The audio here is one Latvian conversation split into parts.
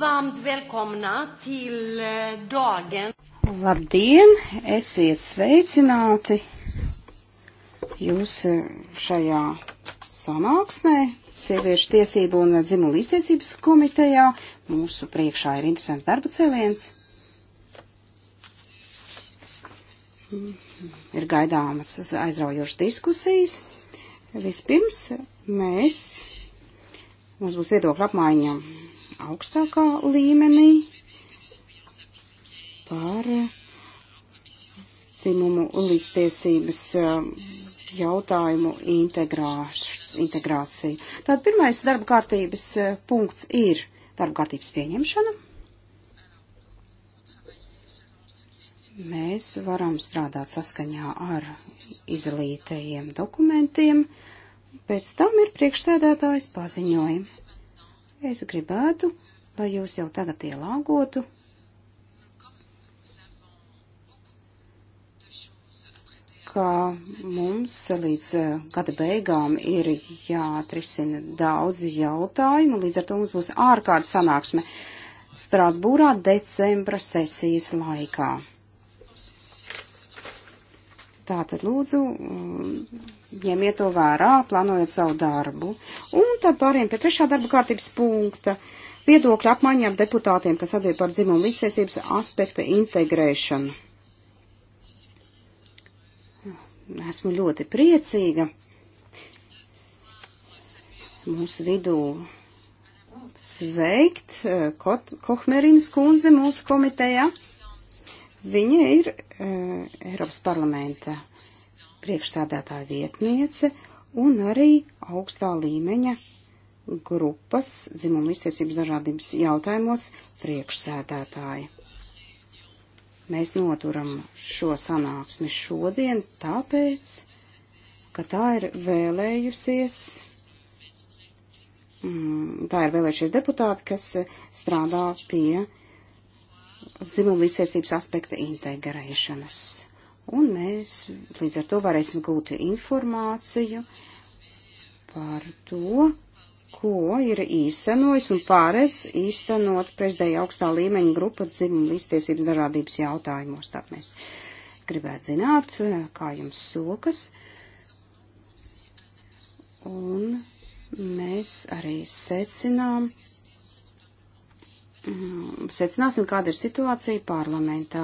varmt välkomna till eh, dagen. Labdien, esiet sveicināti jūs eh, šajā sanāksmē, sieviešu tiesību un dzimumu iztiesības komitejā. Mūsu priekšā ir interesants darba cēliens. Ir gaidāmas aizraujošas diskusijas. Vispirms mēs, mums būs viedokļa apmaiņa augstākā līmenī par dzimumu līdztiesības um, jautājumu integrāciju. Tātad pirmais darba kārtības uh, punkts ir darba kārtības pieņemšana. Mēs varam strādāt saskaņā ar izlītajiem dokumentiem, pēc tam ir priekšstādātājs paziņojumi. Es gribētu, lai jūs jau tagad ielāgotu. ka mums līdz eh, gada beigām ir jāatrisina daudzi jautājumi, līdz ar to mums būs ārkārtas sanāksme Strasbūrā decembra sesijas laikā. Tātad lūdzu, mm, ņemiet to vērā, plānojot savu darbu. Un tad pāriem pie trešā darba kārtības punkta viedokļa apmaiņām deputātiem, kas atbild par dzimumu līdztiesības aspekta integrēšanu. Esmu ļoti priecīga. Mūsu vidū sveikt eh, Kohmerinas kundze mūsu komitejā. Ja? Viņa ir uh, Eiropas parlamenta priekšstādātāja vietniece un arī augstā līmeņa grupas dzimuma iztiesības dažādības jautājumos priekšsēdētāja. Mēs noturam šo sanāksmi šodien tāpēc, ka tā ir vēlējusies, mm, tā ir vēlējušies deputāti, kas strādā pie dzimumlīdztiesības aspekta integrēšanas. Un mēs līdz ar to varēsim gūt informāciju par to, ko ir īstenojis un pārēc īstenot prezidēja augstā līmeņa grupa dzimuma līdztiesības dažādības jautājumos. Tāpēc mēs gribētu zināt, kā jums sokas. Un mēs arī secinām, Mm, secināsim, kāda ir situācija parlamentā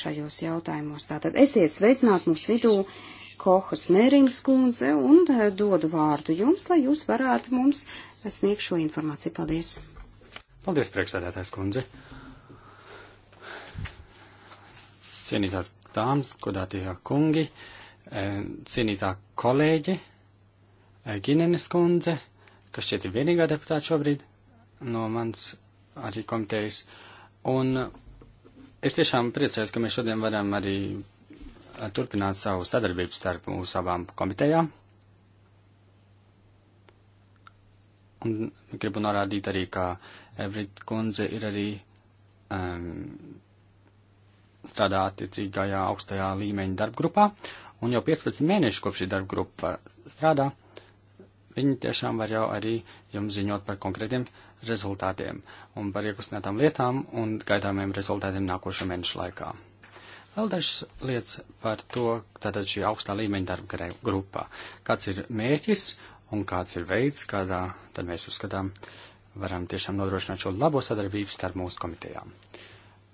šajos jautājumos. Tātad esiet sveicināt mūsu vidū Kohas Mērings kundze un eh, dodu vārdu jums, lai jūs varētu mums sniegt šo informāciju. Paldies! Paldies, priekšsēdētājs kundze! Cienītās dāmas, godātie kungi, eh, cienītā kolēģe, eh, Ginenes kundze, kas šķiet ir vienīgā deputāta šobrīd no mans arī komitejas. Un es tiešām priecājos, ka mēs šodien varam arī eh, turpināt savu sadarbību starp mūsu abām komitejām. Un gribu norādīt arī, ka Evrit kundze ir arī um, strādā attiecīgajā augstajā līmeņa darbgrupā, un jau 15 mēnešu kopš šī darbgrupa strādā, viņi tiešām var jau arī jums ziņot par konkrētiem rezultātiem un par iekustinātām lietām un gaidāmiem rezultātiem nākošo mēnešu laikā. Vēl dažas lietas par to, tātad šī augstā līmeņa darba grupā. Kāds ir mēķis un kāds ir veids, kādā tad mēs uzskatām, varam tiešām nodrošināt šo labo sadarbību starp mūsu komitejām.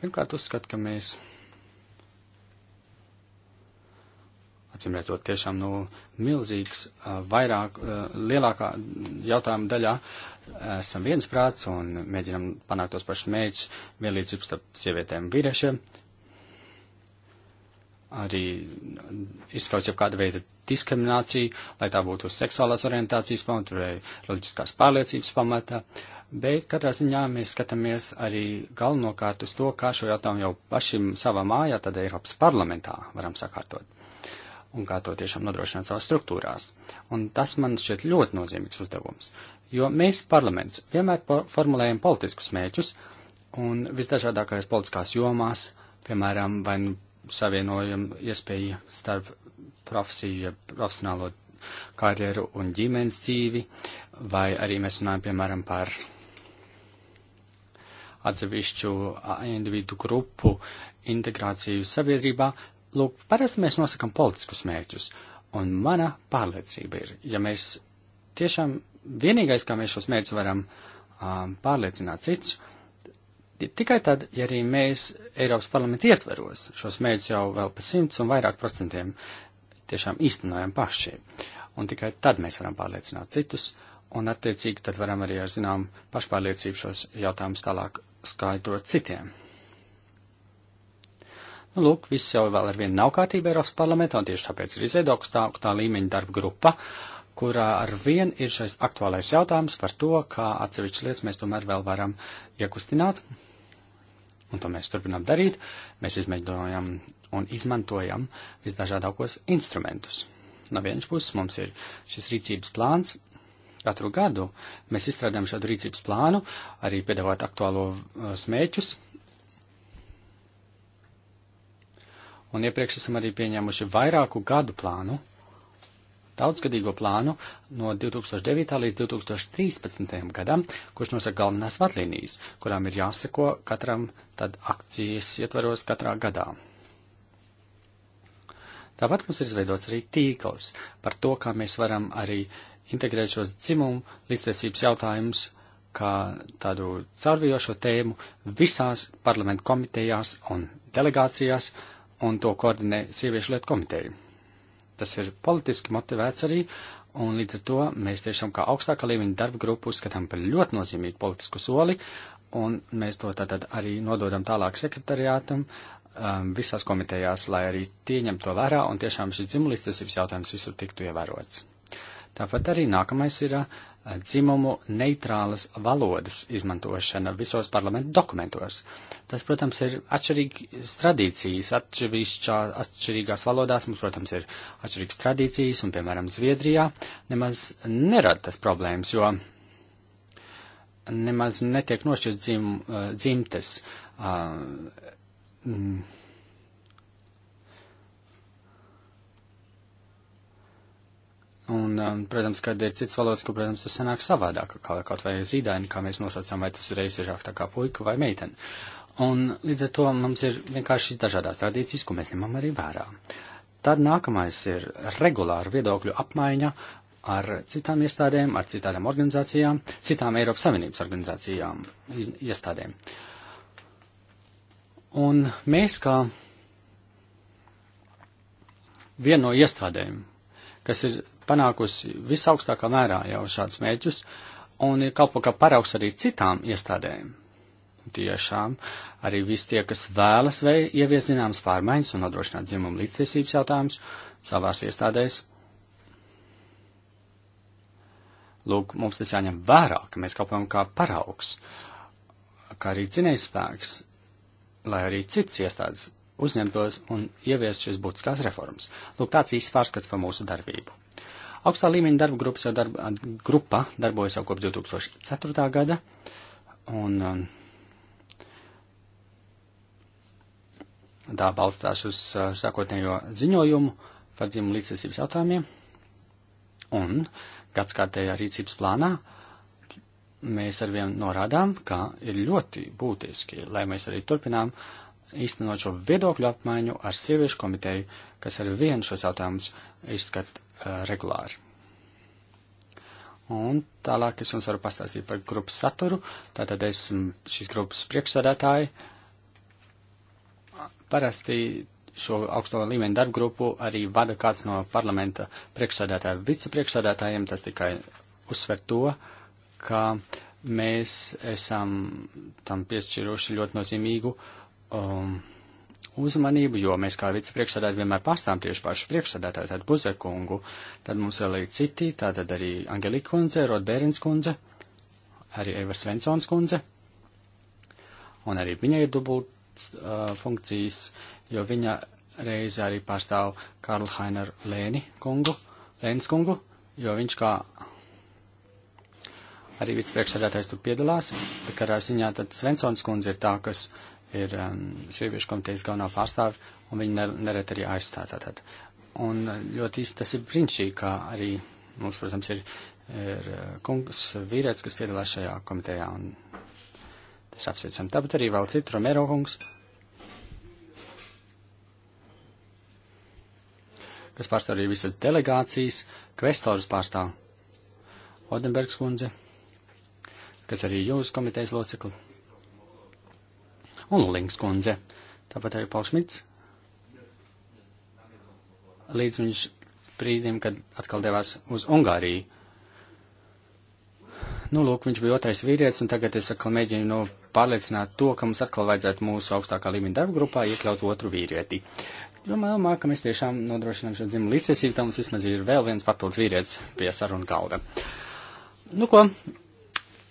Pirmkārt, uzskat, ka mēs acīm redzot, tiešām nu, milzīgs, vairāk, lielākā jautājuma daļā esam viensprāts un mēģinam panākt tos pašus mērķus - vienlīdzību starp sievietēm un vīriešiem. Arī izskauts jau kāda veida diskriminācija, lai tā būtu seksuālās orientācijas pamata vai reliģiskās pārliecības pamata. Bet katrā ziņā mēs skatāmies arī galvenokārt uz to, kā šo jautājumu jau pašim savā mājā, tad Eiropas parlamentā varam sakārtot un kā to tiešām nodrošināt savās struktūrās. Un tas man šķiet ļoti nozīmīgs uzdevums, jo mēs parlaments vienmēr formulējam politiskus mērķus un visdažādākajās politiskās jomās, piemēram, vai nu savienojam iespēju starp profesiju, profesionālo karjeru un ģimenes dzīvi, vai arī mēs runājam, piemēram, par atsevišķu individu grupu integrāciju sabiedrībā, Lūk, parasti mēs nosakam politiskus mērķus, un mana pārliecība ir, ja mēs tiešām vienīgais, kā mēs šos mērķus varam um, pārliecināt cits, tikai tad, ja arī mēs Eiropas parlamentu ietveros šos mērķus jau vēl pa simts un vairāk procentiem tiešām īstenojam paši. Un tikai tad mēs varam pārliecināt citus, un attiecīgi tad varam arī ar zinām pašpārliecību šos jautājumus tālāk skaidrot citiem. Lūk, viss jau vēl ar vienu nav kārtība Eiropas parlamentā, un tieši tāpēc ir izveida augstā, augstā līmeņa darba grupa, kurā ar vienu ir šais aktuālais jautājums par to, kā atsevišķas lietas mēs tomēr vēl varam iekustināt, un to mēs turpinām darīt. Mēs izmēģinājam un izmantojam visdažādākos instrumentus. No vienas puses mums ir šis rīcības plāns, katru gadu mēs izstrādājam šādu rīcības plānu, arī piedāvāt aktuālo eh, smēķus. Uh, un iepriekš esam arī pieņēmuši vairāku gadu plānu, daudzgadīgo plānu no 2009. līdz 2013. gadam, kurš nosaka galvenās vadlīnijas, kurām ir jāseko katram tad akcijas ietvaros katrā gadā. Tāpat mums ir izveidots arī tīkls par to, kā mēs varam arī integrēt šos dzimumu līdztiesības jautājumus kā tādu caurvijošo tēmu visās parlamentu komitejās un delegācijās, uh, un to koordinē sieviešu lietu komiteju. Tas ir politiski motivēts arī, un līdz ar to mēs tiešām kā augstākā līmeņa darba grupu uzskatām par ļoti nozīmīgu politisku soli, un mēs to tātad arī nododam tālāk sekretariātam um, visās komitejās, lai arī tie ņem to vērā, un tiešām šis dzimulīstesības jautājums visur tiktu ievērots. Tāpat arī nākamais ir uh, dzimumu neitrālas valodas izmantošana visos parlamentu dokumentos. Tas, protams, ir atšķirīgas tradīcijas, atšķirīgā, atšķirīgās valodās mums, protams, ir atšķirīgas tradīcijas, un, piemēram, Zviedrijā nemaz nerada tas problēmas, jo nemaz netiek nošķirt dzim, dzimtes. Uh, mm, Un, um, protams, kad ir cits valodas, kur, protams, tas sanāk savādāk, kā kaut vai zīdaini, kā mēs nosacām, vai tas uzreiz ir tā kā puika vai meitene. Un līdz ar to mums ir vienkārši šīs dažādās tradīcijas, ko mēs ņemam arī vērā. Tad nākamais ir regulāra viedokļu apmaiņa ar citām iestādēm, ar citām organizācijām, citām Eiropas Savienības organizācijām, iestādēm. Un mēs kā viena no iestādēm, kas ir panākusi visaugstākā mērā jau šādus mērķus un ir kalpo kā paraugs arī citām iestādēm. Tiešām arī visi tie, kas vēlas vei ievies zināmas pārmaiņas un nodrošināt dzimumu līdztiesības jautājumus savās iestādēs. Lūk, mums tas jāņem vērā, ka mēs kalpojam kā paraugs, kā arī cinējspēks, lai arī cits iestādes uzņemtos un ieviest šīs būtiskās reformas. Lūk, tāds īsts pārskats par mūsu darbību. Augstā līmeņa darba grupas jau darba, grupa darbojas jau kopš 2004. gada, un um, tā balstās uz uh, sākotnējo ziņojumu par dzimumu līdzsvarības jautājumiem, un gadskārtējā rīcības plānā mēs arvien norādām, ka ir ļoti būtiski, lai mēs arī turpinām uh, īstenot šo viedokļu apmaiņu ar sieviešu komiteju, kas ar vienu šos jautājumus izskat uh, regulāri. Un tālāk es jums varu pastāstīt par grupas saturu. Tātad esmu šīs grupas priekšsādātāji. Parasti šo augsto līmeni darbu grupu arī vada kāds no parlamenta priekšsādātāja vicepriekšsādātājiem. Tas tikai uzsver to, ka mēs esam tam piešķiruši ļoti nozīmīgu uh, um, uzmanību, jo mēs kā vicepriekšsēdētāji vienmēr pārstāvam tieši pašu priekšsēdētāju, tad Buzekungu, tad mums vēl ir citi, tātad arī Angelika kundze, Rodbērins kundze, arī Eva Svensons kundze, un arī viņai ir dubult uh, funkcijas, jo viņa reizi arī pārstāv Karlu Hainer Lēni kungu, Lēns kungu, jo viņš kā arī vicepriekšsēdētājs tur piedalās, bet karā ziņā tad Svensons kundze ir tā, kas uh, ir um, sieviešu komitejas galvenā pārstāve, un viņi neret arī aizstā tātad. Un uh, ļoti īsti tas ir brīnišķīgi, ka arī mums, protams, ir, ir uh, kungs, vīrietis, kas piedalās šajā komitejā, un tas apsveicam. Tāpat arī vēl citu Romero kungs, kas pārstāv arī visas delegācijas, kvestorus pārstāv. Odenbergs kundze, kas arī jūs komitejas locekli un Lulings kundze. Tāpat arī Paušmits. Līdz viņš brīdim, kad atkal devās uz Ungāriju. Nu, lūk, viņš bija otrais vīrietis, un tagad es atkal mēģinu nu, pārliecināt to, ka mums atkal vajadzētu mūsu augstākā līmeņa darba grupā iekļaut otru vīrieti. Domāju, ka mēs tiešām nodrošinām šo dzimumu līdzsvarību, tā mums vismaz ir vēl viens papildus vīrietis pie sarunu galda. Nu ko,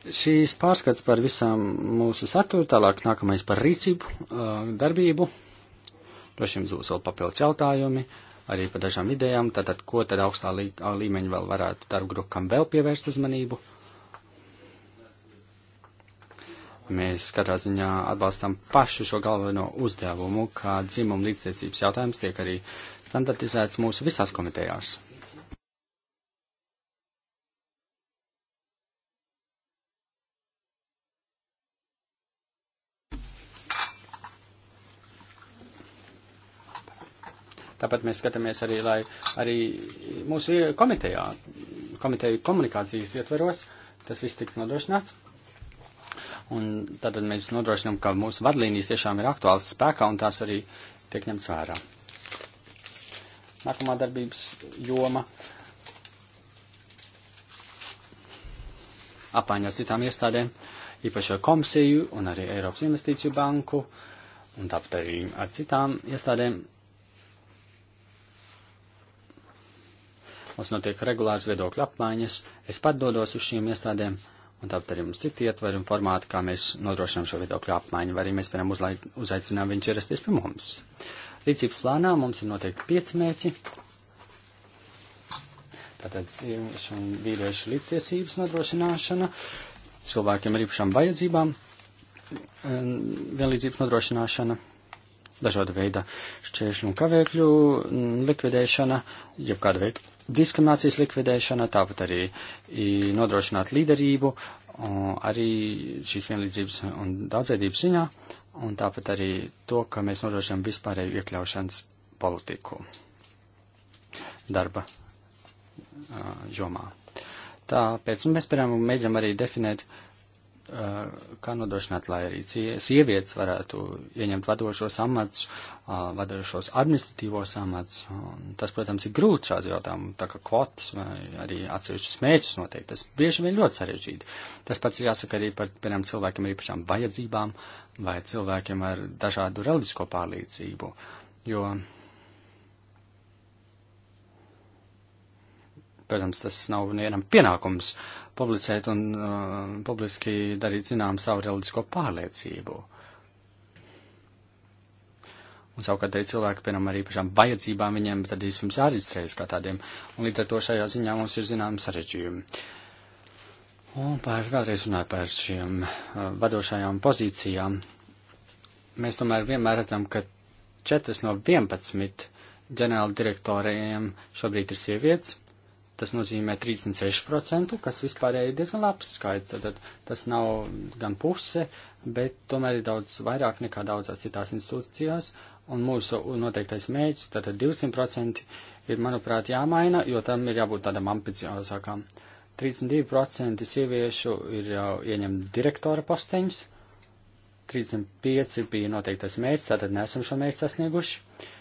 Šīs pārskats par visām mūsu saturu, tālāk nākamais par rīcību, uh, darbību. Droši vien būs vēl papildus jautājumi, arī par dažām idejām, tātad ko tad augstā lī, līmeņa vēl varētu darbu grupam vēl pievērst uzmanību. Mēs katrā ziņā atbalstam pašu šo galveno uzdevumu, kā dzimuma līdztiesības jautājums tiek arī standartizēts mūsu visās komitejās. Tāpat mēs skatāmies arī, lai arī mūsu komitejā, komiteju komunikācijas ietveros, tas viss tiks nodrošināts. Un tad mēs nodrošinām, ka mūsu vadlīnijas tiešām ir aktuāls spēkā un tās arī tiek ņemts vērā. Nākamā darbības joma apmaiņā ar citām iestādēm, īpaši ar komisiju un arī Eiropas investīciju banku, un tāpat arī ar citām iestādēm Mums notiek regulārs viedokļu apmaiņas, es pat dodos uz šīm iestādēm, un tāpat arī mums citi ietveri un formāti, kā mēs nodrošinām šo viedokļu apmaiņu, vai arī mēs, piemēram, uzlai, uzaicinām viņš ierasties pie mums. Rīcības plānā mums ir noteikti pieci mērķi. Tātad sieviešu un vīriešu līdztiesības nodrošināšana, cilvēkiem ar īpašām vajadzībām, um, vienlīdzības nodrošināšana, dažāda veida šķēršļu un kavēkļu mm, likvidēšana, jebkāda veida diskriminācijas likvidēšana, tāpat arī nodrošināt līderību, arī šīs vienlīdzības un daudzveidības ziņā, un tāpat arī to, ka mēs nodrošinām vispārēju iekļaušanas politiku darba jomā. Tāpēc mēs, piemēram, mēģinām arī definēt uh, Uh, kā nodrošināt, lai arī sievietes varētu ieņemt vadošos amats, uh, vadošos administratīvos amats. Tas, protams, ir grūti šādu jautājumu, tā kā kvotas vai arī atsevišķas mērķus noteikti. Tas bieži vien ļoti sarežģīti. Tas pats jāsaka arī par, piemēram, cilvēkiem ar īpašām vajadzībām vai cilvēkiem ar dažādu reliģisko pārlīdzību, jo Protams, tas nav vienam pienākums publicēt un uh, publiski darīt zinām savu reliģisko pārliecību. Un savukārt arī cilvēki, piemēram, arī pašām vajadzībām viņiem tad vispirms jāreģistrējas kā tādiem. Un līdz ar to šajā ziņā mums ir zināms sarežģījumi. Un par vēlreiz runāju par šiem uh, vadošajām pozīcijām. Mēs tomēr vienmēr redzam, ka 4 no 11 ģenerāla direktoriem šobrīd ir sievietes, Tas nozīmē 36%, kas vispārēji ir diezgan labs skaits. Tad tas nav gan puse, bet tomēr ir daudz vairāk nekā daudzās citās institūcijās. Un mūsu noteiktais mērķis, tātad 200%, ir, manuprāt, jāmaina, jo tam ir jābūt tādam ambiciozākam. 32% sieviešu ir jau ieņem direktora posteņus, 35 bija noteiktais mērķis, tātad nesam šo mērķi sasnieguši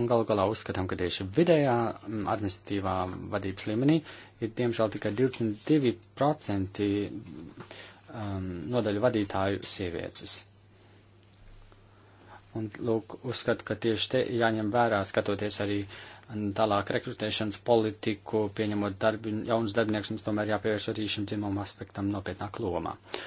un galu galā uzskatām, ka tieši vidējā mm, administratīvā vadības līmenī ir diemžēl tikai 22% um, mm, nodaļu vadītāju sievietes. Un, lūk, uzskatu, ka tieši te jāņem vērā, skatoties arī mm, tālāk rekrutēšanas politiku, pieņemot darbi, jaunus darbinieks, mums tomēr jāpievērš arī šim dzimumu aspektam nopietnāk lomā. Uh,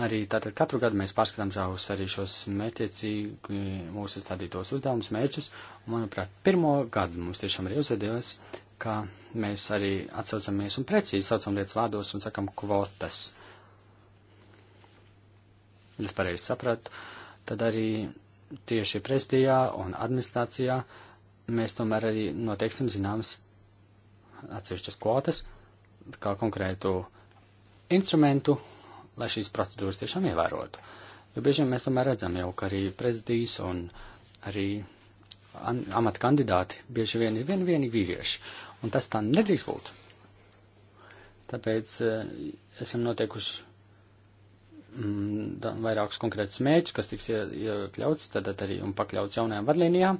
arī tātad katru gadu mēs pārskatām savus arī šos mētiecīgi mūsu stādītos uzdevumus, mērķus, un manuprāt, pirmo gadu mums tiešām arī uzvedies, ka mēs arī atsaucamies un precīzi saucam lietas vārdos un sakam kvotas. Ja es pareizi sapratu, tad arī tieši prezidijā un administrācijā mēs tomēr arī noteiksim zināmas atsevišķas kvotas, kā konkrētu instrumentu lai šīs procedūras tiešām ievērotu. Jo bieži vien mēs tomēr redzam jau, ka arī prezidijas un arī amata kandidāti bieži vien ir vien vieni vīrieši, un tas tā nedrīkst būt. Tāpēc eh, esam noteikuši mm, vairākus konkrētus mēģus, kas tiks iekļauts, tad arī un pakļauts jaunajām vadlīnijām.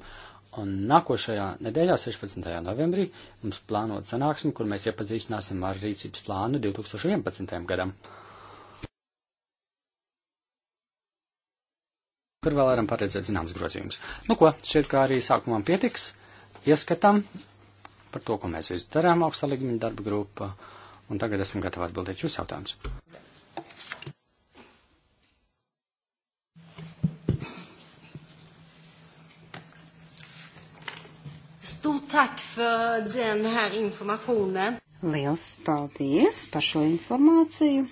Un nākošajā nedēļā, 16. novembrī, mums plānot sanāksmi, kur mēs iepazīstināsim ar rīcības plānu 2011. gadam. Uh, kur vēl varam paredzēt zināmas grozījumus. Nu ko, šķiet, kā arī sākumā pietiks, ieskatam par to, ko mēs visu darām augstā līmeņa darba grupa, un tagad esam gatavi atbildēt jūsu jautājumus. Stort tack för den här informationen. Liels paldies par šo informāciju.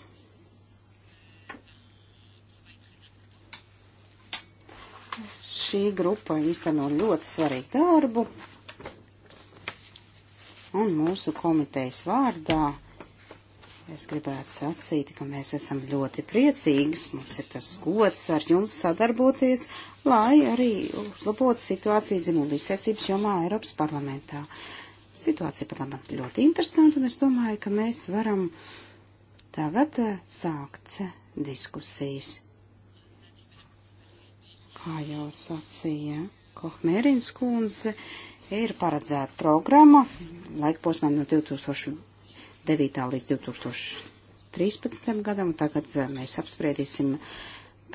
šī grupa īsteno ļoti svarīgu darbu. Un mūsu komitejas vārdā es gribētu sacīt, ka mēs esam ļoti priecīgas. Mums ir tas gods ar jums sadarboties, lai arī uzlabotu situāciju dzimumlīsēsības jomā Eiropas parlamentā. Situācija pat labāk ļoti interesanta, un es domāju, ka mēs varam tagad eh, sākt diskusijas. Kā jau sacīja Kohmērins kundze, ir paredzēta programma laikposmā no 2009. līdz 2013. gadam, un tagad eh, mēs apspriedīsim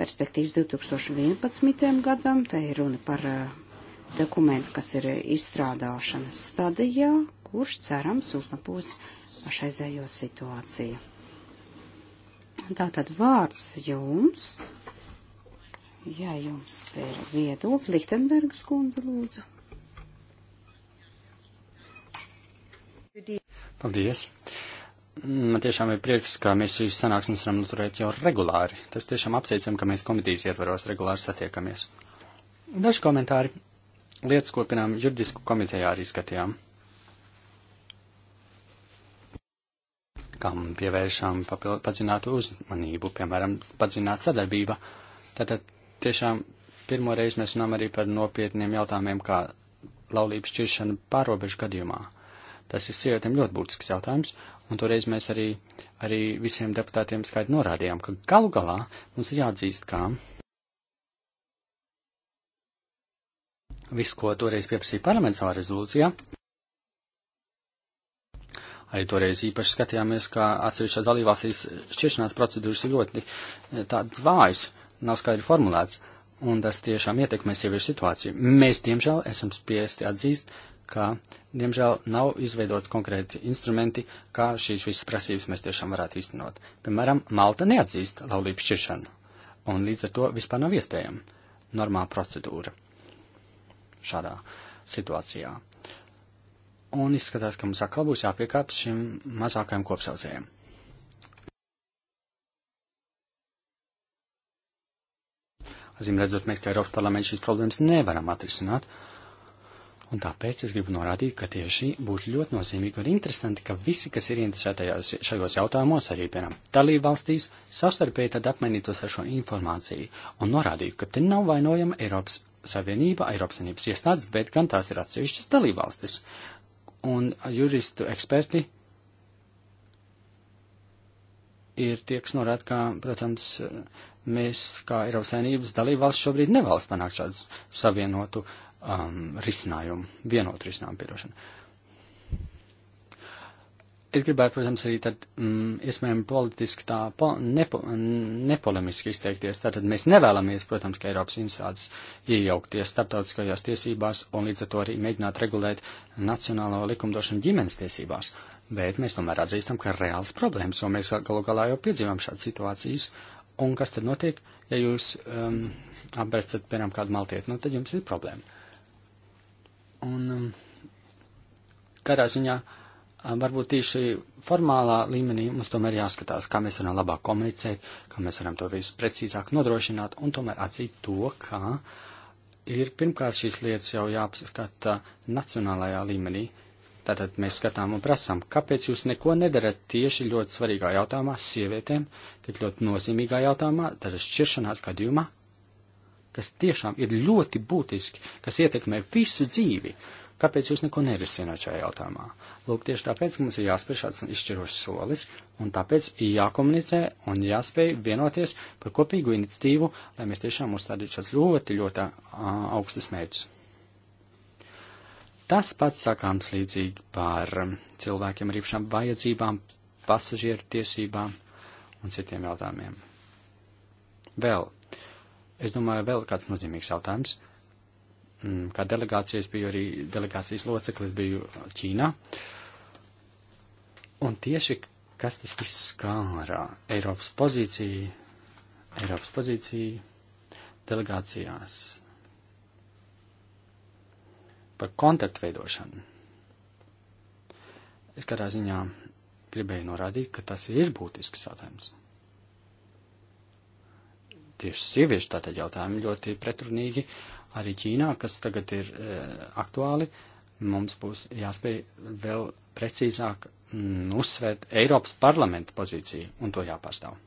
perspektīvas 2011. gadam. Te ir runa par eh, dokumentu, kas ir izstrādāšanas stadijā, kurš cerams uzlabos pašreizējo situāciju. Tātad vārds jums, Jā, jums ir viedokļi. Lichtenbergas kundze, lūdzu. Paldies. Man tiešām ir prieks, ka mēs šīs sanāksmes varam noturēt jau regulāri. Tas tiešām apsveicam, ka mēs komitīs ietvaros regulāri satiekamies. Daži komentāri lietas, ko pirmām juridisku komitejā arī skatījām. Kam pievēršām padziļinātu uzmanību, piemēram, padziļināta sadarbība. Tātad tiešām pirmo reizi mēs runājam arī par nopietniem jautājumiem, kā laulības šķiršana pārobežu gadījumā. Tas ir sievietēm ļoti būtisks jautājums, un toreiz mēs arī, arī visiem deputātiem skaidri norādījām, ka galu galā mums ir jāatzīst, kā viss, ko toreiz pieprasīja parlaments savā rezolūcijā, arī toreiz īpaši skatījāmies, ka atsevišķās dalībvalstīs šķiršanās procedūras ir ļoti eh, tādas vājas, nav skaidri formulēts, un tas tiešām ietekmē sieviešu situāciju. Mēs, diemžēl, esam spiesti atzīst, ka, diemžēl, nav izveidots konkrēti instrumenti, kā šīs visas prasības mēs tiešām varētu īstenot. Piemēram, Malta neatzīst laulību šķiršanu, un līdz ar to vispār nav iespējama normāla procedūra šādā situācijā. Un izskatās, ka mums atkal būs jāpiekāpst šim mazākajam kopsaucējiem. Acīm redzot, mēs kā Eiropas parlaments šīs problēmas nevaram atrisināt. Un tāpēc es gribu norādīt, ka tieši būtu ļoti nozīmīgi un interesanti, ka visi, kas ir interesēti šajos jautājumos, arī, piemēram, dalību valstīs, savstarpēji tad apmainītos ar šo informāciju un norādītu, ka te nav vainojama Eiropas Savienība, Eiropas Savienības iestādes, bet gan tās ir atsevišķas dalību valstis. Un juristu eksperti ir tieks norāda, ka, protams, mēs kā Eiropas saimnības dalībvalsts šobrīd nevēlas panākt šādu savienotu um, risinājumu, vienotu risinājumu piedošanu. Es gribētu, protams, arī tad, mm, iespējami politiski tā po, nepo, nepolemiski izteikties. Tātad mēs nevēlamies, protams, ka Eiropas institūts iejaukties starptautiskajās tiesībās un līdz ar to arī mēģināt regulēt nacionālo likumdošanu ģimenes tiesībās. Uh, bet mēs tomēr atzīstam, ka ir reāls problēmas, jo mēs galu galā jau piedzīvām šādas situācijas. Un kas tad notiek, ja jūs um, apbrecat, piemēram, kādu maltietu, nu tad jums ir problēma. Un um, kādā ziņā um, varbūt tieši formālā līmenī mums tomēr jāskatās, kā mēs varam labāk komunicēt, kā mēs varam to visu precīzāk nodrošināt un tomēr atzīt to, ka ir pirmkārt šīs lietas jau jāapskata nacionālajā līmenī, Tātad mēs skatām un prasām, kāpēc jūs neko nedarat tieši ļoti svarīgā jautājumā sievietēm, tik ļoti nozīmīgā jautājumā, tātad šķiršanās gadījumā, kas tiešām ir ļoti būtiski, kas ietekmē visu dzīvi. Kāpēc jūs neko nerisināt šajā jautājumā? Lūk, tieši tāpēc, ka mums ir jāspēj šāds izšķirošs solis, un tāpēc jākomunicē un jāspēj vienoties par kopīgu iniciatīvu, lai mēs tiešām uzstādītu šāds ļoti, ļoti, ļoti augstus mērķus. Tas pats sakāms līdzīgi par um, cilvēkiem ar īpašām vajadzībām, pasažieru tiesībām un citiem jautājumiem. Vēl, es domāju, vēl kāds nozīmīgs jautājums. Mm, kā delegācijas biju arī delegācijas loceklis biju Ķīnā. Un tieši kas tas viss skārā Eiropas pozīciju, Eiropas pozīciju delegācijās par kontaktu veidošanu. Es kādā ziņā gribēju norādīt, ka tas ir būtisks jautājums. Tieši sieviešu tātad jautājumi ļoti pretrunīgi arī Ķīnā, kas tagad ir e, aktuāli. Mums būs jāspēj vēl precīzāk mm, uzsvērt Eiropas parlamenta pozīciju un to jāpārstāv.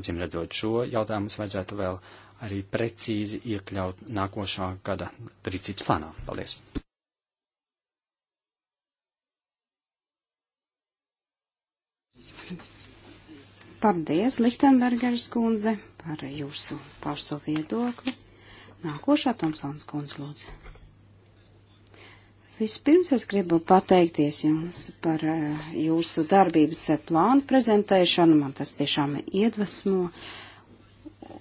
Acīm redzot šo jautājumu, mums vajadzētu vēl uh, arī precīzi iekļaut nākošā gada rīcības plānā. Paldies! Paldies, Lichtenbergers kundze, par jūsu pausto viedokli. Nākošā Tomsons kundze lūdzu. Vispirms es gribu pateikties jums par eh, jūsu darbības eh, plānu prezentēšanu. Man tas tiešām iedvesmo. Uh,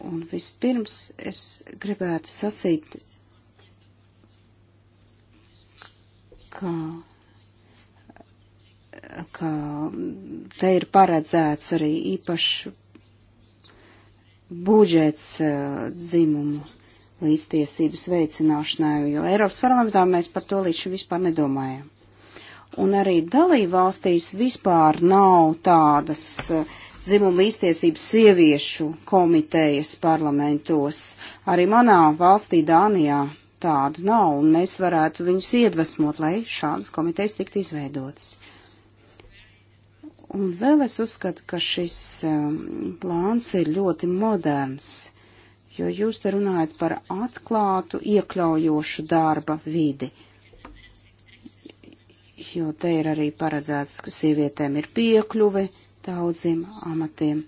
Un vispirms es gribētu sacīt, ka, ka te ir paredzēts arī īpašs budžets eh, dzimumu līdztiesības veicināšanai, jo Eiropas parlamentā mēs par to līdz šim vispār nedomājam. Un arī dalībvalstīs vispār nav tādas uh, dzimumu līdztiesības sieviešu komitejas parlamentos. Arī manā valstī Dānijā tādu nav, un mēs varētu viņus iedvesmot, lai šādas komitejas tiktu izveidotas. Un vēl es uzskatu, ka šis um, plāns ir ļoti moderns, jo jūs te runājat par atklātu, iekļaujošu darba vidi. Jo te ir arī paredzēts, ka sievietēm ir piekļuve daudziem amatiem.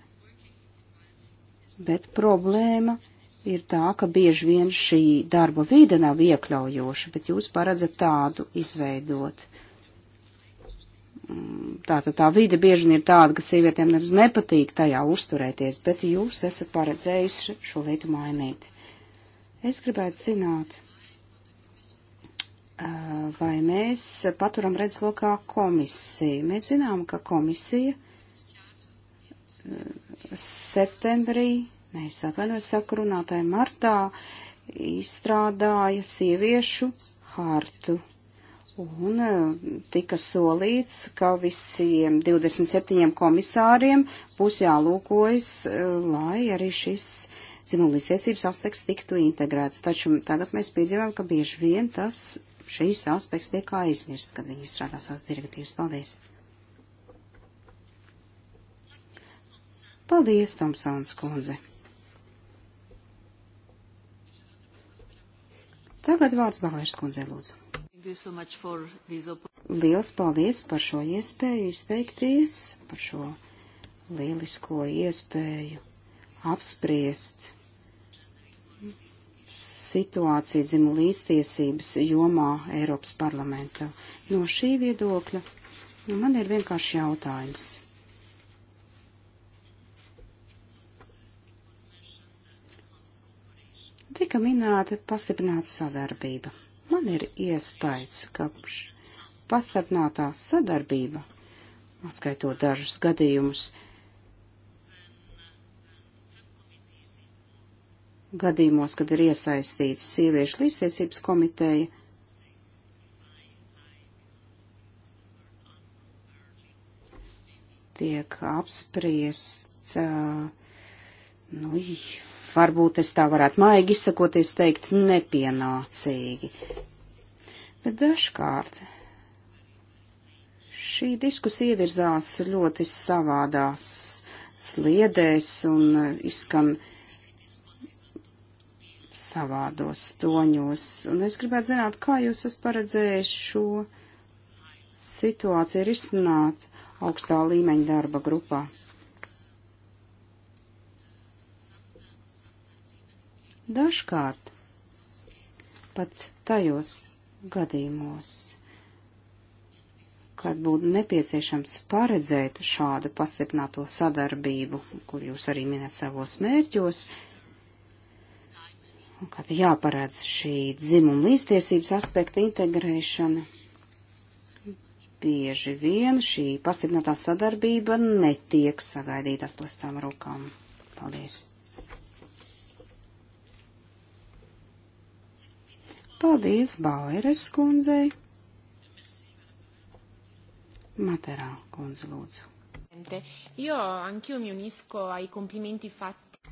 Bet problēma ir tā, ka bieži vien šī darba vīde nav iekļaujoša, bet jūs paredzat tādu izveidot. Mm, tātad tā vide bieži vien ir tāda, ka sievietēm nemaz nepatīk tajā uzturēties, bet jūs esat paredzējuši šo lietu mainīt. Es gribētu zināt, vai mēs paturam redzlokā komisiju. Mēs zinām, ka komisija septembrī, nevis atvainojos saku runātāju martā, izstrādāja sieviešu hartu. Un eh, tika solīts, ka visiem 27 komisāriem būs jālūkojas, eh, lai arī šis dzimumlīs tiesības aspekts tiktu integrēts. Taču tagad mēs piedzīvām, ka bieži vien tas šīs aspekts tiek aizmirsts, kad viņi strādā savas direktīvas. Paldies! Paldies, Tomsons kundze. Tagad vārds Bālēšas kundzei lūdzu. Liels paldies par šo iespēju izteikties, par šo lielisko iespēju apspriest situāciju dzimu līdztiesības jomā Eiropas parlamenta. No šī viedokļa nu, man ir vienkārši jautājums. Tika minēta pastiprināta sadarbība. Man ir iespējas, ka pastiprinātā sadarbība, atskaitot dažus gadījumus, gadījumos, kad ir iesaistīts sieviešu līdztiesības komiteja, tiek apspriest, uh, nu, varbūt es tā varētu maigi izsakoties teikt, nepienācīgi. Bet dažkārt šī diskusija virzās ļoti savādās sliedēs un izskan savādos toņos. Un es gribētu zināt, kā jūs esat paredzējis šo situāciju risināt augstā līmeņa darba grupā. Dažkārt pat tajos gadījumos, kad būtu nepieciešams paredzēt šādu pastiprināto sadarbību, kur jūs arī minat savos mērķos, un kad jāparedz šī dzimuma līdztiesības aspekta integrēšana, bieži vien šī pastiprinātā sadarbība netiek sagaidīta atklāstām rokām. Paldies! Paldies Bāleres kundzei. Materā kundze lūdzu. Jo, anch'io mi unisco ai complimenti fatti.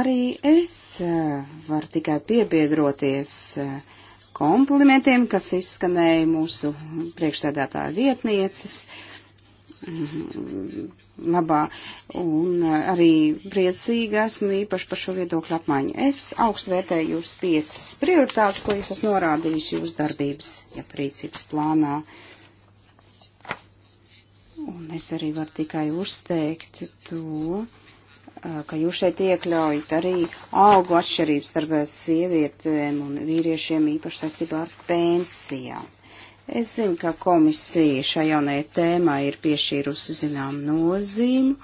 Arī es eh, varu tikai piebiedroties eh, komplimentiem, kas izskanēja mūsu priekšsēdētāja vietnieces Mhm. labā. Un eh, arī priecīgi esmu īpaši par šo viedokļu apmaiņu. Es augstu vērtēju jūs piecas prioritātes, ko jūs esat norādījuši jūs darbības, ja princips plānā. Un es arī varu tikai uzteikt to, eh, ka jūs šeit iekļaujat arī algu atšķirības starp sievietēm un vīriešiem īpaši saistībā ar pensijām. Es zinu, ka komisija šai jaunajai tēmai ir piešķīrusi zinām nozīmu.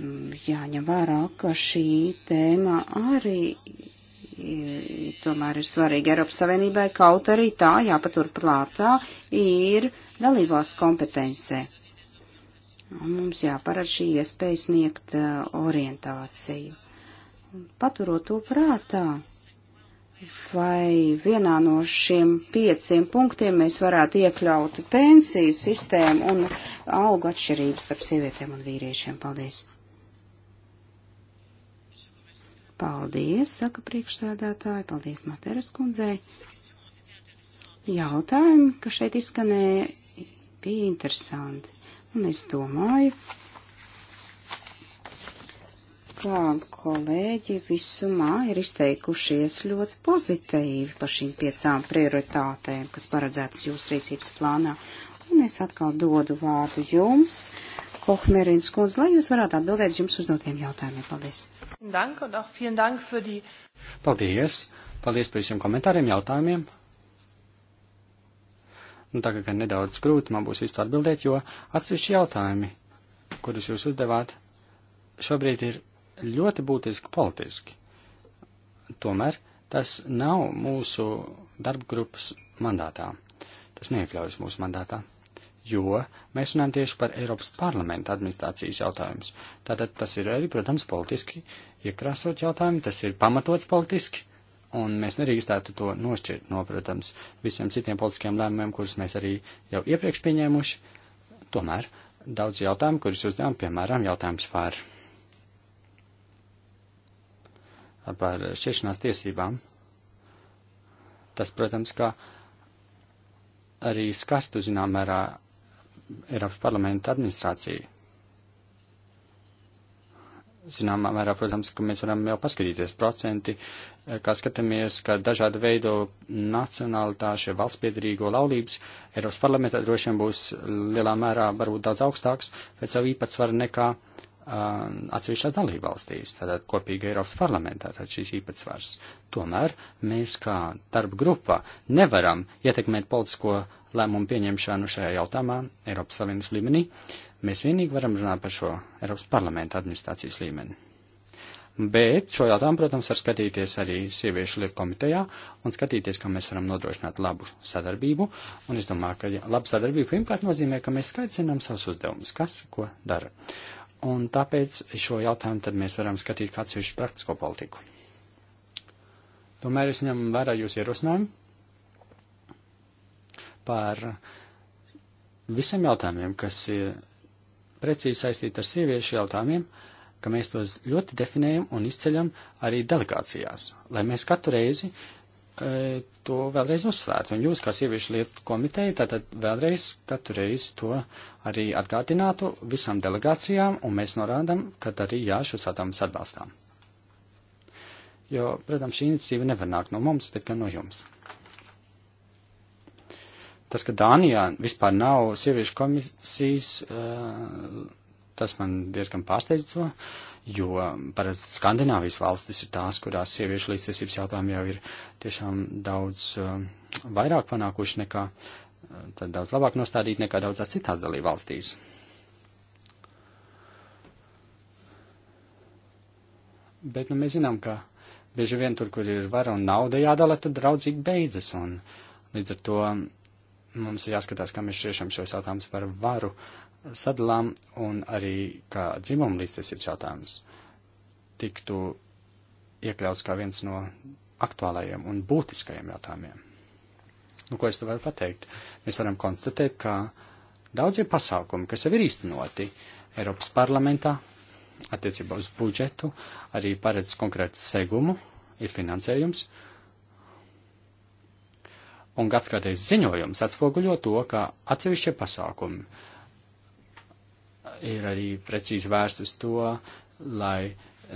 Mm, jāņem vērā, ka šī tēma arī mm, tomēr ir svarīga Eiropas Savienībai, kaut arī tā jāpatur prātā ir dalībās kompetencē. Un mums jāparāda šī iespēja sniegt eh, orientāciju. Paturot to prātā vai vienā no šiem pieciem punktiem mēs varētu iekļaut pensiju sistēmu un algu atšķirības starp sievietēm un vīriešiem. Paldies! Paldies, saka priekšsēdētāji, paldies Materas kundzei. Jautājumi, ka šeit izskanēja, bija interesanti. Un es domāju, kā kolēģi visumā ir izteikušies ļoti pozitīvi par šīm piecām prioritātēm, kas paredzētas jūsu rīcības plānā. Un es atkal dodu vārdu jums, Kohmerins kundze, lai jūs varētu atbildēt jums uzdotiem jautājumiem. Paldies! Paldies! Paldies par visiem komentāriem, jautājumiem! Nu, tagad gan nedaudz grūti man būs visu atbildēt, jo atsevišķi jautājumi, kurus jūs uzdevāt, šobrīd ir ļoti būtiski politiski. Tomēr tas nav mūsu darba grupas mandātā. Tas neiekļaujas mūsu mandātā, jo mēs runājam tieši par Eiropas parlamenta administrācijas jautājumus. Tātad tas ir arī, protams, politiski iekrāsot jautājumi, tas ir pamatots politiski, un mēs nerīkstētu to nošķirt no, protams, visiem citiem politiskiem lēmumiem, kurus mēs arī jau iepriekš pieņēmuši. Tomēr daudz jautājumu, kurus uzdevām, piemēram, jautājums par par šķiršanās tiesībām, tas, protams, ka arī skartu zinām mērā Eiropas parlamenta administrāciju. Zināmā mērā, protams, ka mēs varam jau paskatīties procenti, kā skatāmies, ka dažāda veido nacionālitāšie valsts piedarīgo laulības Eiropas parlamentā droši vien būs lielā mērā varbūt daudz augstāks pēc savu īpatsvaru nekā uh, Um, atsevišķās dalībvalstīs, tātad kopīgi Eiropas parlamentā, tātad šīs īpatsvars. Tomēr mēs kā darba grupa nevaram ietekmēt politisko lēmumu pieņemšanu šajā jautājumā Eiropas Savienības līmenī. Mēs vienīgi varam runāt par šo Eiropas parlamenta administrācijas līmeni. Bet šo jautājumu, protams, var skatīties arī sieviešu lietu komitejā un skatīties, kā mēs varam nodrošināt labu sadarbību. Un es domāju, ka laba sadarbība pirmkārt nozīmē, ka mēs skaidri zinām savus uzdevumus, kas ko dara. Uh, Un tāpēc šo jautājumu tad mēs varam skatīt kā atsevišķu praktisko politiku. Tomēr es ņemu vērā jūs ierosinājumu par visiem jautājumiem, kas ir precīzi saistīti ar sieviešu jautājumiem, ka mēs tos ļoti definējam un izceļam arī delegācijās, lai mēs katru reizi uh, Eh, to vēlreiz uzsvērt. Un jūs, kā sieviešu lietu komiteja, tātad vēlreiz katru reizi to arī atgādinātu visām delegācijām, un mēs norādam, ka arī jā, šos jautājumus atbalstām. Jo, protams, šī iniciatīva nevar nākt no mums, bet gan no jums. Tas, ka Dānijā vispār nav sieviešu komisijas, eh, tas man diezgan pārsteidz to. Uh, jo parasti Skandināvijas valstis ir tās, kurās sieviešu līdztiesības jautājumi jau ir tiešām daudz uh, vairāk panākuši nekā, uh, tad daudz labāk nostādīt nekā daudzās citās dalību valstīs. Bet nu, mēs zinām, ka bieži vien tur, kur ir vara un nauda jādala, tad draudzīgi beidzas. Un līdz ar to mums ir jāskatās, kā mēs šķiešam šos jautājumus par varu sadalām un arī kā dzimuma līdztiesības jautājums tiktu iekļauts kā viens no aktuālajiem un būtiskajiem jautājumiem. Nu, ko es te varu pateikt? Mēs varam konstatēt, ka daudzie pasākumi, kas jau ir īstenoti Eiropas parlamentā, attiecībā uz budžetu, arī paredz konkrētu segumu, ir finansējums. Un gadskārtais ziņojums atspoguļo to, ka atsevišķie pasākumi ir arī precīzi vērst uz to, lai eh,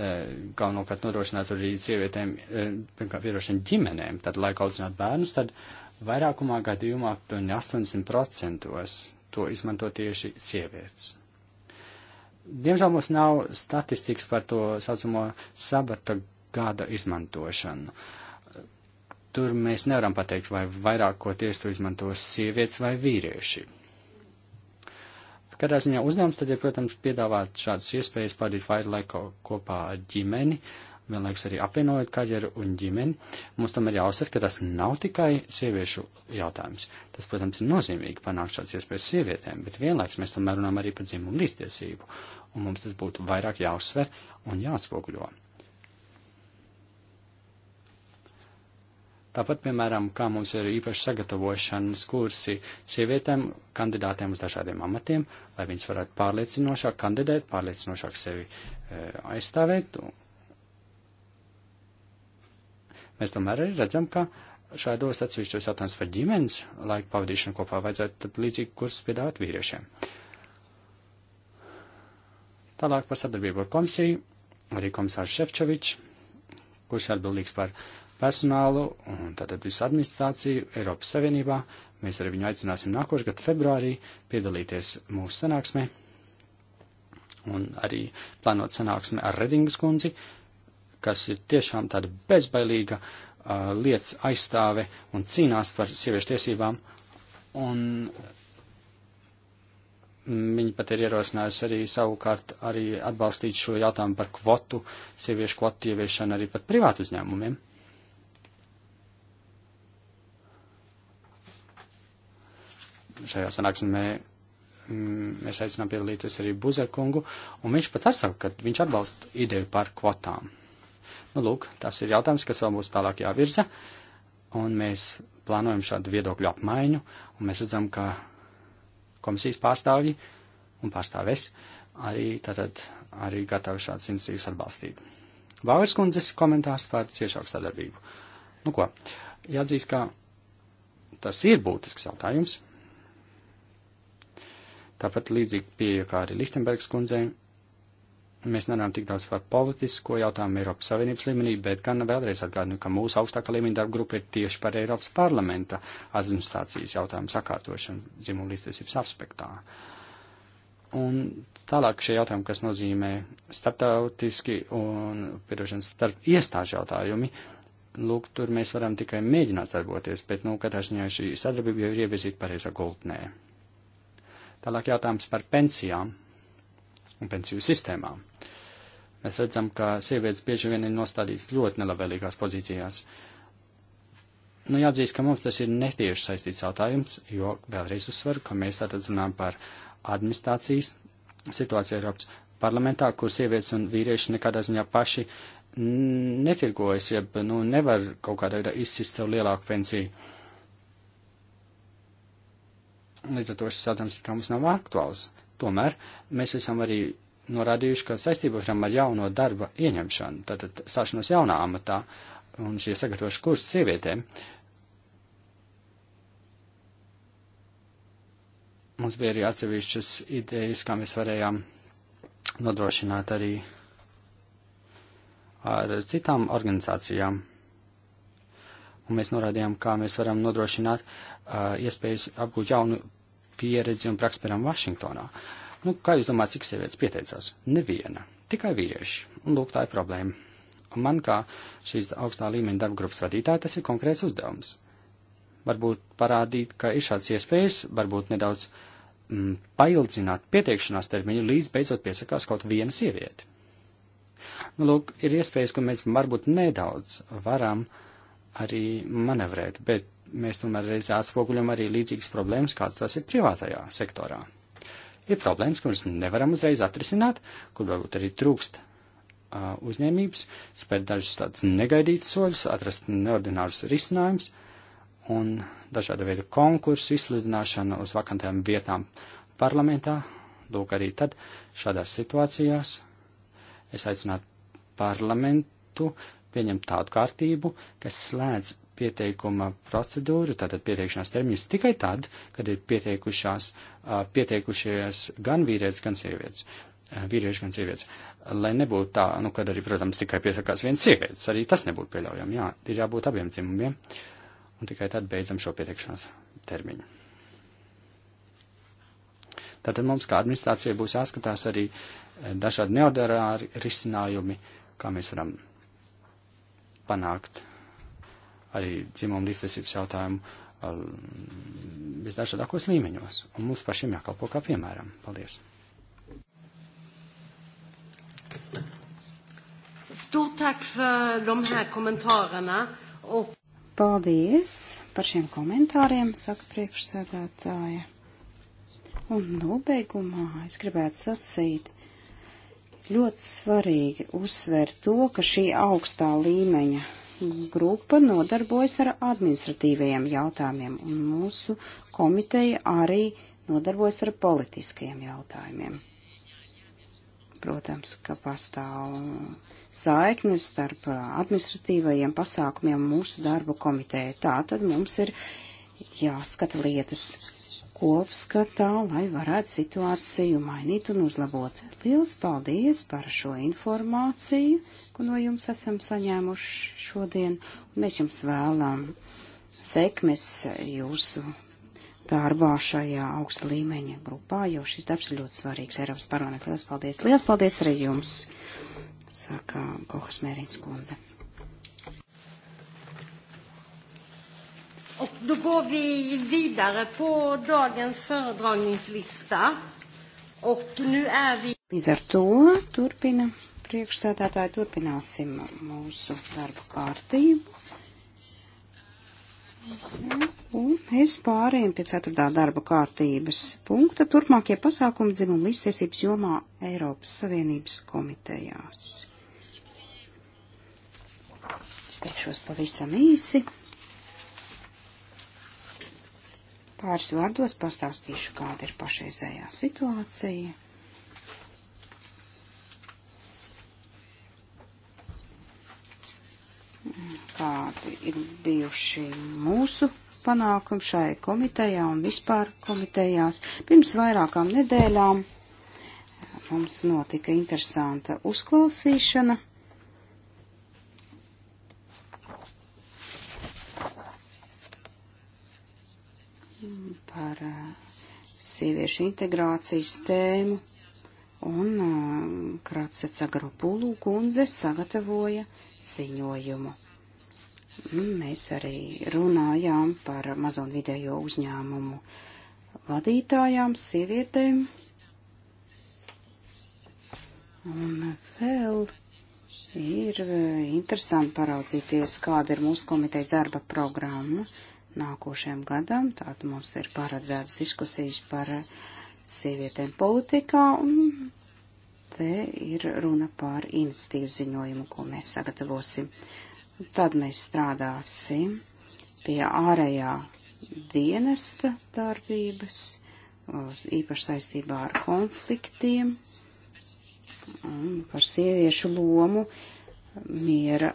galvenokārt nodrošinātu arī sievietēm, eh, pirmkārt, ierošana ģimenēm, tad, lai audzinātu bērnus, tad vairākumā gadījumā, aptuveni 80% to izmanto tieši sievietes. Diemžēl mums nav statistikas par to saucamo sabata gada izmantošanu. Tur mēs nevaram pateikt, vai vairāk ko tieši to izmantos sievietes vai vīrieši. Katrā ziņā uzņēmums tad ir, protams, piedāvāt šādas iespējas pavadīt vairu laiku kopā ar ģimeni, vienlaiks arī apvienojot karjeru un ģimeni. Mums tomēr jāuzsver, ka tas nav tikai sieviešu jautājums. Tas, protams, ir nozīmīgi panākt šādas iespējas sievietēm, bet vienlaiks mēs tomēr runājam arī par dzimumu līdztiesību, un mums tas būtu vairāk jāuzsver un jāatspoguļo. Tāpat, piemēram, kā mums ir īpaši sagatavošanas kursi sievietēm, kandidātēm uz dažādiem amatiem, lai viņas varētu pārliecinošāk kandidēt, pārliecinošāk sevi e, aizstāvēt. Mēs tomēr arī redzam, ka šādos atsevišķos jautājums par ģimenes laiku pavadīšanu kopā vajadzētu tad līdzīgi kursus piedāvāt vīriešiem. Tālāk par sadarbību ar komisiju, arī komisārs Šefčovičs, kurš atbildīgs par personālu un tātad visu administrāciju Eiropas Savienībā. Mēs arī viņu aicināsim nākošgad februārī piedalīties mūsu sanāksmē un arī plānot sanāksmi ar Redingas kundzi, kas ir tiešām tāda bezbailīga uh, lietas aizstāve un cīnās par sieviešu tiesībām. Un viņi pat ir ierosinājusi arī savukārt arī atbalstīt šo jautājumu par kvotu, sieviešu kvotu ieviešanu arī pat privātu uzņēmumiem. šajā sanāksmē mm, mēs aicinām piedalīties arī Buzekungu, un viņš pat arī saka, ka viņš atbalsta ideju par kvotām. Nu, lūk, tas ir jautājums, kas vēl būs tālāk jāvirza, un mēs plānojam šādu viedokļu apmaiņu, un mēs redzam, ka komisijas pārstāvji un pārstāvēs arī tātad arī gatavi šādas institīvas atbalstīt. Bauers kundzes komentārs par ciešāku sadarbību. Nu ko, jāatzīst, ka tas ir būtisks jautājums, Tāpat līdzīgi pieeja kā arī Lichtenbergs kundzei. Mēs nerunājam tik daudz par politisko jautājumu Eiropas Savienības līmenī, bet gan vēlreiz atgādinu, ka mūsu augstākā līmeņa darba grupa ir tieši par Eiropas parlamenta administrācijas jautājumu sakārtošanu dzimumu līdztiesības aspektā. Un tālāk šie jautājumi, kas nozīmē starptautiski un, piedošanas, starp iestāžu jautājumi, lūk, tur mēs varam tikai mēģināt darboties, bet, nu, katrā ziņā šī sadarbība jau ir ievirzīta pareizā gultnē. Tālāk jautājums par pensijām un pensiju sistēmām. Mēs redzam, ka sievietes bieži vien ir nostādītas ļoti nelabvēlīgās pozīcijās. Nu, jāatzīst, ka mums tas ir netieši saistīts jautājums, jo vēlreiz uzsveru, ka mēs tātad runājam par administrācijas situāciju Eiropas parlamentā, kur sievietes un vīrieši nekādā ziņā paši netirgojas, jeb, nu, nevar kaut kādā veidā izsist sev lielāku pensiju. Līdz ar to šis jautājums kā mums nav aktuāls. Tomēr mēs esam arī norādījuši, ka saistība ar jauno darba ieņemšanu, tātad stāšanos jaunā amatā un šie sagatavošu kursi sievietēm, mums bija arī atsevišķas idejas, kā mēs varējām nodrošināt arī ar citām organizācijām. Un mēs norādījām, kā mēs varam nodrošināt uh, iespējas apgūt jaunu pieredzi un prakspēram Vašingtonā. Nu, kā jūs domājat, cik sievietes pieteicās? Neviena, tikai vīrieši. Un lūk, tā ir problēma. Un man kā šīs augstā līmeņa darba grupas vadītāja tas ir konkrēts uzdevums. Varbūt parādīt, ka ir šāds iespējas, varbūt nedaudz mm, paildzināt pieteikšanās termiņu, līdz beidzot piesakās kaut viena sieviete. Nu, lūk, ir iespējas, ka mēs varbūt nedaudz varam arī manevrēt, bet mēs tomēr reiz atspoguļam arī līdzīgas problēmas, kādas tas ir privātajā sektorā. Ir problēmas, kuras nevaram uzreiz atrisināt, kur varbūt arī trūkst uh, uzņēmības, spēt dažus tādus negaidītus soļus, atrast neordinārus risinājumus un dažāda veida konkursu izsludināšana uz vakantēm vietām parlamentā. Lūk, arī tad šādās situācijās es aicinātu parlamentu pieņemt tādu kārtību, kas slēdz pieteikuma procedūru, tātad pieteikšanās termiņus tikai tad, kad ir pieteikušās, pieteikušies gan vīrietis, gan sievietes. Vīrieši gan sievietes. Lai nebūtu tā, nu, kad arī, protams, tikai piesakās viens sievietes, arī tas nebūtu pieļaujami. Jā, ir jābūt abiem dzimumiem. Un tikai tad beidzam šo pieteikšanās termiņu. Tātad mums kā administrācija būs jāskatās arī dažādi neodarāri risinājumi, kā mēs varam panākt arī dzimumu līdztiesības jautājumu visdažādākos līmeņos. Un mums pašiem jākalpo kā piemēram. Paldies! Stort tack för de här kommentarerna. Och... Paldies par šiem komentāriem, saka priekšsēdētāja. Un nobeigumā es gribētu sacīt, ļoti svarīgi uzsvērt to, ka šī augstā līmeņa grupa nodarbojas ar administratīvajiem jautājumiem, un mūsu komiteja arī nodarbojas ar politiskajiem jautājumiem. Protams, ka pastāv saiknes starp administratīvajiem pasākumiem mūsu darba komiteja. Tā tad mums ir jāskata lietas kopskatā, lai varētu situāciju mainīt un uzlabot. Liels paldies par šo informāciju, ko no jums esam saņēmuši šodien, un mēs jums vēlam sekmes jūsu darbā šajā augsta līmeņa grupā, jo šis darbs ir ļoti svarīgs Eiropas parlamentā. Liels paldies! Liels paldies arī jums, saka Kohas Mērins kundze. Och då går vi vidare på dagens föredragningslista. Och nu är vi... Līdz ar to turpina priekšsēdētāji, turpināsim mūsu darbu kārtību. Un es pārējiem pie ceturtā darba kārtības punkta turpmākie pasākumi dzimuma līdztiesības jomā Eiropas Savienības komitejās. Es teikšos pavisam īsi. Pāris vārdos pastāstīšu, kāda ir pašreizējā situācija. Kādi ir bijuši mūsu panākumi šai komitejā un vispār komitejās. Pirms vairākām nedēļām mums notika interesanta uzklausīšana. par eh, sieviešu integrācijas tēmu, un eh, Kratse Cagarupulu kundze sagatavoja ziņojumu. Mēs arī runājām par mazo un vidējo uzņēmumu vadītājām, sievietēm. Un vēl ir eh, interesanti paraudzīties, kāda ir mūsu komitejas darba programma nākošajam gadam. Tātad mums ir paredzētas diskusijas par sievietēm politikā, un te ir runa par iniciatīvu ziņojumu, ko mēs sagatavosim. Tad mēs strādāsim pie ārējā dienesta darbības, īpaši saistībā ar konfliktiem un par sieviešu lomu miera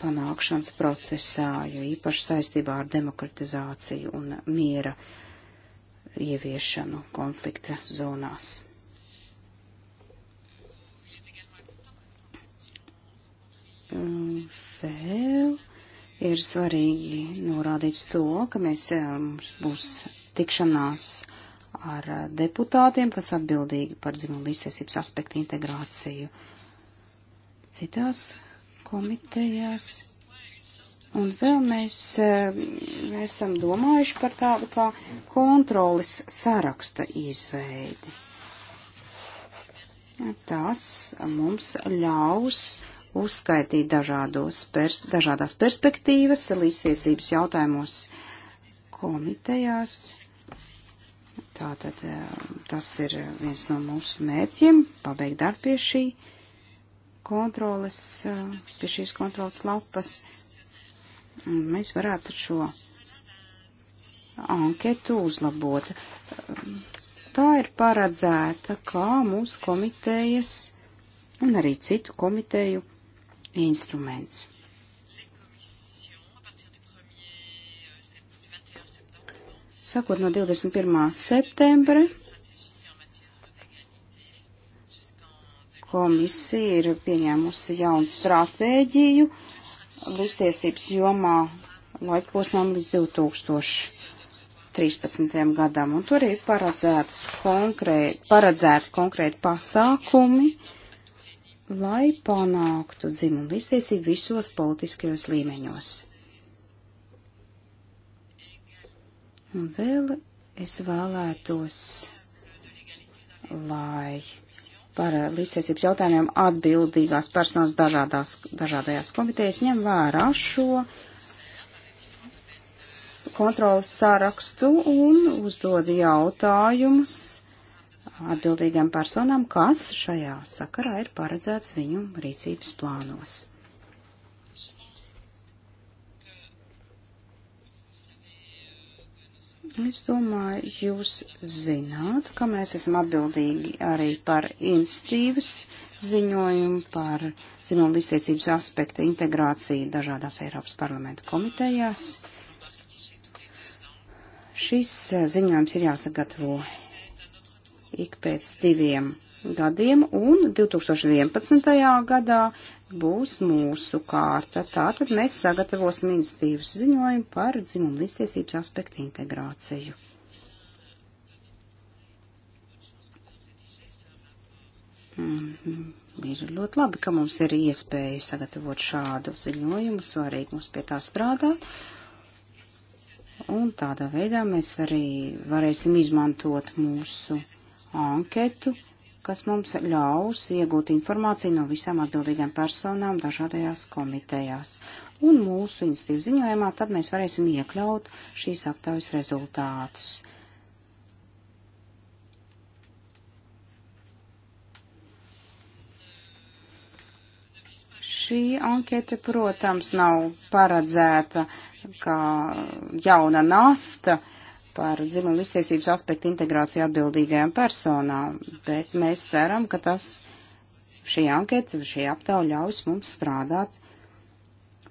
panākšanas procesā, jo īpaši saistībā ar demokratizāciju un miera ieviešanu konflikta zonās. Vēl ir svarīgi norādīt to, ka mēs, eh, mums būs tikšanās ar deputātiem, kas atbildīgi par dzimumu līdztiesības aspektu integrāciju citās komitejās. Un vēl mēs, eh, mēs esam domājuši par tādu kā kontrolis saraksta izveidi. Tas mums ļaus uzskaitīt dažādos, pers dažādās perspektīvas līdztiesības jautājumos komitejās. Tātad eh, tas ir viens no mūsu mērķiem - pabeigt darbu pie šī kontroles, pie šīs kontroles lapas. Un mēs varētu šo anketu uzlabot. Tā ir paredzēta kā mūsu komitejas un arī citu komiteju instruments. Sakot no 21. septembra Komisija ir pieņēmusi jaunu stratēģiju līdztiesības jomā laikposmām līdz 2013. gadam, un tur ir paredzētas konkrēti, paredzēti konkrēti pasākumi, lai panāktu dzimumu līdztiesību visos politiskajos līmeņos. Un vēl es vēlētos, lai par eh, līdztiesības jautājumiem atbildīgās personas dažādās, dažādajās komitejas ņem vērā šo kontrolas sārakstu un uzdod jautājumus atbildīgām personām, kas šajā sakarā ir paredzēts viņu rīcības plānos. Es domāju, jūs zināt, ka mēs esam atbildīgi arī par institīvas ziņojumu, par dzimumu līdztiesības aspekta integrāciju dažādās Eiropas parlamenta komitejās. Šis e, ziņojums ir jāsagatavo ik pēc diviem gadiem, un 2011. gadā būs mūsu kārta. Tātad mēs sagatavosim institīvas ziņojumu par dzimumu līdztiesības aspektu integrāciju. Mm, ir ļoti labi, ka mums ir iespēja sagatavot šādu ziņojumu, svarīgi mums pie tā strādāt. Un tādā veidā mēs arī varēsim izmantot mūsu anketu kas mums ļaus iegūt informāciju no visām atbildīgām personām dažādajās komitejās. Un mūsu institīvu ziņojumā tad mēs varēsim iekļaut šīs aptaujas rezultātus. šī ankete, protams, nav paredzēta kā jauna nasta par dzimumu iztiesības aspektu integrāciju atbildīgajām personām, bet mēs ceram, ka tas šī anketa, šī aptauja ļaus mums strādāt,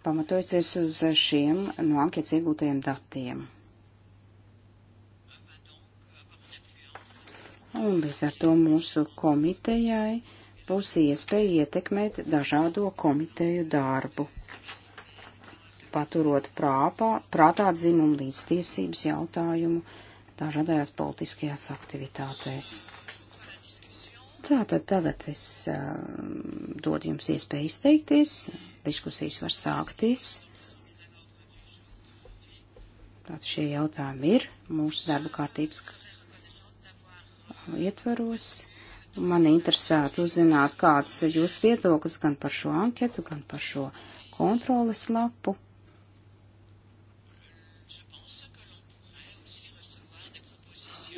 pamatojoties uz šiem no anketas iegūtajiem datiem. Un līdz ar to mūsu komitejai būs iespēja ietekmēt dažādo komiteju darbu paturot prāpā, prātā dzimumu līdztiesības jautājumu dažādajās politiskajās aktivitātēs. Tātad tagad es uh, um, dodu jums iespēju izteikties, diskusijas var sākties. Tātad šie jautājumi ir mūsu darba kārtības ietvaros. Man interesētu uzzināt, kāds ir jūsu viedoklis gan par šo anketu, gan par šo kontroles lapu.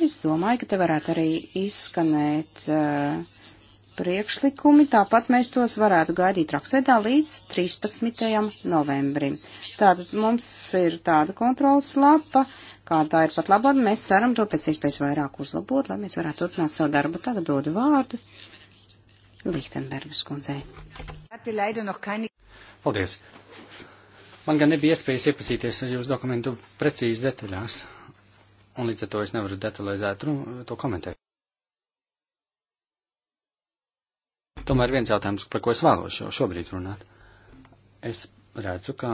Es domāju, ka te varētu arī izskanēt uh, priekšlikumi, tāpat mēs tos varētu gaidīt rakstveidā līdz 13. novembrim. Tātad mums ir tāda kontrolas lapa, kā tā ir pat labāk, mēs ceram to pēc iespējas vairāk uzlabot, lai mēs varētu turpināt savu darbu. Tagad dodu vārdu Lichtenbergas kundzei. Paldies! Man gan nebija iespējas iepazīties ar jūsu dokumentu precīzi detaļās un līdz ar to es nevaru detalizēt nu, to komentēt. Tomēr viens jautājums, par ko es vēlos šo, šobrīd runāt. Es redzu, ka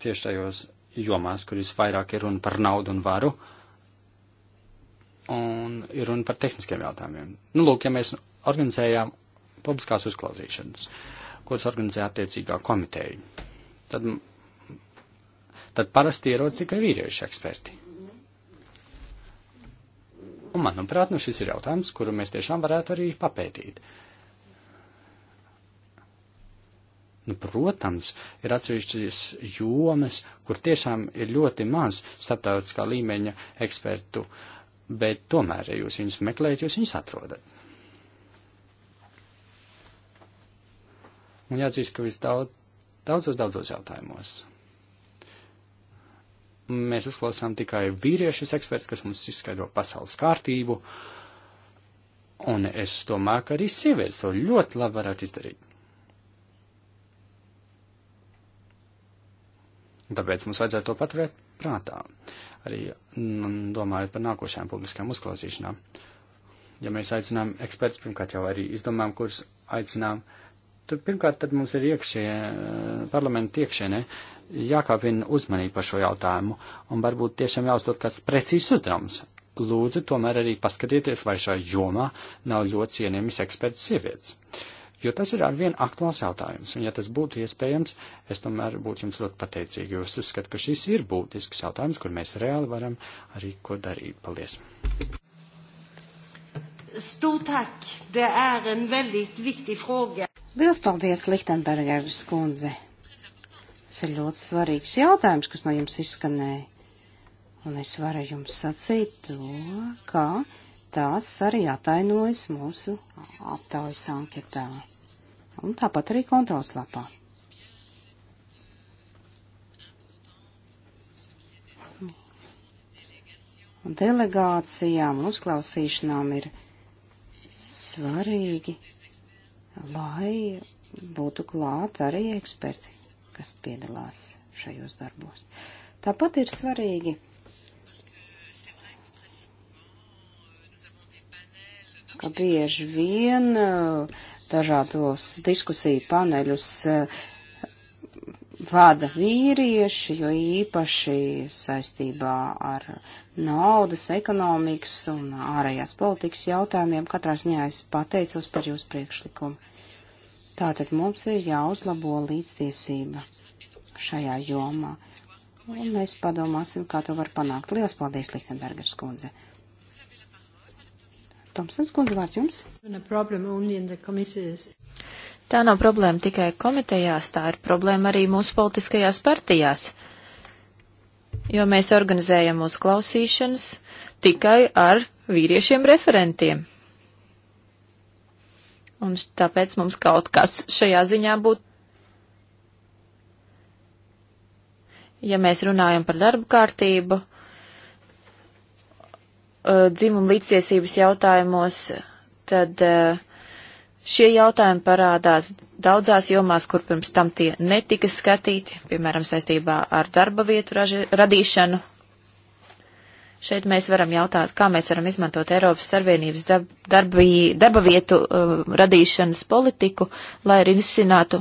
tieši tajos jomās, kur visvairāk ir runa par naudu un varu, un ir runa par tehniskiem jautājumiem. Nu, lūk, ja mēs organizējām publiskās uzklausīšanas, kuras organizēja attiecīgā komiteja, tad tad parasti ierodas tikai vīriešu eksperti. Un, manuprāt, nu šis ir jautājums, kuru mēs tiešām varētu arī papētīt. Nu, protams, ir atsevišķas jomas, kur tiešām ir ļoti maz starptautiskā līmeņa ekspertu, bet tomēr, ja jūs viņus meklējat, jūs viņus atrodat. Un jāatzīst, ka visdaudz, daudzos, daudzos jautājumos Mēs uzklausām tikai vīriešus eksperts, kas mums izskaidro pasaules kārtību, un es domāju, ka arī sievietes to ļoti labi varētu izdarīt. Tāpēc mums vajadzētu to paturēt prātā, arī mm, domājot par nākošajām publiskajām uzklausīšanām. Ja mēs aicinām ekspertus, pirmkārt jau arī izdomām, kurus aicinām, tad pirmkārt tad mums ir iekšē, eh, parlamenta iekšēne jākāpina uzmanība par šo jautājumu, un varbūt tiešām jāuzdod kāds precīzs uzdevums. Lūdzu, tomēr arī paskatieties, vai šajā jomā nav ļoti cienījamas eksperts sievietes. Jo tas ir arvien aktuāls jautājums, un ja tas būtu iespējams, es tomēr būtu jums ļoti pateicīgi, jo es uzskatu, ka šis ir būtisks jautājums, kur mēs reāli varam arī ko darīt. Paldies! Stort tack! Det är er en väldigt viktig fråga. Liels paldies, Lichtenbergers kundze! Tas ir ļoti svarīgs jautājums, kas no jums izskanēja. Un es varu jums sacīt to, ka tās arī atainojas mūsu aptaujas anketā. Un tāpat arī kontrols lapā. Un delegācijām un uzklausīšanām ir svarīgi, lai būtu klāt arī eksperti kas piedalās šajos darbos. Tāpat ir svarīgi. ka bieži vien uh, dažādos diskusiju paneļus uh, vada vīrieši, jo īpaši saistībā ar naudas, ekonomikas un ārējās politikas jautājumiem. Katrā ziņā es pateicos par jūsu priekšlikumu. Tātad mums ir jāuzlabo līdztiesība šajā jomā. Un mēs padomāsim, kā to var panākt. Lielas paldies, Lichtenbergers kundze. Tomsons kundze, vārds jums. Tā nav problēma tikai komitejās, tā ir problēma arī mūsu politiskajās partijās. Jo mēs organizējam mūsu klausīšanas tikai ar vīriešiem referentiem. Un tāpēc mums kaut kas šajā ziņā būtu. Ja mēs runājam par darbu kārtību, dzimumu līdztiesības jautājumos, tad šie jautājumi parādās daudzās jomās, kur pirms tam tie netika skatīti, piemēram, saistībā ar darba vietu raži, radīšanu Šeit mēs varam jautāt, kā mēs varam izmantot Eiropas Savienības dab, darbī, darba vietu uh, radīšanas politiku, lai risinātu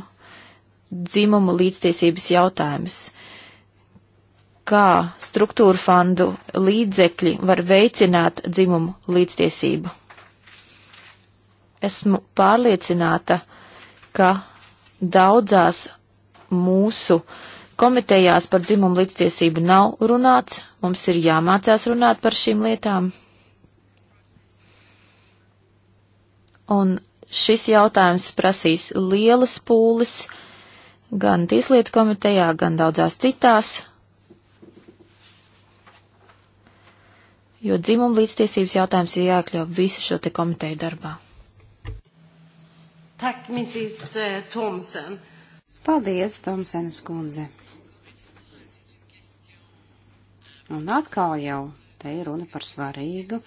dzimumu līdztiesības jautājumus. Kā struktūra fondu līdzekļi var veicināt dzimumu līdztiesību? Esmu pārliecināta, ka daudzās mūsu uh, Komitejās par dzimumu līdztiesību nav runāts, mums ir jāmācās runāt par šīm lietām. Un šis jautājums prasīs lielas pūles gan Tieslietu komitejā, gan daudzās citās, jo dzimuma līdztiesības jautājums ir jāiekļau visu šo te komiteju darbā. Tak, Mrs. Eh, Thompson. Paldies, Tomsenes kundze. Un atkal jau te ir runa par svarīgu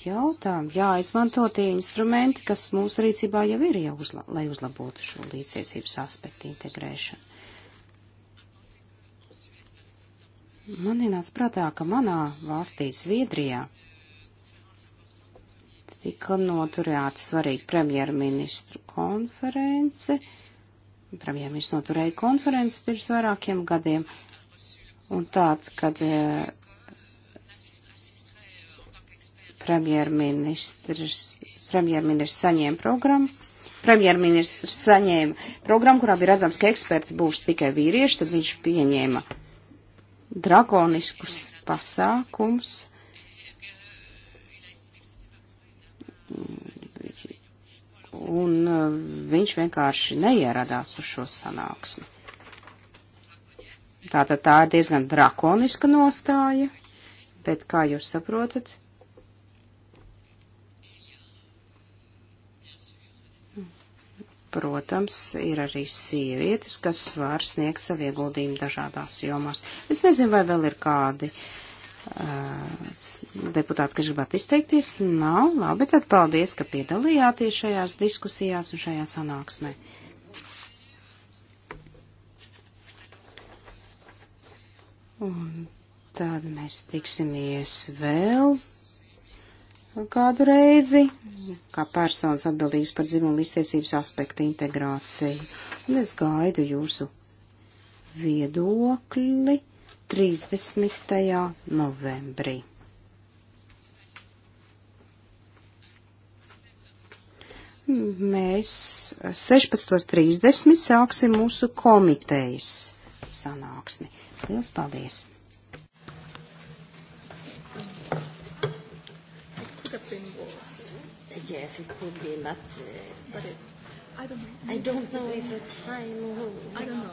jautājumu. Jāizmanto tie instrumenti, kas mūsu rīcībā jau ir, jau uzla lai uzlabotu šo līdztiesības aspektu integrēšanu. Man ienāca prātā, ka manā valstī, Zviedrijā, tika noturēta svarīga premjerministru konference. Premjerministrs noturēja konferenci pirms vairākiem gadiem, un tāds, kad e, premjerministrs, premjerministrs saņēma programmu, premjerministrs saņēma programmu, kurā bija redzams, ka eksperti būs tikai vīrieši, tad viņš pieņēma drakoniskus pasākums. Un e, viņš vienkārši neieradās uz šo sanāksmi. Tātad tā ir diezgan drakoniska nostāja, bet kā jūs saprotat? Protams, ir arī sievietes, kas var sniegt savu ieguldījumu dažādās jomās. Es nezinu, vai vēl ir kādi uh, deputāti, kas gribētu izteikties. Nav, labi, tad paldies, ka piedalījāties šajās diskusijās un šajā sanāksmē. Un tad mēs tiksimies vēl kādu reizi, kā personas atbildīgas par dzimumu iztiesības aspektu integrāciju. Un es gaidu jūsu viedokli 30. novembrī. Mēs 16.30 sāksim mūsu komitejas sanāksmi. Liels paldies! Yes, it could be, but, uh, but it, I don't know. I don't know if the time. I don't know.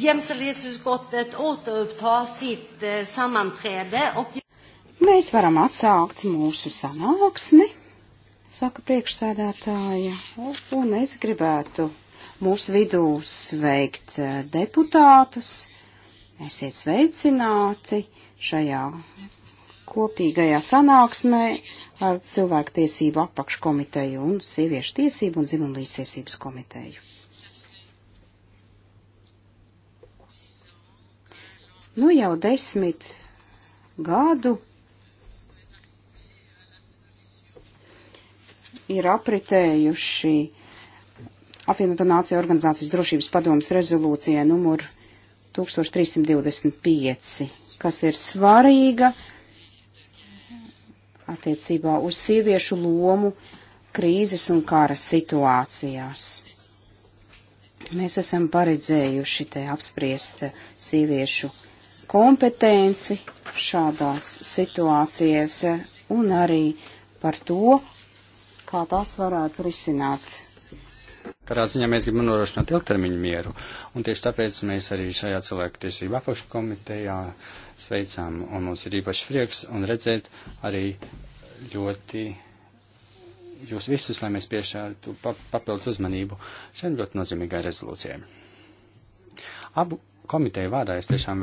Jämställdhetsutskottet återupptar sitt eh, sammanträde och... Mēs varam atsākt mūsu sanāksmi, saka priekšsēdētāja, un es gribētu mūsu vidū sveikt eh, deputātus. Esiet sveicināti šajā kopīgajā sanāksmē ar cilvēku tiesību apakškomiteju un sieviešu tiesību un dzimumlīstiesības komiteju. Nu jau desmit gadu ir apritējuši apvienoto nāciju organizācijas drošības padomas rezolūcijai numur 1325, kas ir svarīga attiecībā uz sieviešu lomu krīzes un kara situācijās. Mēs esam paredzējuši te apspriest sieviešu kompetenci šādās situācijās un arī par to, kā tās varētu risināt. Kādā ziņā mēs gribam norošināt ilgtermiņu mieru, un tieši tāpēc mēs arī šajā cilvēku tiesību apakškomitejā sveicām, un mums ir īpaši prieks un redzēt arī ļoti jūs visus, lai mēs piešķirtu papildus uzmanību šiem ļoti nozīmīgai rezolūcijai. Abu komiteju vārdā es tiešām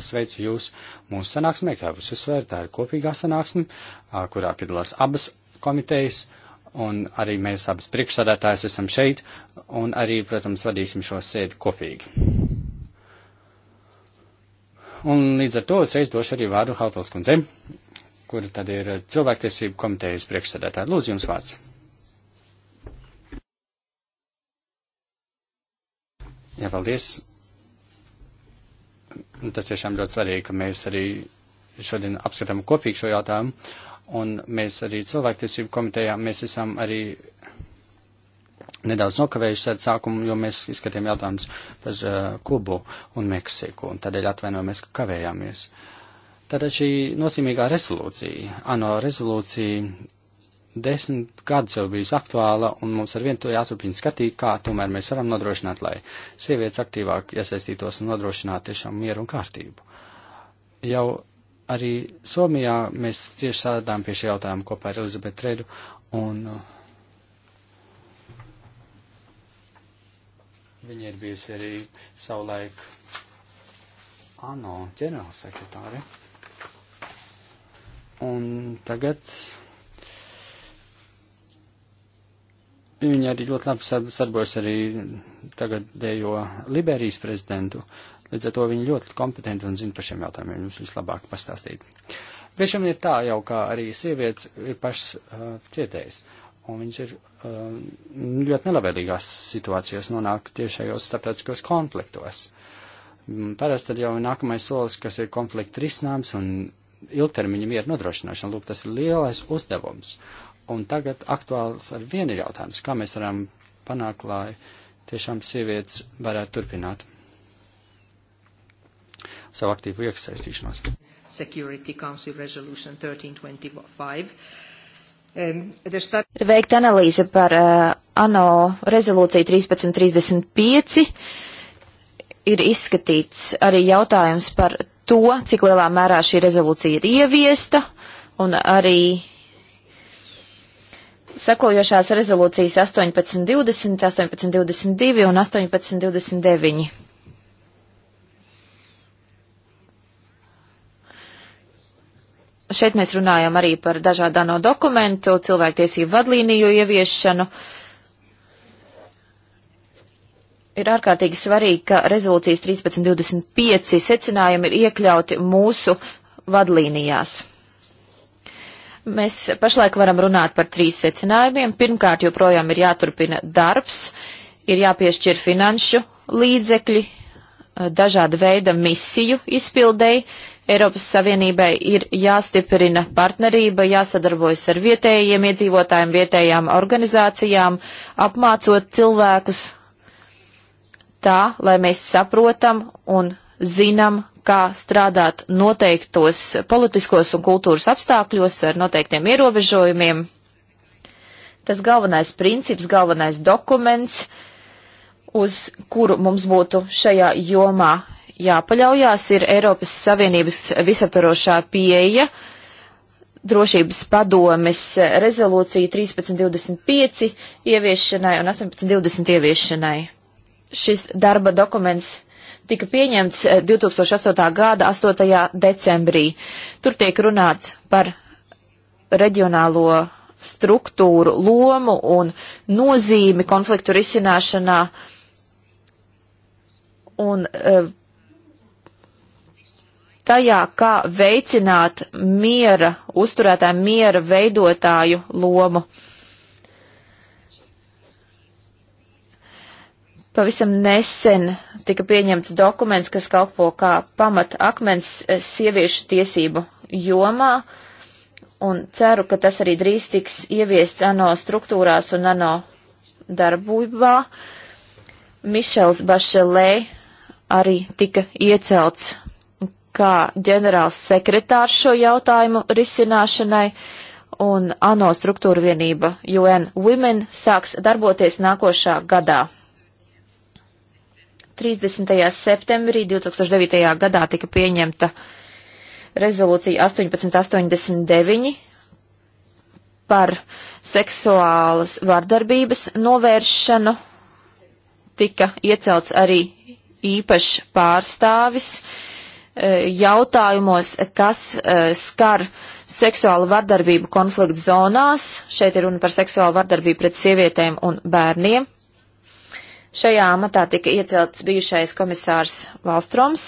sveicu jūs mūsu sanāksmē, kā jūs uzsvērt, tā ir kopīgā sanāksme, kurā piedalās abas komitejas, un arī mēs abas priekšsādātājs esam šeit, un arī, protams, vadīsim šo sēdi kopīgi. Un līdz ar to uzreiz došu arī vārdu Hautals kundzei, kur tad ir cilvēktiesību komitejas priekšsādātāja. Lūdzu, jums vārds. Jā, paldies tas tiešām ļoti svarīgi, ka mēs arī šodien apskatām kopīgi šo jautājumu, un mēs arī cilvēktiesību komitejā, mēs esam arī nedaudz nokavējuši ar sākumu, jo mēs izskatījām jautājumus par uh, Kubu un Meksiku, un tādēļ atvainojamies, ka kavējāmies. Tātad šī nozīmīgā rezolūcija, ANO rezolūcija desmit gadus jau bijusi aktuāla, un mums ar vienu to jāturpina skatīt, kā tomēr mēs varam nodrošināt, lai sievietes aktīvāk iesaistītos un nodrošinātu tiešām mieru un kārtību. Jau arī Somijā mēs cieši strādājām pie šī jautājuma kopā ar Elizabetu Redu, un uh, viņa ir bijusi arī savulaik ANO ģenerālsekretāre. Un tagad Viņi arī ļoti labi sadarbojas arī tagadējo Liberijas prezidentu, līdz ar to viņi ļoti kompetenti un zina par šiem jautājumiem, jums vislabāk pastāstīt. Bieži vien ir tā jau, ka arī sievietes ir pašas uh, cietējas, un viņas ir uh, ļoti nelabvēlīgās situācijās nonāk tiešajos starptautiskos konfliktos. Mm, parasti tad jau nākamais solis, kas ir konflikta risinājums un ilgtermiņa mieru nodrošināšana, lūk, tas ir lielais uzdevums. Un tagad aktuāls ar vienu jautājums, kā mēs varam panākt, lai tiešām sievietes varētu turpināt savu aktīvu iesaistīšanos. Security Council Resolution 1325. Um, start... Ir veikta analīze par uh, ANO rezolūciju 1335. Ir izskatīts arī jautājums par to, cik lielā mērā šī rezolūcija ir ieviesta, un arī sekojošās rezolūcijas 1820, 1822 un 1829. Šeit mēs runājam arī par dažādāno dokumentu, cilvēktiesību vadlīniju ieviešanu. Ir ārkārtīgi svarīgi, ka rezolūcijas 1325 secinājumi ir iekļauti mūsu vadlīnijās. Mēs pašlaik varam runāt par trīs secinājumiem. Pirmkārt, joprojām ir jāturpina darbs, ir jāpiešķir finanšu līdzekļi eh, dažāda veida misiju izpildēji. Eiropas Savienībai ir jāstiprina partnerība, jāsadarbojas ar vietējiem iedzīvotājiem, vietējām organizācijām, apmācot cilvēkus tā, lai mēs saprotam un zinām, kā strādāt noteiktos politiskos un kultūras apstākļos ar noteiktiem ierobežojumiem. Tas galvenais princips, galvenais dokuments, uz kuru mums būtu šajā jomā jāpaļaujās, ir Eiropas Savienības visaptarošā pieeja, drošības padomes rezolūcija 1325 ieviešanai un 1820 ieviešanai. Šis darba dokuments tika pieņemts 2008. Eh, gada 8. decembrī. Tur tiek runāts par reģionālo struktūru, lomu un nozīmi konfliktu risināšanā. Un, eh, tajā, kā veicināt miera, uzturētāju miera veidotāju lomu. Uh, Pavisam nesen tika pieņemts dokuments, kas kalpo kā pamata akmens eh, sieviešu tiesību jomā, un ceru, ka tas arī drīz tiks ieviests ANO struktūrās un ANO darbībā. Mišels Bašelē arī tika iecelts kā ģenerāls sekretārs šo jautājumu risināšanai, un ANO struktūra vienība UN Women sāks darboties nākošā gadā. 30. septembrī 2009. gadā tika pieņemta rezolūcija 1889 par seksuālas vardarbības novēršanu. Tika iecelts arī īpašs pārstāvis e, jautājumos, kas e, skar seksuālu vardarbību konfliktu zonās. Šeit ir runa par seksuālu vardarbību pret sievietēm un bērniem. Šajā amatā tika iecelts bijušais komisārs Valstroms.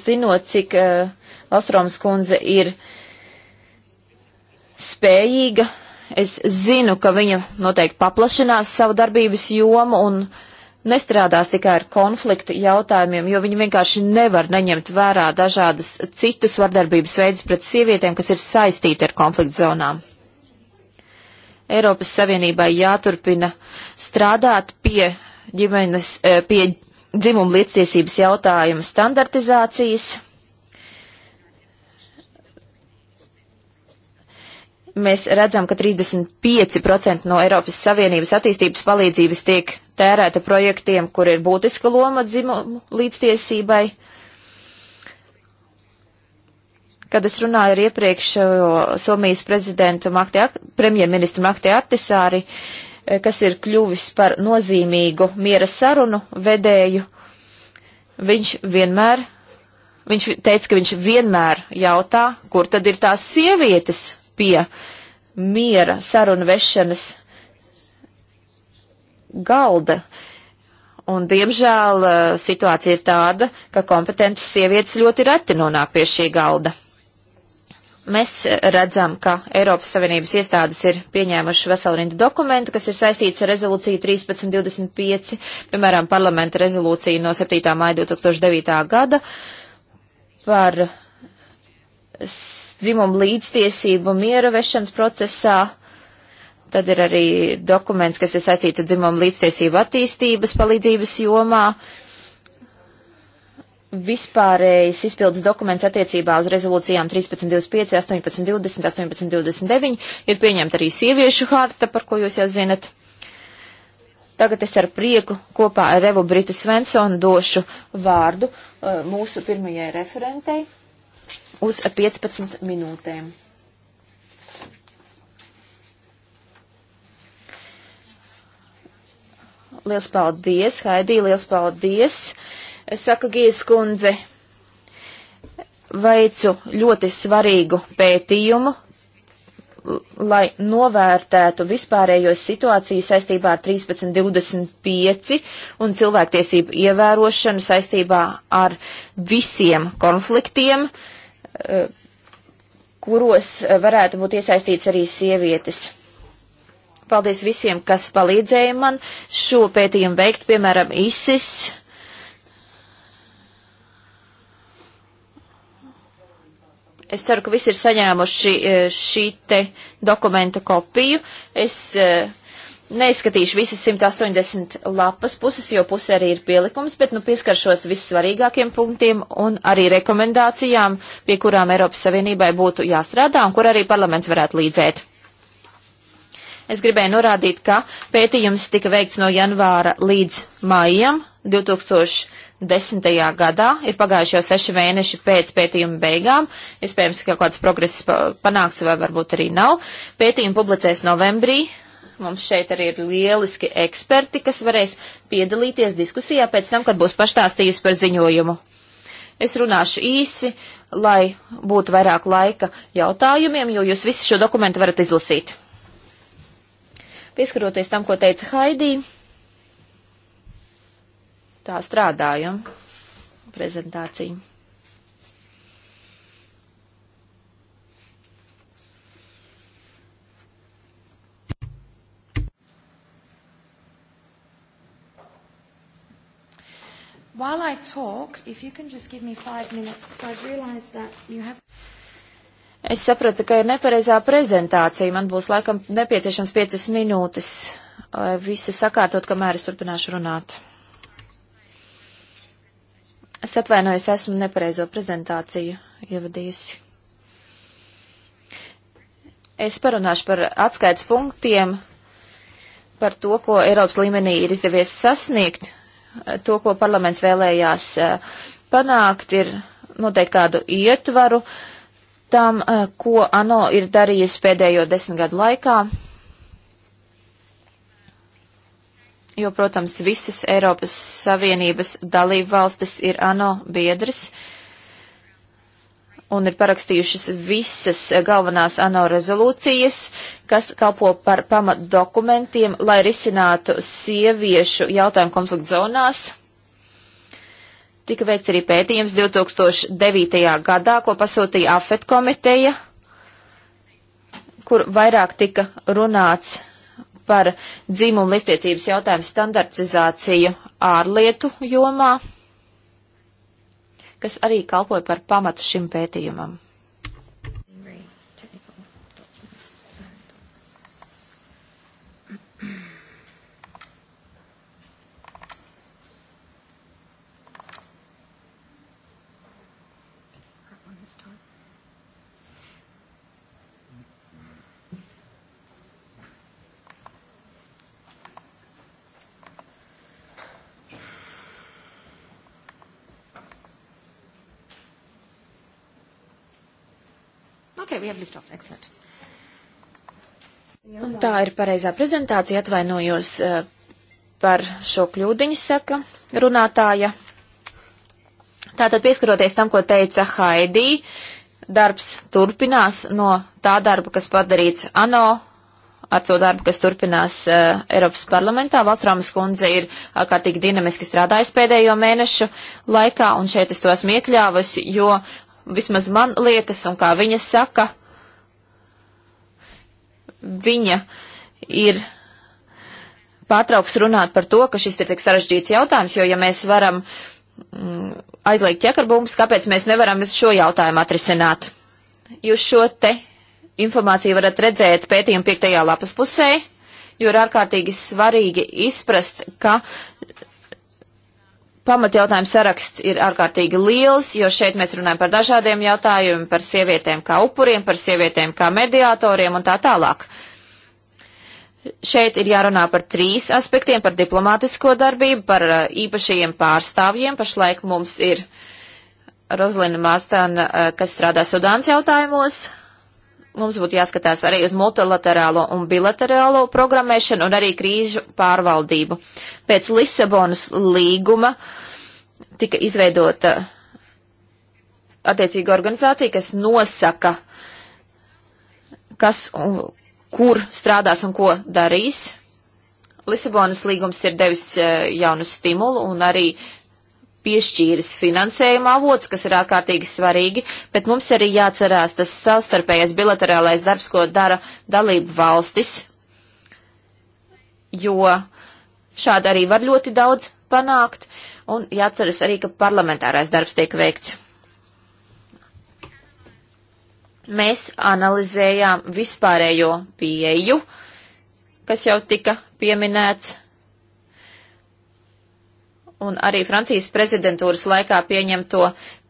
Zinot, cik uh, Valstroms kundze ir spējīga, es zinu, ka viņa noteikti paplašinās savu darbības jomu un nestrādās tikai ar konflikta jautājumiem, jo viņi vienkārši nevar neņemt vērā dažādas citus vardarbības veidus pret sievietēm, kas ir saistīti ar konflikta zonām. Eiropas Savienībai jāturpina strādāt pie ģimenes, e, pie dzimumu līdztiesības jautājumu standartizācijas. Mēs redzam, ka 35% no Eiropas Savienības attīstības palīdzības tiek tērēta projektiem, kur ir būtiska loma dzimumu līdztiesībai. Kad es runāju ar iepriekš uh, Somijas prezidentu Makti, premjerministru Makti Artisāri, uh, kas ir kļuvis par nozīmīgu miera sarunu vedēju, viņš vienmēr, viņš teica, ka viņš vienmēr jautā, kur tad ir tās sievietes pie miera sarunu vešanas galda. Un, diemžēl uh, situācija ir tāda, ka kompetentas sievietes ļoti reti nonāk pie šī galda. Mēs redzam, ka Eiropas Savienības iestādes ir pieņēmušas veselu rindu dokumentu, kas ir saistīts ar rezolūciju 1325, piemēram, parlamenta rezolūciju no 7. maija 2009. gada par dzimumu līdztiesību miera vešanas procesā. Tad ir arī dokuments, kas ir saistīts ar dzimumu līdztiesību attīstības palīdzības jomā. Uh, vispārējais izpildes dokuments attiecībā uz rezolūcijām 1325, 1820, 1829 ir pieņemta arī sieviešu harta, par ko jūs jau zinat. Tagad es ar prieku kopā ar Evu Britu Svensonu došu vārdu uh, mūsu pirmajai referentei uz 15 minūtēm. Liels paldies, Haidī, liels paldies! Uh, saka Gijas kundze. Veicu ļoti svarīgu pētījumu, lai novērtētu vispārējo situāciju saistībā ar 1325 un cilvēktiesību ievērošanu saistībā ar visiem konfliktiem, eh, kuros varētu būt iesaistīts arī sievietes. Paldies visiem, kas palīdzēja man šo pētījumu veikt, piemēram, ISIS Es ceru, ka visi ir saņēmuši e, šī te dokumenta kopiju. Es e, neizskatīšu visas 180 lapas puses, jo pusē arī ir pielikums, bet nu pieskaršos vissvarīgākiem punktiem un arī rekomendācijām, pie kurām Eiropas Savienībai būtu jāstrādā un kur arī parlaments varētu līdzēt. Es gribēju norādīt, ka pētījums tika veikts no janvāra līdz maijam 2010. gadā, ir pagājuši jau seši mēneši pēc pētījuma beigām, iespējams, ka kāds progress panāks vai varbūt arī nav. Pētījumu publicēs novembrī, mums šeit arī ir lieliski eksperti, kas varēs piedalīties diskusijā pēc tam, kad būs pastāstījusi par ziņojumu. Es runāšu īsi, lai būtu vairāk laika jautājumiem, jo jūs visi šo dokumentu varat izlasīt. Pieskaroties tam, ko teica Haidī, tā strādājam prezentāciju. While I talk, if you can just give me five minutes, because I've realized that you have. Es sapratu, ka ir nepareizā prezentācija. Man būs laikam nepieciešams piecas minūtes, lai visu sakārtot, kamēr es turpināšu runāt. Es atvainojos, esmu nepareizo prezentāciju ievadījusi. Es parunāšu par atskaits punktiem, par to, ko Eiropas līmenī ir izdevies sasniegt, to, ko parlaments vēlējās eh, panākt, ir noteikti tādu ietvaru tam, eh, ko ANO ir darījusi pēdējo desmit gadu laikā. jo, protams, visas Eiropas Savienības dalību valstis ir ANO biedrs un ir parakstījušas visas galvenās ANO rezolūcijas, kas kalpo par pamat dokumentiem, lai risinātu sieviešu jautājumu konfliktu zonās. Tika veikts arī pētījums 2009. gadā, ko pasūtīja AFET komiteja, kur vairāk tika runāts par dzimumu listiecības jautājumu standartizāciju ārlietu jomā, kas arī kalpoja par pamatu šim pētījumam. Okay, we have lift off. Excellent. Tā ir pareizā prezentācija. Atvainojos eh, par šo kļūdiņu, saka runātāja. Tātad pieskaroties tam, ko teica Haidī, darbs turpinās no tā darba, kas padarīts ANO ar to darbu, kas turpinās uh, Eiropas parlamentā. Valstrāmas kundze ir ārkārtīgi dinamiski strādājusi pēdējo mēnešu laikā, un šeit es to esmu iekļāvusi, jo vismaz man liekas, un kā viņa saka, viņa ir pārtrauks runāt par to, ka šis ir tik sarežģīts jautājums, jo ja mēs varam mm, aizliegt ķekarbumbas, kāpēc mēs nevaram šo jautājumu atrisināt? Jūs šo te informāciju varat redzēt pētījuma piektajā lapas pusē, jo ir ārkārtīgi svarīgi izprast, ka pamatjautājumu saraksts ir ārkārtīgi liels, jo šeit mēs runājam par dažādiem jautājumiem, par sievietēm kā upuriem, par sievietēm kā mediātoriem un tā tālāk. Šeit ir jārunā par trīs aspektiem - par diplomātisko darbību, par uh, īpašajiem pārstāvjiem. Pašlaik mums ir Rozlina Māstāna, uh, kas strādā Sudāns jautājumos, mums būtu jāskatās arī uz multilaterālo un bilaterālo programmēšanu un arī krīžu pārvaldību. Pēc Lisabonas līguma tika izveidota attiecīga organizācija, kas nosaka, kas un kur strādās un ko darīs. Lisabonas līgums ir devis eh, jaunu stimulu un arī piešķīris finansējuma avots, kas ir ārkārtīgi svarīgi, bet mums arī jācerās tas savstarpējais bilaterālais darbs, ko dara dalību valstis, jo šādi arī var ļoti daudz panākt, un jāceras arī, ka parlamentārais darbs tiek veikts. Mēs analizējām vispārējo pieju, kas jau tika pieminēts un arī Francijas prezidentūras laikā pieņemto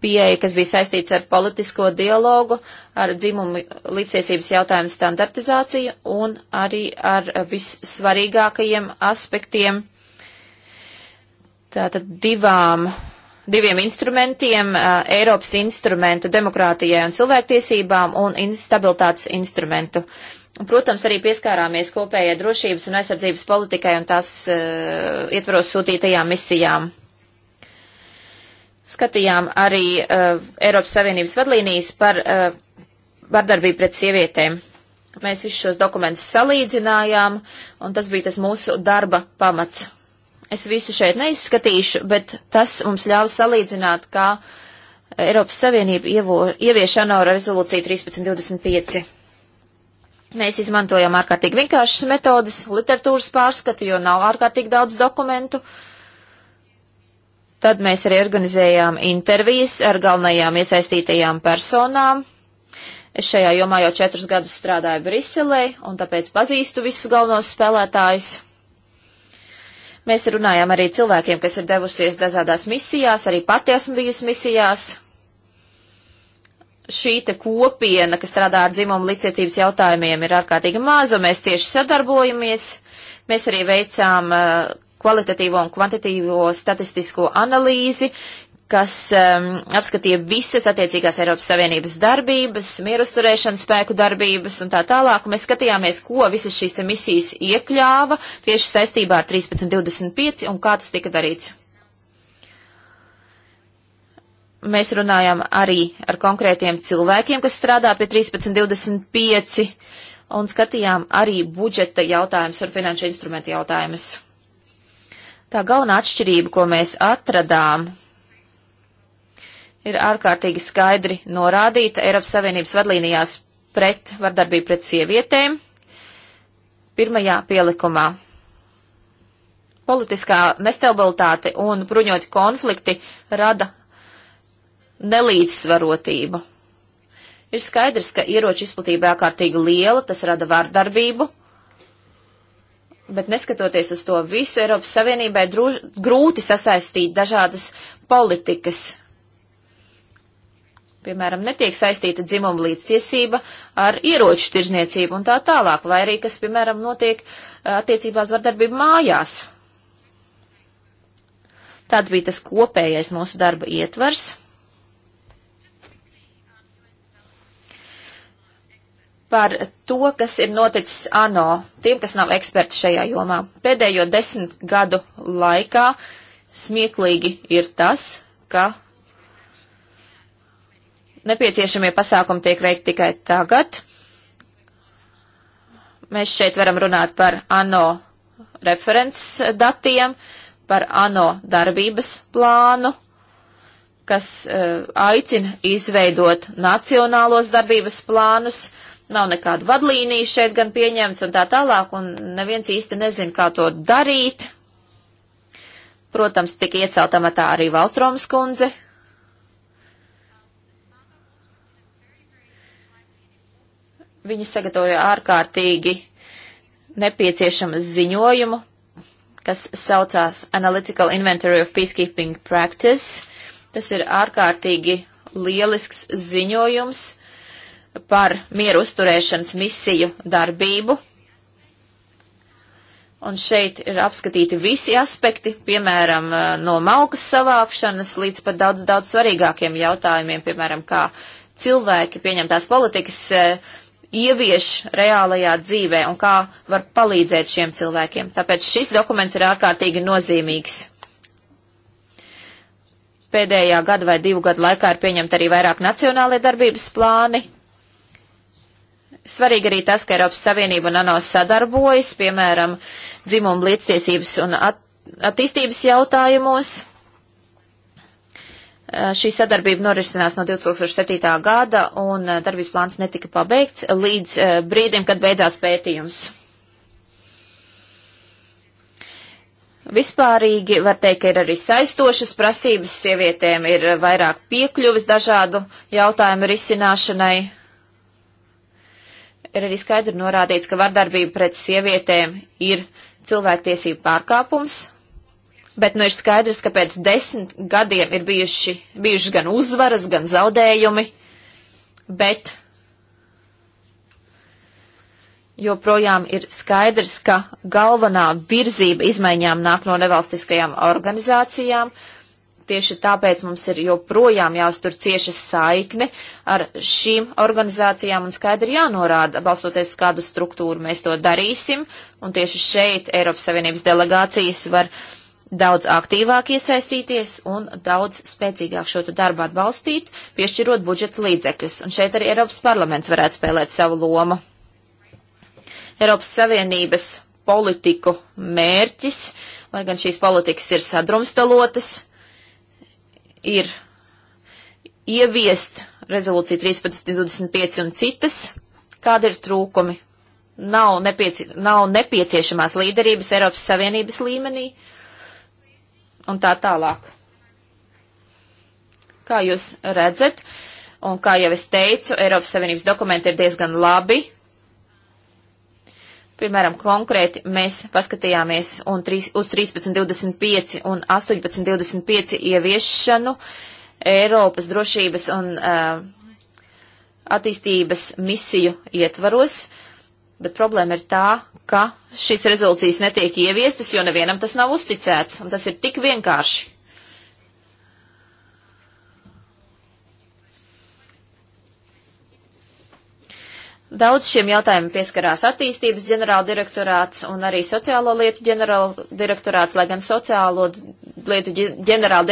pieeja, kas bija saistīts ar politisko dialogu, ar dzimumu līdztiesības jautājumu standartizāciju un arī ar vissvarīgākajiem aspektiem, tātad divām, diviem instrumentiem, Eiropas instrumentu demokrātijai un cilvēktiesībām un stabilitātes instrumentu. Uh, Un, protams, arī pieskārāmies kopējai drošības un aizsardzības politikai un tās uh, ietvaros sūtītajām misijām. Skatījām arī uh, Eiropas Savienības vadlīnijas par uh, vardarbību pret sievietēm. Mēs visus šos dokumentus salīdzinājām, un tas bija tas mūsu darba pamats. Es visu šeit neizskatīšu, bet tas mums ļāva salīdzināt, kā Eiropas Savienība ievo, ievieš ANO rezolūciju 1325. Mēs izmantojam ārkārtīgi vienkāršas metodas, literatūras pārskatu, jo nav ārkārtīgi daudz dokumentu. Tad mēs arī organizējām intervijas ar galvenajām iesaistītajām personām. Es šajā jomā jau četrus gadus strādāju Briselē, un tāpēc pazīstu visus galvenos spēlētājus. Mēs runājām arī cilvēkiem, kas ir devusies dažādās misijās, arī pati esmu bijusi misijās, šī te kopiena, kas strādā ar dzimumu līdzsiecības jautājumiem, ir ārkārtīgi maza, mēs cieši sadarbojamies. Mēs arī veicām uh, kvalitatīvo un kvantitīvo statistisko analīzi, kas um, apskatīja visas attiecīgās Eiropas Savienības darbības, mierusturēšanas spēku darbības un tā tālāk. Un mēs skatījāmies, ko visas šīs misijas iekļāva tieši saistībā ar 1325 un kā tas tika darīts mēs runājam arī ar konkrētiem cilvēkiem, kas strādā pie 1325 un skatījām arī budžeta jautājumus un finanšu instrumentu jautājumus. Tā galvenā atšķirība, ko mēs atradām, ir ārkārtīgi skaidri norādīta Eiropas Savienības vadlīnijās pret vardarbību pret sievietēm pirmajā pielikumā. Politiskā nestabilitāte un bruņoti konflikti rada nelīdzsvarotība. Ir skaidrs, ka ieroču izplatība ir ārkārtīgi liela, tas rada vārdarbību, bet neskatoties uz to visu, Eiropas Savienībai ir drūž, grūti sasaistīt dažādas politikas. Piemēram, netiek saistīta dzimuma līdztiesība ar ieroču tirzniecību un tā tālāk, vai arī, kas, piemēram, notiek eh, attiecībās vardarbību mājās. Tāds bija tas kopējais mūsu darba ietvars. par to, kas ir noticis ANO, tiem, kas nav eksperti šajā jomā. Pēdējo desmit gadu laikā smieklīgi ir tas, ka nepieciešamie pasākumi tiek veikti tikai tagad. Mēs šeit varam runāt par ANO referents datiem, par ANO darbības plānu, kas uh, aicina izveidot nacionālos darbības plānus, uh, nav nekādu vadlīniju šeit gan pieņemts un tā tālāk, un neviens īsti nezin, kā to darīt. Protams, tika iecelt amatā arī Valstromas kundze. Viņi sagatavoja ārkārtīgi nepieciešamas ziņojumu, kas saucās Analytical Inventory of Peacekeeping Practice. Tas ir ārkārtīgi lielisks ziņojums par mieru uzturēšanas misiju darbību. Un šeit ir apskatīti visi aspekti, piemēram, eh, no malkas savākšanas līdz pat daudz, daudz svarīgākiem jautājumiem, piemēram, kā cilvēki pieņemtās politikas eh, ievieš reālajā dzīvē un kā var palīdzēt šiem cilvēkiem. Tāpēc šis dokuments ir ārkārtīgi nozīmīgs. Pēdējā gada vai divu gadu laikā ir pieņemti arī vairāk nacionālie darbības plāni, Svarīgi arī tas, ka Eiropas Savienība un ANO sadarbojas, piemēram, dzimumu līdztiesības un at attīstības jautājumos. Šī sadarbība norisinās no 2007. gada, un darbības plāns netika pabeigts līdz brīdim, kad beidzās pētījums. Vispārīgi var teikt, ka ir arī saistošas prasības, sievietēm ir vairāk piekļuvis dažādu jautājumu risināšanai, ir arī skaidri norādīts, ka vardarbība pret sievietēm ir cilvēktiesību pārkāpums, bet nu ir skaidrs, ka pēc desmit gadiem ir bijuši, bijuši gan uzvaras, gan zaudējumi, bet joprojām ir skaidrs, ka galvenā virzība izmaiņām nāk no nevalstiskajām organizācijām, uh, Tieši tāpēc mums ir joprojām jāuztur cieša saikne ar šīm organizācijām un skaidri jānorāda, balstoties uz kādu struktūru mēs to darīsim. Un tieši šeit Eiropas Savienības delegācijas var daudz aktīvāk iesaistīties un daudz spēcīgāk šo darbu atbalstīt, piešķirot budžeta līdzekļus. Un šeit arī Eiropas parlaments varētu spēlēt savu lomu. Eiropas Savienības politiku mērķis, lai gan šīs politikas ir sadrumstalotas, ir ieviest rezolūciju 1325 un citas, kāda ir trūkumi. Nav, nepieci nav nepieciešamās līderības Eiropas Savienības līmenī un tā tālāk. Kā jūs redzat, un kā jau es teicu, Eiropas Savienības dokumenti ir diezgan labi Piemēram, konkrēti mēs paskatījāmies un trīs, uz 13.25 un 18.25 ieviešanu Eiropas drošības un uh, attīstības misiju ietvaros, bet problēma ir tā, ka šīs rezolūcijas netiek ieviestas, jo nevienam tas nav uzticēts, un tas ir tik vienkārši. Daudz šiem jautājumiem pieskarās attīstības ģenerāla direktorāts un arī sociālo lietu ģenerāla direktorāts, lai gan sociālo lietu ģenerāla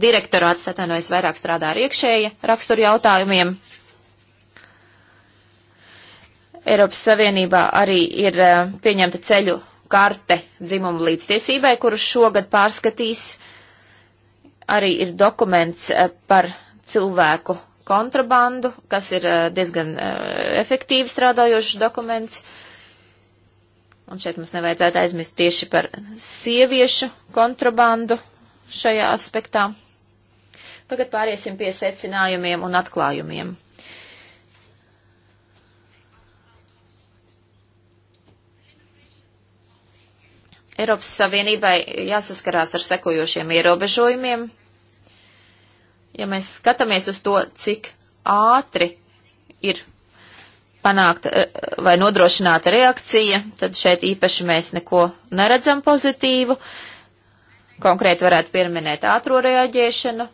direktorāts, atvainojas, vairāk strādā ar iekšēja raksturu jautājumiem. Eiropas Savienībā arī ir eh, pieņemta ceļu karte dzimumu līdztiesībai, kuru šogad pārskatīs. Arī ir dokuments eh, par cilvēku kontrabandu, kas ir eh, diezgan eh, efektīvi strādājošs dokuments. Un šeit mums nevajadzētu aizmirst tieši par sieviešu kontrabandu šajā aspektā. Tagad pāriesim pie secinājumiem un atklājumiem. Eiropas Savienībai jāsaskarās ar sekojošiem ierobežojumiem ja mēs skatāmies uz to, cik ātri ir panākta eh, vai nodrošināta reakcija, tad šeit īpaši mēs neko neredzam pozitīvu. Konkrēti varētu pieminēt ātro reaģēšanu,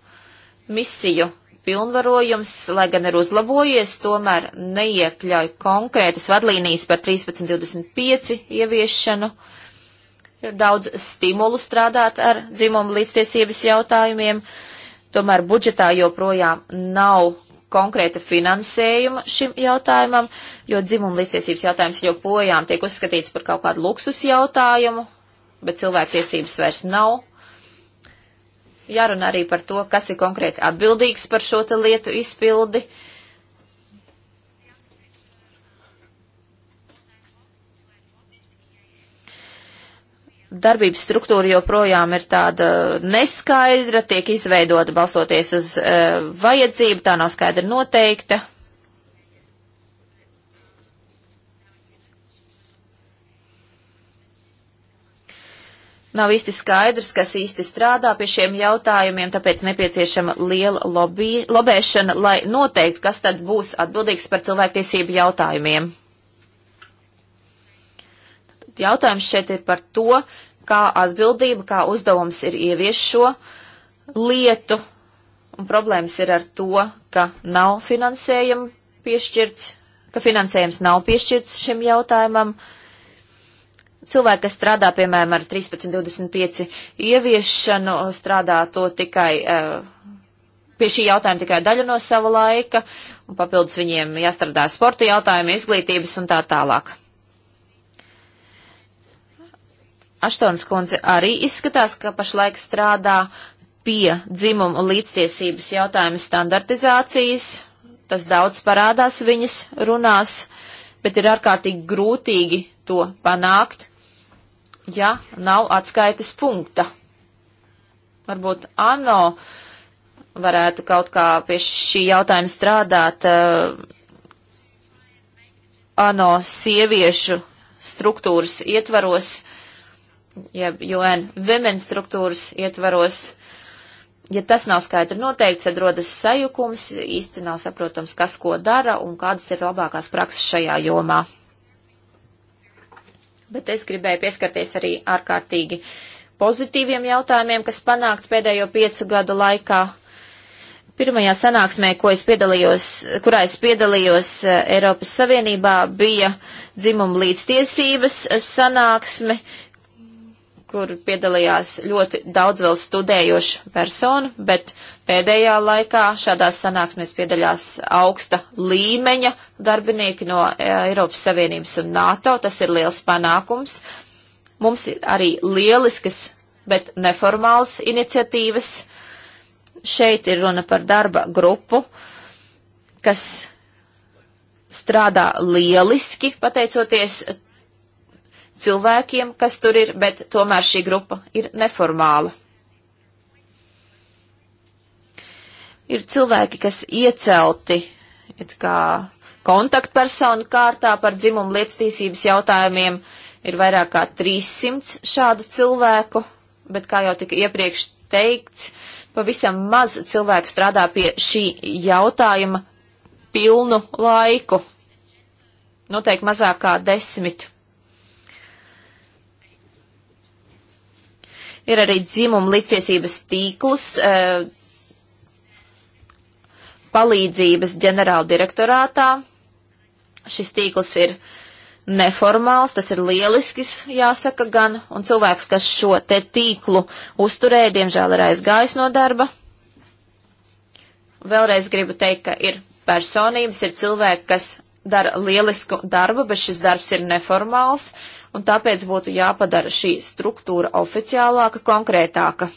misiju pilnvarojums, lai gan ir uzlabojies, tomēr neiekļauj konkrētas vadlīnijas par 1325 ieviešanu. Ir daudz stimulu strādāt ar dzimumu līdztiesības jautājumiem. Uh, Tomēr budžetā joprojām nav konkrēta finansējuma šim jautājumam, jo dzimuma līdztiesības jautājums joprojām tiek uzskatīts par kaut kādu luksus jautājumu, bet cilvēktiesības vairs nav. Jārunā arī par to, kas ir konkrēti atbildīgs par šo lietu izpildi. Uh, darbības struktūra joprojām ir tāda neskaidra, tiek izveidota balstoties uz uh, vajadzību, tā nav skaidri noteikta. Nav īsti skaidrs, kas īsti strādā pie šiem jautājumiem, tāpēc nepieciešama liela lobby, lobēšana, lai noteiktu, kas tad būs atbildīgs par cilvēktiesību jautājumiem jautājums šeit ir par to, kā atbildība, kā uzdevums ir ievies šo lietu, un problēmas ir ar to, ka nav finansējuma piešķirts, ka finansējums nav piešķirts šim jautājumam. Cilvēki, kas strādā, piemēram, ar 1325 ieviešanu, strādā to tikai eh, pie šī jautājuma tikai daļu no sava laika, un papildus viņiem jāstrādā sporta jautājumi, izglītības un tā tālāk. Aštons kundze arī izskatās, ka pašlaik strādā pie dzimumu līdztiesības jautājuma standartizācijas. Tas daudz parādās viņas runās, bet ir ārkārtīgi grūtīgi to panākt, ja nav atskaites punkta. Varbūt ANO varētu kaut kā pie šī jautājuma strādāt. Uh, eh, ANO sieviešu struktūras ietvaros jeb UN Women struktūras ietvaros. Ja tas nav skaidri noteikts, tad rodas sajukums, īsti nav saprotams, kas ko dara un kādas ir labākās prakses šajā jomā. Bet es gribēju pieskarties arī ārkārtīgi pozitīviem jautājumiem, kas panākt pēdējo piecu gadu laikā. Pirmajā sanāksmē, es piedalījos, kurā es piedalījos eh, Eiropas Savienībā, bija dzimuma līdztiesības eh, sanāksme, uh, kur piedalījās ļoti daudz vēl studējošu personu, bet pēdējā laikā šādās sanāksmēs piedalījās augsta līmeņa darbinieki no e, Eiropas Savienības un NATO. Tas ir liels panākums. Mums ir arī lieliskas, bet neformālas iniciatīvas. Šeit ir runa par darba grupu, kas strādā lieliski, pateicoties cilvēkiem, kas tur ir, bet tomēr šī grupa ir neformāla. Ir cilvēki, kas iecelti it kā kontaktpersonu kārtā par dzimumu lietstīsības jautājumiem, ir vairāk kā 300 šādu cilvēku, bet kā jau tika iepriekš teikts, pavisam maz cilvēku strādā pie šī jautājuma pilnu laiku. Noteikti mazāk kā desmit Ir arī dzimuma līdztiesības tīkls, eh, palīdzības ģenerāldirektorātā. Šis tīkls ir neformāls, tas ir lielisks, jāsaka gan, un cilvēks, kas šo te tīklu uzturēja, diemžēl ir aizgājis no darba. Vēlreiz gribu teikt, ka ir personības, ir cilvēki, kas dara lielisku darbu, bet šis darbs ir neformāls, un tāpēc būtu jāpadara šī struktūra oficiālāka, konkrētāka.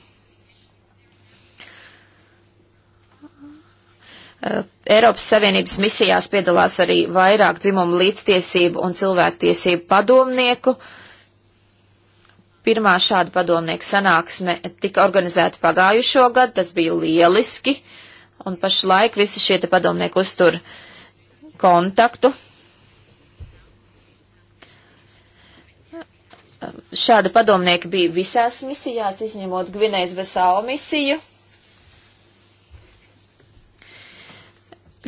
Eh, Eiropas Savienības misijās piedalās arī vairāk dzimumu līdztiesību un cilvēktiesību padomnieku. Pirmā šāda padomnieku sanāksme tika organizēta pagājušo gadu, tas bija lieliski, un pašlaik visi šie padomnieki uztur uh, kontaktu. Šādi padomnieki bija visās misijās, izņemot Gvinējas Vesau misiju.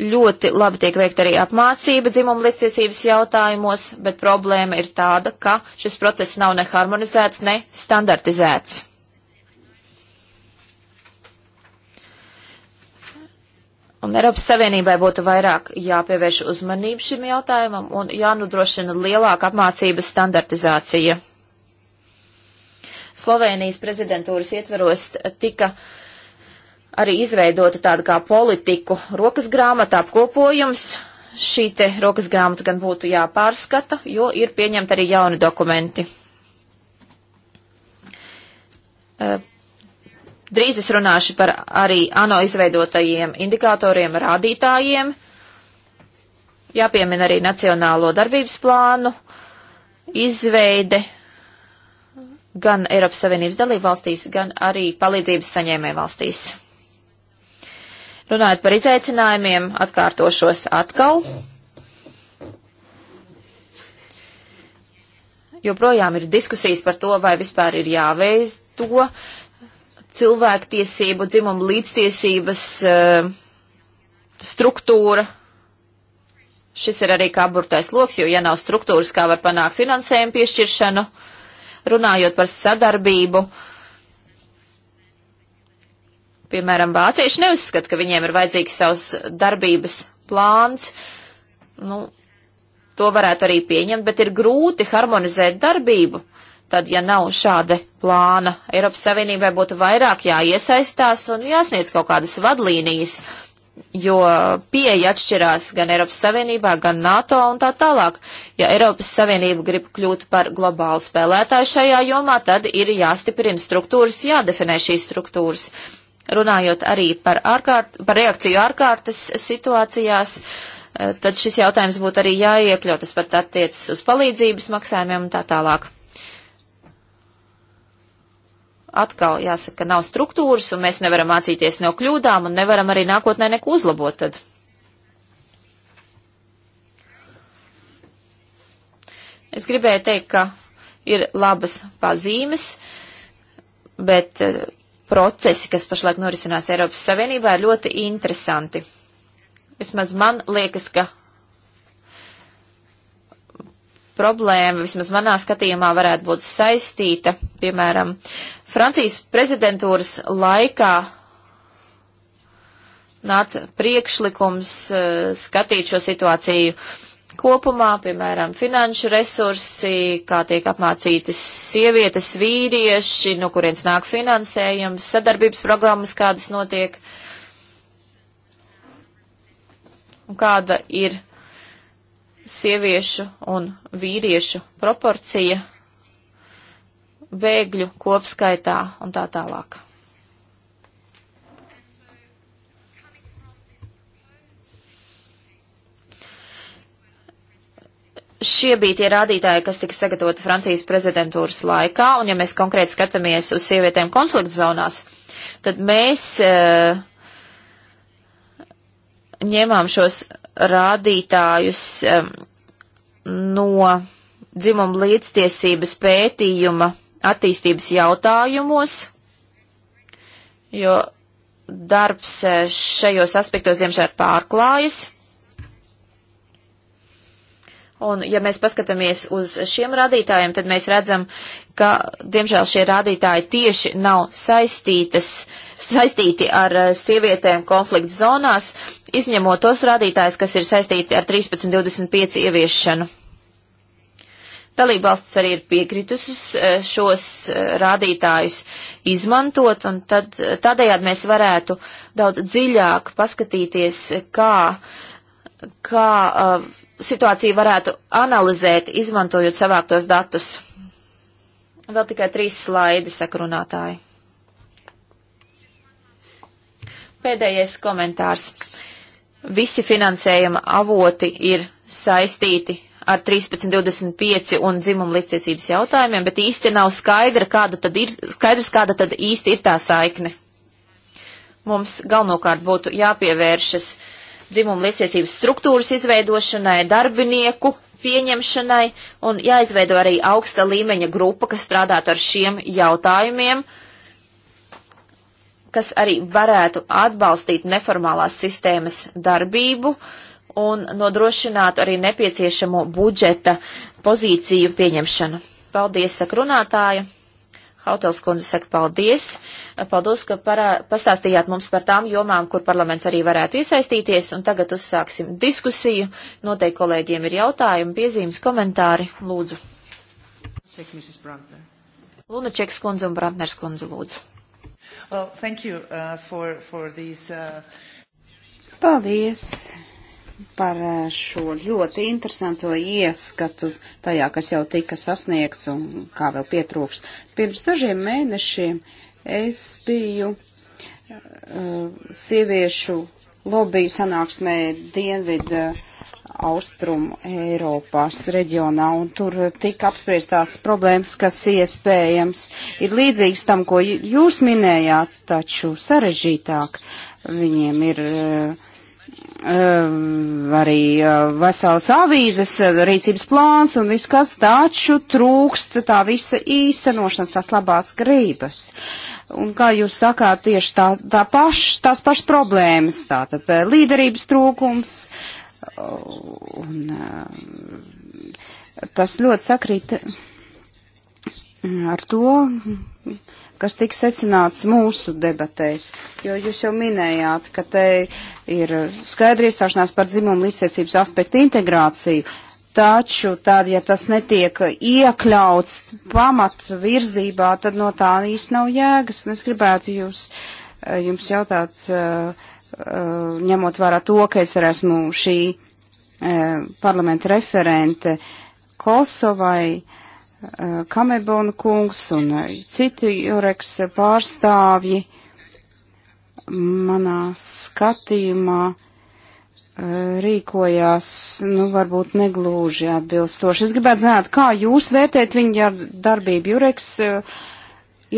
Ļoti labi tiek veikta arī apmācība dzimuma līdztiesības jautājumos, bet problēma ir tāda, ka šis process nav ne harmonizēts, ne standartizēts. Un Eiropas Savienībai būtu vairāk jāpievērš uzmanību šim jautājumam un jānodrošina lielāka apmācības standartizācija. Slovenijas prezidentūras ietveros tika arī izveidota tāda kā politiku rokas grāmata apkopojums. Šī te rokas grāmata gan būtu jāpārskata, jo ir pieņemti arī jauni dokumenti. Drīz es runāšu par arī ANO izveidotajiem indikatoriem, rādītājiem. Jāpiemina arī Nacionālo darbības plānu izveide gan Eiropas Savienības dalību valstīs, gan arī palīdzības saņēmē valstīs. Runājot par izaicinājumiem, atkārtošos atkal. Joprojām ir diskusijas par to, vai vispār ir jāveiz to cilvēktiesību, dzimumu līdztiesības eh, struktūra. Šis ir arī kā burtais loks, jo ja nav struktūras, kā var panākt finansējumu piešķiršanu, runājot par sadarbību. Piemēram, vācieši neuzskata, ka viņiem ir vajadzīgs savs darbības plāns. Nu, to varētu arī pieņemt, bet ir grūti harmonizēt darbību. Uh, tad, ja nav šāda plāna, Eiropas Savienībai būtu vairāk jāiesaistās un jāsniedz kaut kādas vadlīnijas, jo pieeja atšķirās gan Eiropas Savienībā, gan NATO un tā tālāk. Ja Eiropas Savienība grib kļūt par globālu spēlētāju šajā jomā, tad ir jāstiprina struktūras, jādefinē šīs struktūras. Runājot arī par, ārkārt, par reakciju ārkārtas situācijās, eh, tad šis jautājums būtu arī jāiekļaut, tas pat attiecas uz palīdzības maksājumiem un tā tālāk atkal jāsaka, nav struktūras, un mēs nevaram mācīties no kļūdām, un nevaram arī nākotnē neko uzlabot tad. Es gribēju teikt, ka ir labas pazīmes, bet eh, procesi, kas pašlaik norisinās Eiropas Savienībā, ir ļoti interesanti. Vismaz man liekas, ka problēma, vismaz manā skatījumā, varētu būt saistīta, piemēram, Francijas prezidentūras laikā nāca priekšlikums eh, skatīt šo situāciju kopumā, piemēram, finanšu resursi, kā tiek apmācītas sievietes, vīrieši, no kurienes nāk finansējums, sadarbības programmas, kādas notiek un kāda ir sieviešu un vīriešu proporcija bēgļu kopskaitā un tā tālāk. Šie bija tie rādītāji, kas tika sagatavoti Francijas prezidentūras laikā, un ja mēs konkrēti skatāmies uz sievietēm konfliktu zonās, tad mēs e, ņēmām šos rādītājus no dzimuma līdztiesības pētījuma attīstības jautājumos, jo darbs eh, šajos aspektos diemžēl pārklājas. Un, ja mēs paskatāmies uz šiem rādītājiem, tad mēs redzam, ka, diemžēl, šie rādītāji tieši nav saistītas, saistīti ar eh, sievietēm konflikta zonās, izņemot tos rādītājus, kas ir saistīti ar 1325 ieviešanu. Dalībvalsts arī ir piekritus eh, šos eh, rādītājus izmantot, un tad, tādējādi mēs varētu daudz dziļāk paskatīties, kā, kā uh, situāciju varētu analizēt, izmantojot savāktos datus. Vēl tikai trīs slaidi, saka runātāji. Pēdējais komentārs. Visi finansējuma avoti ir saistīti ar 1325 un dzimumu līdztiesības jautājumiem, bet īsti nav skaidra, kāda tad ir, skaidrs, kāda tad īsti ir tā saikne. Mums galvenokārt būtu jāpievēršas dzimumu līdztiesības struktūras izveidošanai, darbinieku pieņemšanai un jāizveido arī augsta līmeņa grupa, kas strādātu ar šiem jautājumiem, kas arī varētu atbalstīt neformālās sistēmas darbību un nodrošinātu arī nepieciešamo budžeta pozīciju pieņemšanu. Paldies, sakrunātāja! Hautels kundze saka paldies. Paldies, ka parā, pastāstījāt mums par tām jomām, kur parlaments arī varētu iesaistīties. Un tagad uzsāksim diskusiju. Noteikti kolēģiem ir jautājumi, piezīmes, komentāri. Lūdzu. Lunačeks kundze un Brantners kundze, lūdzu. Well, thank you, uh, for, for these, uh... Paldies par eh, šo ļoti interesanto ieskatu tajā, kas jau tika sasniegts un kā vēl pietrūks. Pirms dažiem mēnešiem es biju uh, sieviešu lobiju sanāksmē Dienvidu eh, austrumu Eiropās reģionā, un tur tika apspriestās problēmas, kas iespējams ir līdzīgs tam, ko jūs minējāt, taču sarežģītāk viņiem ir uh, Ehm, arī eh, veselas avīzes, eh, rīcības plāns un viss kas, taču trūkst tā visa īstenošanas, tās labās grības. Un kā jūs sakāt, tieši tā, tā paš, tās pašas problēmas, tātad eh, līderības trūkums un tas ļoti sakrīt ar to, kas tika secināts mūsu debatēs, jo jūs jau minējāt, ka te ir skaidri iestāšanās par dzimumu līdztiesības aspektu integrāciju, taču tad, ja tas netiek iekļauts pamat virzībā, tad no tā īsti nav jēgas. Un es gribētu jūs, eh, jums jautāt, eh, eh, ņemot vērā to, ka es arī esmu šī parlamenta referente Kosovai, Eh, Kamebona kungs un eh, citi Jureks pārstāvji manā skatījumā eh, rīkojās, nu, varbūt neglūži atbilstoši. Es gribētu zināt, kā jūs vērtēt viņa darbību Jureks. Uh,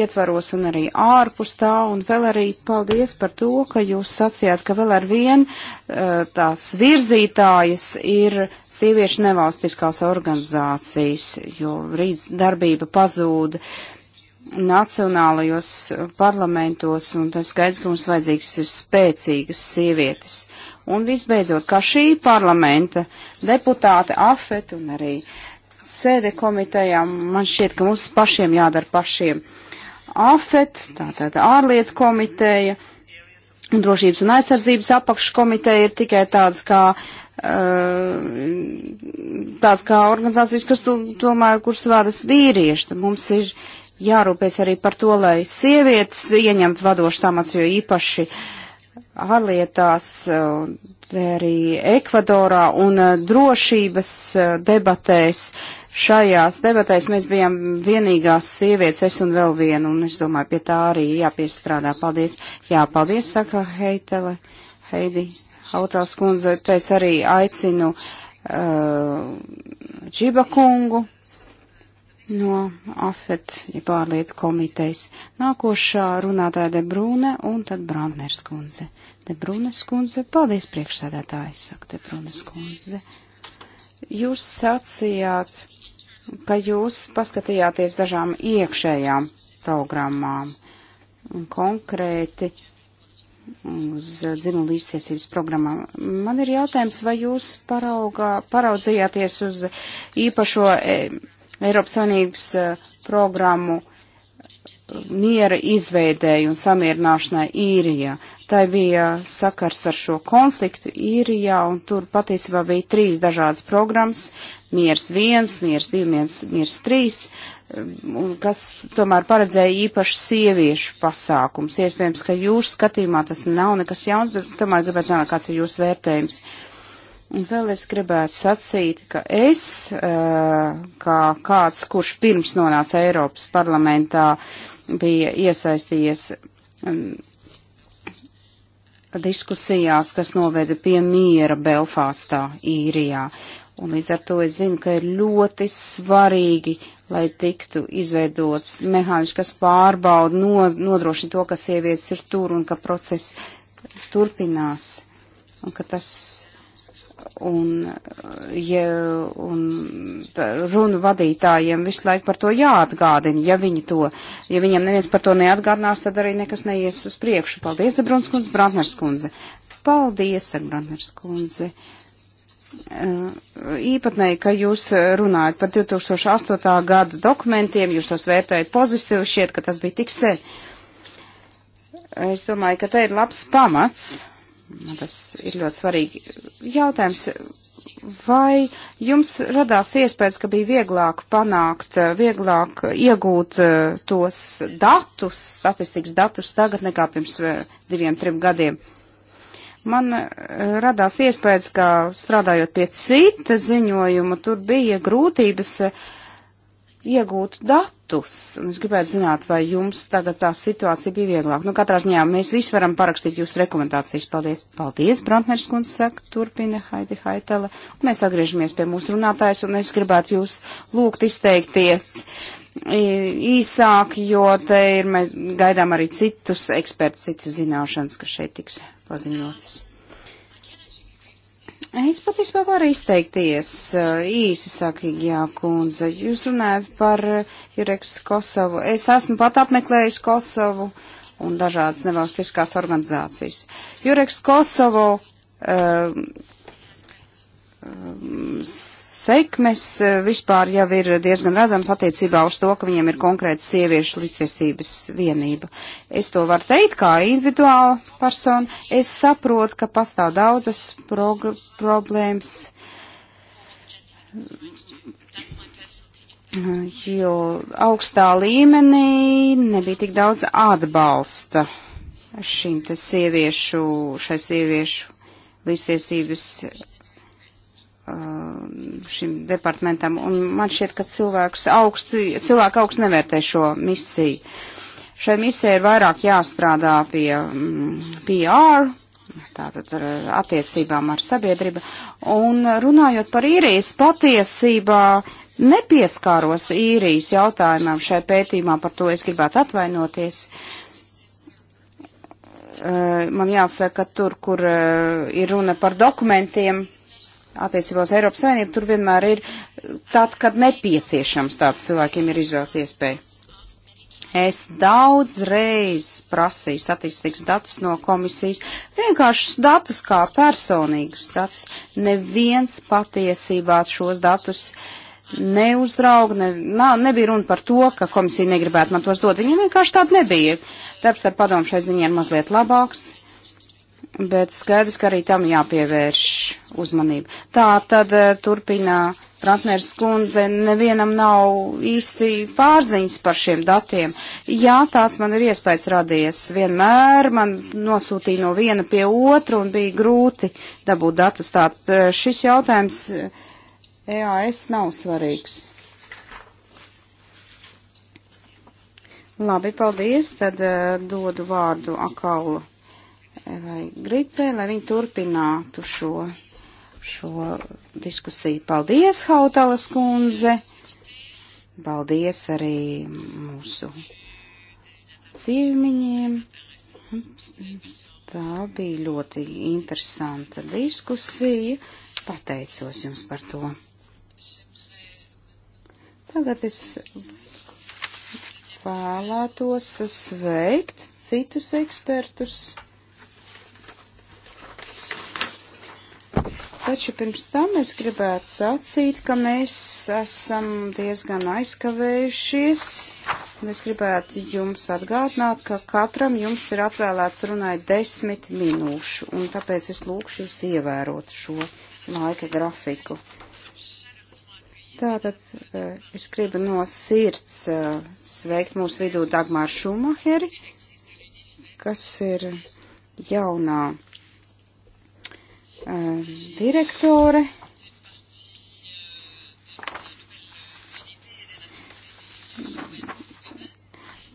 ietvaros un arī ārpus tā, un vēl arī paldies par to, ka jūs sacījāt, ka vēl ar vien eh, tās virzītājas ir sieviešu nevalstiskās organizācijas, jo rīts darbība pazūda nacionālajos parlamentos, un tas skaidrs, ka mums vajadzīgs ir spēcīgas sievietes. Un visbeidzot, kā šī parlamenta deputāte Afet un arī sēde komitejām, man šķiet, ka mums pašiem jādara pašiem AFET, tātad ārlietu komiteja, un drošības un aizsardzības apakškomiteja ir tikai tāds kā eh, tāds kā organizācijas, kas tu, tomēr, kuras vēdas vīrieši, tad mums ir jārūpēs arī par to, lai sievietes ieņemt vadošas amats, jo īpaši ārlietās, eh, arī Ekvadorā un eh, drošības debatēs uh, šajās debatēs mēs bijām vienīgās sievietes, es un vēl viena, un es domāju, pie tā arī jāpiestrādā. Paldies. Jā, paldies, saka Heitele, Heidi, Hautās kundze. Te es arī aicinu uh, Džiba kungu no AFET, ja pārlietu komitejas. Nākošā runātāja Debrūne un tad Brantners kundze. Debrūnes kundze, paldies priekšsēdētāji, saka Debrūnes kundze. Jūs sacījāt ka jūs paskatījāties dažām iekšējām programmām, konkrēti uz dzimumu līdztiesības programmām. Man ir jautājums, vai jūs paraugā, paraudzījāties uz īpašo e, Eiropas Savienības e, programmu miera izveidēji un samierināšanai īrijā. Tā bija sakars ar šo konfliktu īrijā, un tur patiesībā bija trīs dažādas programmas - miers viens, miers divi, miers, miers trīs, um, kas tomēr paredzēja īpaši sieviešu pasākums. Iespējams, ka jūsu skatījumā tas nav nekas jauns, bet tomēr gribētu zināt, kāds ir jūsu vērtējums. Un vēl es gribētu sacīt, ka es, uh, kā kāds, kurš pirms nonāca Eiropas parlamentā, uh, bija iesaistījies um, diskusijās, kas noveda pie miera Belfāstā, Īrijā. Un līdz ar to es zinu, ka ir ļoti svarīgi, lai tiktu izveidots mehānisms, kas pārbauda, no, nodrošina to, ka sievietes ir tur un ka process turpinās. Un ka tas un, ja, un runu vadītājiem visu laiku par to jāatgādina. Ja, viņi to, ja viņiem neviens par to neatgādinās, tad arī nekas neies uz priekšu. Paldies, Debruns kundze, Brantners kundze. Paldies, Brantners kundze. Uh, īpatnēji, ka jūs runājat par 2008. gada dokumentiem, jūs tos vērtējat pozitīvi, šķiet, ka tas bija tik se. Es domāju, ka te ir labs pamats Nu, tas ir ļoti svarīgi jautājums. Vai jums radās iespējas, ka bija vieglāk panākt, vieglāk iegūt eh, tos datus, statistikas datus tagad nekā pirms eh, diviem, trim gadiem? Man eh, radās iespējas, ka strādājot pie cita ziņojuma, tur bija grūtības uh, iegūt datus, un es gribētu zināt, vai jums tagad tā situācija bija vieglāk. Nu, katrā ziņā mēs visi varam parakstīt jūsu rekomendācijas. Paldies, paldies, Brantners kundze saka, turpina Haidi Haitele. Un mēs atgriežamies pie mūsu runātājs, un es gribētu jūs lūgt izteikties īsāk, jo te ir, mēs gaidām arī citus ekspertus, citas zināšanas, kas šeit tiks paziņotas. Es patiesībā varu izteikties eh, īsi, saka Jā kundze. Jūs runājat par eh, Jureks Kosovu. Es esmu pat apmeklējis Kosovu un dažādas nevalstiskās organizācijas. Jureks Kosovo um, eh, um, sekmes eh, vispār jau ir diezgan redzams attiecībā uz to, ka viņiem ir konkrēta sieviešu līdztiesības vienība. Es to varu teikt kā individuāla persona. Es saprotu, ka pastāv daudzas problēmas, jo augstā līmenī nebija tik daudz atbalsta šīm te sieviešu, šai sieviešu līdztiesības Uh, šim departamentam, un man šķiet, ka cilvēks augsti, cilvēki augstu nevērtē šo misiju. Šai misijai ir vairāk jāstrādā pie mm, PR, tātad ar attiecībām ar sabiedrību, un runājot par īrijas patiesībā, nepieskāros īrijas jautājumam šai pētījumā, par to es gribētu atvainoties. Uh, man jāsaka, ka tur, kur uh, ir runa par dokumentiem, attiecībā uz Eiropas Savienību, tur vienmēr ir tad, kad nepieciešams tāds cilvēkiem ir izvēles iespēja. Es daudz reiz prasīju statistikas datus no komisijas, vienkāršus datus kā personīgus datus. Neviens patiesībā šos datus neuzdrauga, ne, nav, nebija runa par to, ka komisija negribētu man tos dot. Viņiem vienkārši tāda nebija. Darbs ar padomu šai ziņā ir mazliet labāks, bet skaidrs, ka arī tam jāpievērš uzmanība. Tā tad eh, turpina Trantners kundze, nevienam nav īsti pārziņas par šiem datiem. Jā, tāds man ir iespējas radies. Vienmēr man nosūtīja no viena pie otru un bija grūti dabūt datus. Tātad eh, šis jautājums EAS eh, e nav svarīgs. Labi, paldies. Tad uh, dodu vārdu Akalu vai Gripē, lai viņi turpinātu šo, šo diskusiju. Paldies, Hautalas kundze! Paldies arī mūsu ciemiņiem. Tā bija ļoti interesanta diskusija. Pateicos jums par to. Tagad es vēlētos sveikt citus ekspertus. Taču pirms tam es gribētu sacīt, ka mēs esam diezgan aizkavējušies. Mēs gribētu jums atgādināt, ka katram jums ir atvēlēts runai desmit minūšu, un tāpēc es lūkšu jūs ievērot šo laika grafiku. Tātad eh, es gribu no sirds eh, sveikt mūsu vidū Dagmāru Šumaheri, kas ir jaunā direktore.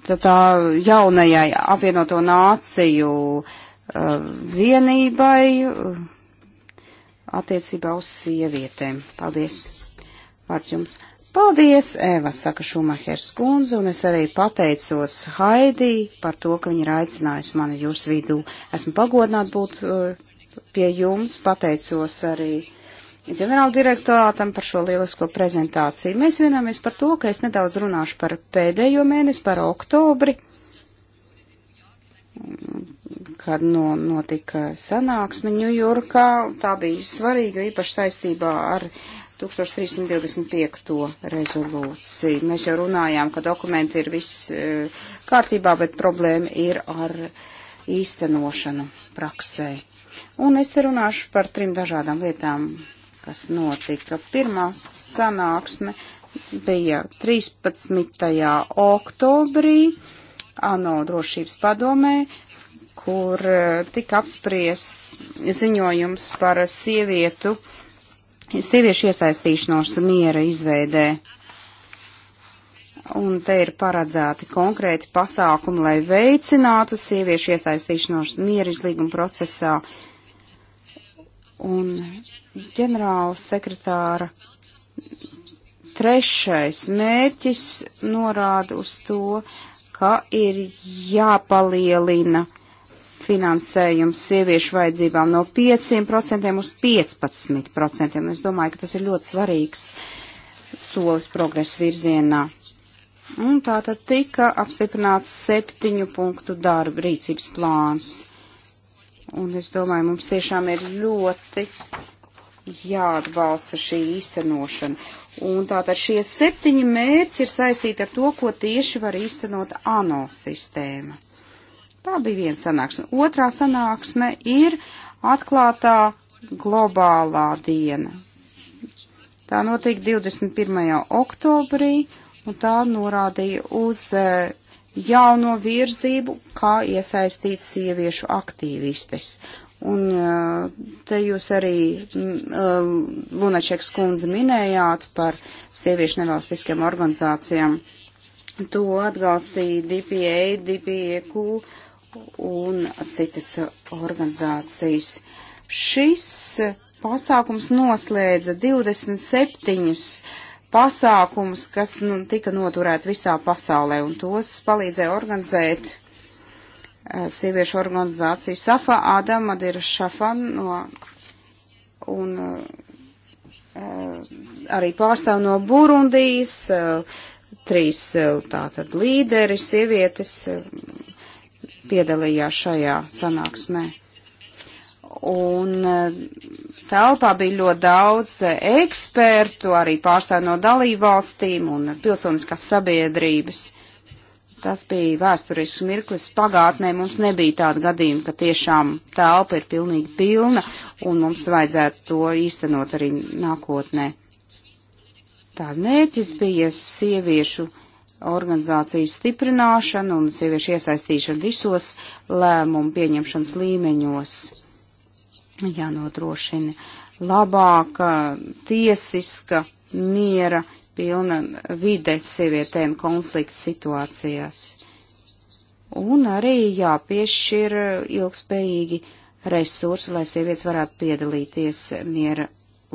Tad tā jaunajai apvienoto nāciju vienībai attiecībā uz sievietēm. Paldies! Vārds jums! Paldies, Eva, saka Šumahers kundze, un es arī pateicos Haidī par to, ka viņa ir aicinājusi mani jūs vidū. Esmu pagodināta būt uh, pie jums, pateicos arī ģenerāla direktorātam par šo lielisko prezentāciju. Mēs vienojamies par to, ka es nedaudz runāšu par pēdējo mēnesi, par oktobri, kad no, notika sanāksme Ņujorkā. Tā bija svarīga īpaši saistībā ar 1325. rezolūciju. Mēs jau runājām, ka dokumenti ir viss e, kārtībā, bet problēma ir ar īstenošanu praksē. Un es te runāšu par trim dažādām lietām, kas notika. Pirmā sanāksme bija 13. oktobrī ANO drošības padomē, kur eh, tika apspries ziņojums par sievietu, sieviešu iesaistīšanos miera izveidē. Un te ir paredzēti konkrēti pasākumi, lai veicinātu sieviešu iesaistīšanos miera izlīguma procesā. Uh, un ģenerāla sekretāra trešais mērķis norāda uz to, ka ir jāpalielina finansējums sieviešu vajadzībām no 5% uz 15%. Es domāju, ka tas ir ļoti svarīgs solis progresa virzienā. Un tā tad tika apstiprināts septiņu punktu darba rīcības plāns. Un es domāju, mums tiešām ir ļoti jāatbalsta šī īstenošana. Un tātad šie septiņi mērķi ir saistīti ar to, ko tieši var īstenot ANO sistēma. Tā bija viena sanāksme. Otrā sanāksme ir atklātā globālā diena. Tā notika 21. oktobrī, un tā norādīja uz eh, jauno virzību, kā iesaistīt sieviešu aktīvistes. Un eh, te jūs arī, mm, eh, Lunačeks kundze, minējāt par sieviešu nevalstiskiem organizācijām. To atgalstīja DPA, DPEQ un citas organizācijas. Šis pasākums noslēdza 27 pasākumus, kas nu, tika noturēti visā pasaulē, un tos palīdzēja organizēt eh, sieviešu organizācija Safa Ādama ir Šafan no, un eh, arī pārstāv no Burundijas, eh, trīs tātad līderi, sievietes piedalījās šajā sanāksmē. Un telpā bija ļoti daudz eh, ekspertu, arī pārstāv no dalībvalstīm un pilsoniskās sabiedrības. Tas bija vēsturisks mirklis pagātnē, mums nebija tāda gadījuma, ka tiešām telpa ir pilnīgi pilna un mums vajadzētu to īstenot arī nākotnē. Tā mērķis bija sieviešu organizācijas stiprināšana un sieviešu iesaistīšana visos lēmumu pieņemšanas līmeņos jānodrošina labāka, tiesiska, miera pilna vide sievietēm konflikta situācijās. Un arī jāpiešķir ilgspējīgi resursi, lai sievietes varētu piedalīties miera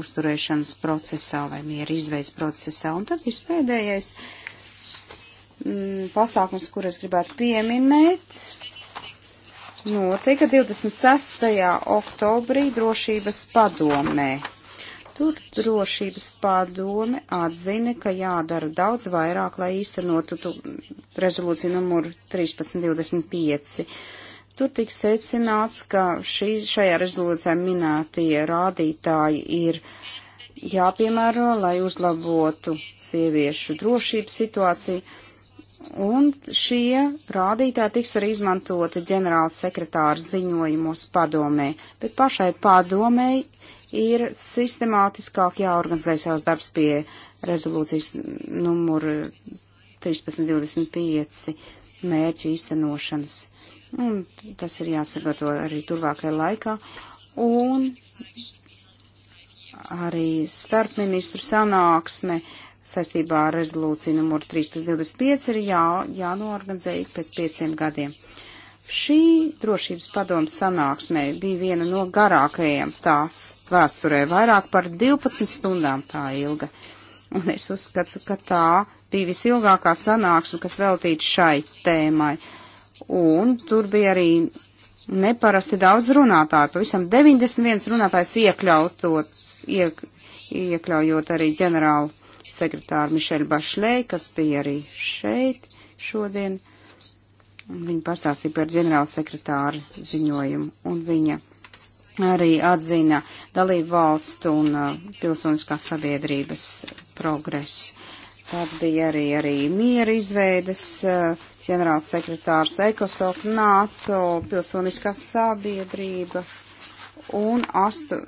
uzturēšanas procesā vai miera izveids procesā. Un tad vispēdējais mm, pasākums, kur es gribētu pieminēt, notika 26. oktobrī drošības padomē. Tur drošības padome atzina, ka jādara daudz vairāk, lai īstenotu rezolūciju numuru 1325. Tur tika secināts, ka šī, šajā rezolūcijā minētie rādītāji ir jāpiemēro, lai uzlabotu sieviešu drošības situāciju. Un šie rādītāji tiks arī izmantoti ģenerāla sekretāra ziņojumos padomē, bet pašai padomēji ir sistemātiskāk jāorganizē savs darbs pie rezolūcijas numur 1325 mērķu īstenošanas. Un tas ir jāsagatavo arī turvākajā laikā. Un arī starpministru sanāksme uh, saistībā ar rezolūciju numuru 325 ir jā, jānoorganizē ik pēc pieciem gadiem. Šī drošības padomu sanāksmē bija viena no garākajiem tās vēsturē, vairāk par 12 stundām tā ilga. Un es uzskatu, ka tā bija visilgākā sanāksme, kas veltīta šai tēmai. Un tur bija arī neparasti daudz runātāju, pavisam 91 runātājs iekļautot, iek, iekļaujot arī ģenerālu sekretāru Mišeļu Bašlē, kas bija arī šeit šodien. Viņa pastāstīja par ģenerāla sekretāru ziņojumu, un viņa arī atzina dalību valstu un uh, pilsoniskās sabiedrības progresu. Tad bija arī, arī miera izveides uh, ģenerāls sekretārs Ekosok, NATO, pilsoniskā sabiedrība un astu,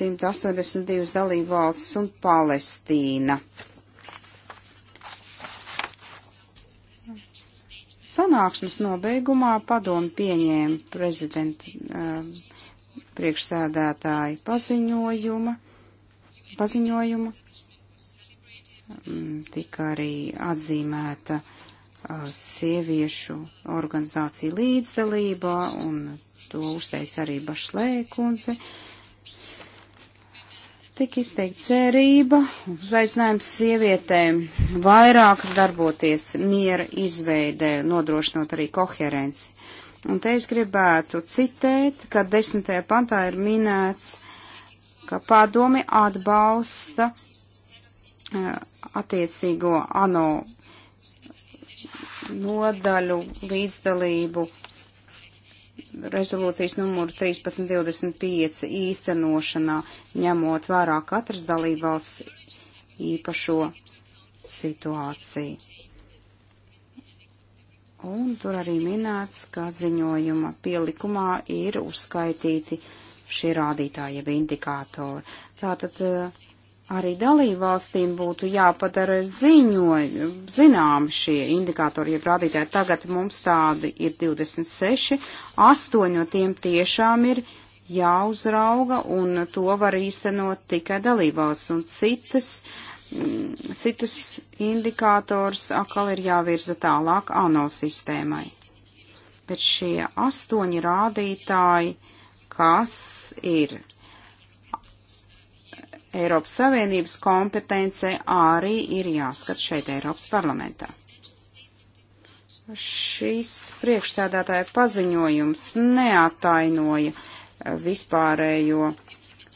182 dalību valsts un Palestīna. Sanāksmes nobeigumā padomu pieņēma prezidenta uh, um, priekšsēdētāja paziņojuma, paziņojumu. Mm, tika arī atzīmēta uh, sieviešu organizācija līdzdalībā un to uzteica arī Bašlēkundze. Uh, Tik izteikti cerība, uzaicinājums sievietēm vairāk darboties miera izveidē, nodrošinot arī koherenci. Un te es gribētu citēt, ka desmitajā pantā ir minēts, ka padomi atbalsta eh, attiecīgo ANO nodaļu līdzdalību rezolūcijas numuru 1325 īstenošanā, ņemot vērā katras dalībvalsts īpašo situāciju. Un tur arī minēts, ka ziņojuma pielikumā ir uzskaitīti šie rādītāji, jeb indikātori. Tātad uh, arī dalībvalstīm būtu jāpadara ziņoju, zinām šie indikātori, ja rādītāji tagad mums tādi ir 26, astoņi no tiem tiešām ir jāuzrauga, un to var īstenot tikai dalībvalsts, un citas, mm, citus indikātors atkal ir jāvirza tālāk ANO sistēmai. Bet šie astoņi rādītāji, kas ir Eiropas Savienības kompetence arī ir jāskat šeit Eiropas parlamentā. Šis priekšsēdētāja paziņojums neatainoja vispārējo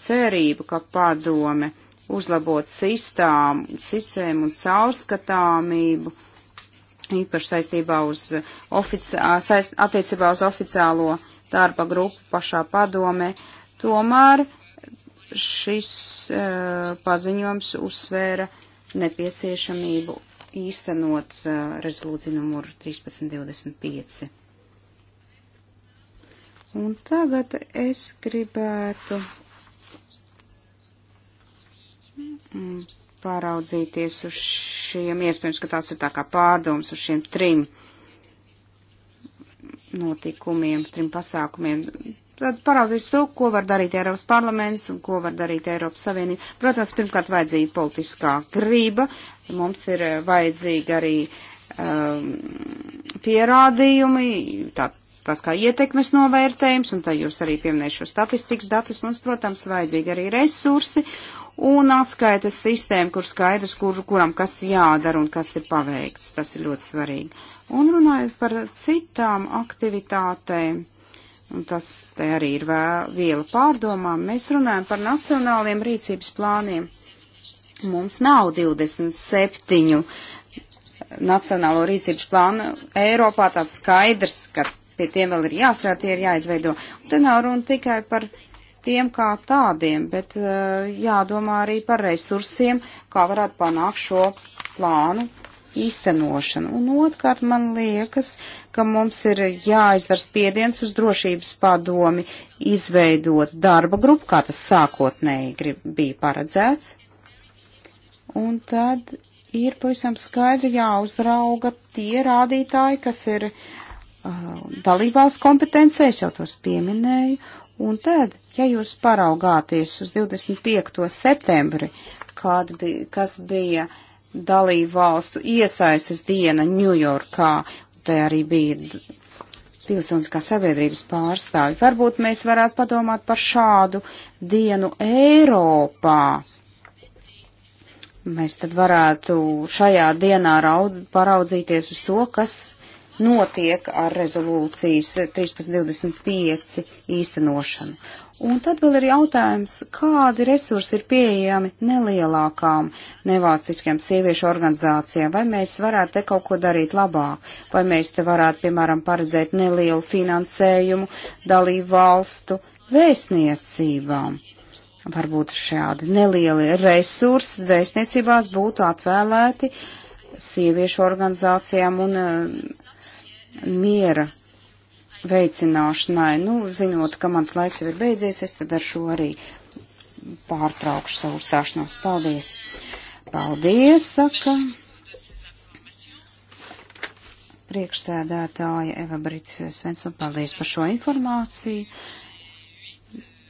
cerību, ka padome uzlabot sistām, sistēmu un caurskatāmību, īpaši saistībā uz ofici, saist, attiecībā uz oficiālo darba grupu pašā padome, tomēr uh, šis uh, paziņojums uzsvēra nepieciešamību īstenot uh, rezolūciju numuru 1325. Un tagad es gribētu mm, pāraudzīties uz šiem, iespējams, ka tās ir tā kā pārdoms uz šiem trim notikumiem, trim pasākumiem. Tad paraudzīs to, ko var darīt Eiropas parlaments un ko var darīt Eiropas Savienība. Protams, pirmkārt vajadzīga politiskā grība, mums ir eh, vajadzīga arī um, pierādījumi, tā, tās kā ietekmes novērtējums, un tā jūs arī pieminēšu statistikas datus, mums, protams, vajadzīgi arī resursi un atskaitas sistēma, kur skaidrs, kur, kuram kas jādara un kas ir paveikts. Tas ir ļoti svarīgi. Un runājot par citām aktivitātēm, un tas te arī ir vēl viela pārdomām, mēs runājam par nacionāliem rīcības plāniem. Mums nav 27 nacionālo rīcības plānu Eiropā tāds skaidrs, ka pie tiem vēl ir jāstrādā, tie ir jāizveido. Un te nav runa tikai par tiem kā tādiem, bet uh, jādomā arī par resursiem, kā varētu panākt šo plānu īstenošanu. Un otrkārt, man liekas, ka mums ir jāizdara spiediens uz drošības padomi, izveidot darba grupu, kā tas sākotnēji grib, bija paredzēts. Un tad ir pavisam skaidri jāuzrauga tie rādītāji, kas ir uh, dalībvalsts kompetencē, es jau tos pieminēju. Un tad, ja jūs paraugāties uz 25. septembri, kad bija, kas bija uh, dalību valstu iesaistas diena Ņujorkā. Te arī bija pilsoniskā sabiedrības pārstāvi. Varbūt mēs varētu padomāt par šādu dienu Eiropā. Mēs tad varētu šajā dienā raud, paraudzīties uz to, kas notiek ar rezolūcijas 1325 īstenošanu. Un tad vēl ir jautājums, kādi resursi ir pieejami nelielākām nevalstiskajām sieviešu organizācijām, vai mēs varētu te kaut ko darīt labāk, vai mēs te varētu, piemēram, paredzēt nelielu finansējumu dalību valstu vēstniecībām. Varbūt šādi nelieli resursi vēstniecībās būtu atvēlēti sieviešu organizācijām un uh, miera veicināšanai. Nu, zinot, ka mans laiks jau ir beidzies, es tad ar šo arī pārtraukšu savu stāšanos. Paldies! Paldies, saka priekšsēdētāja Eva Brita Svensson. Paldies par šo informāciju.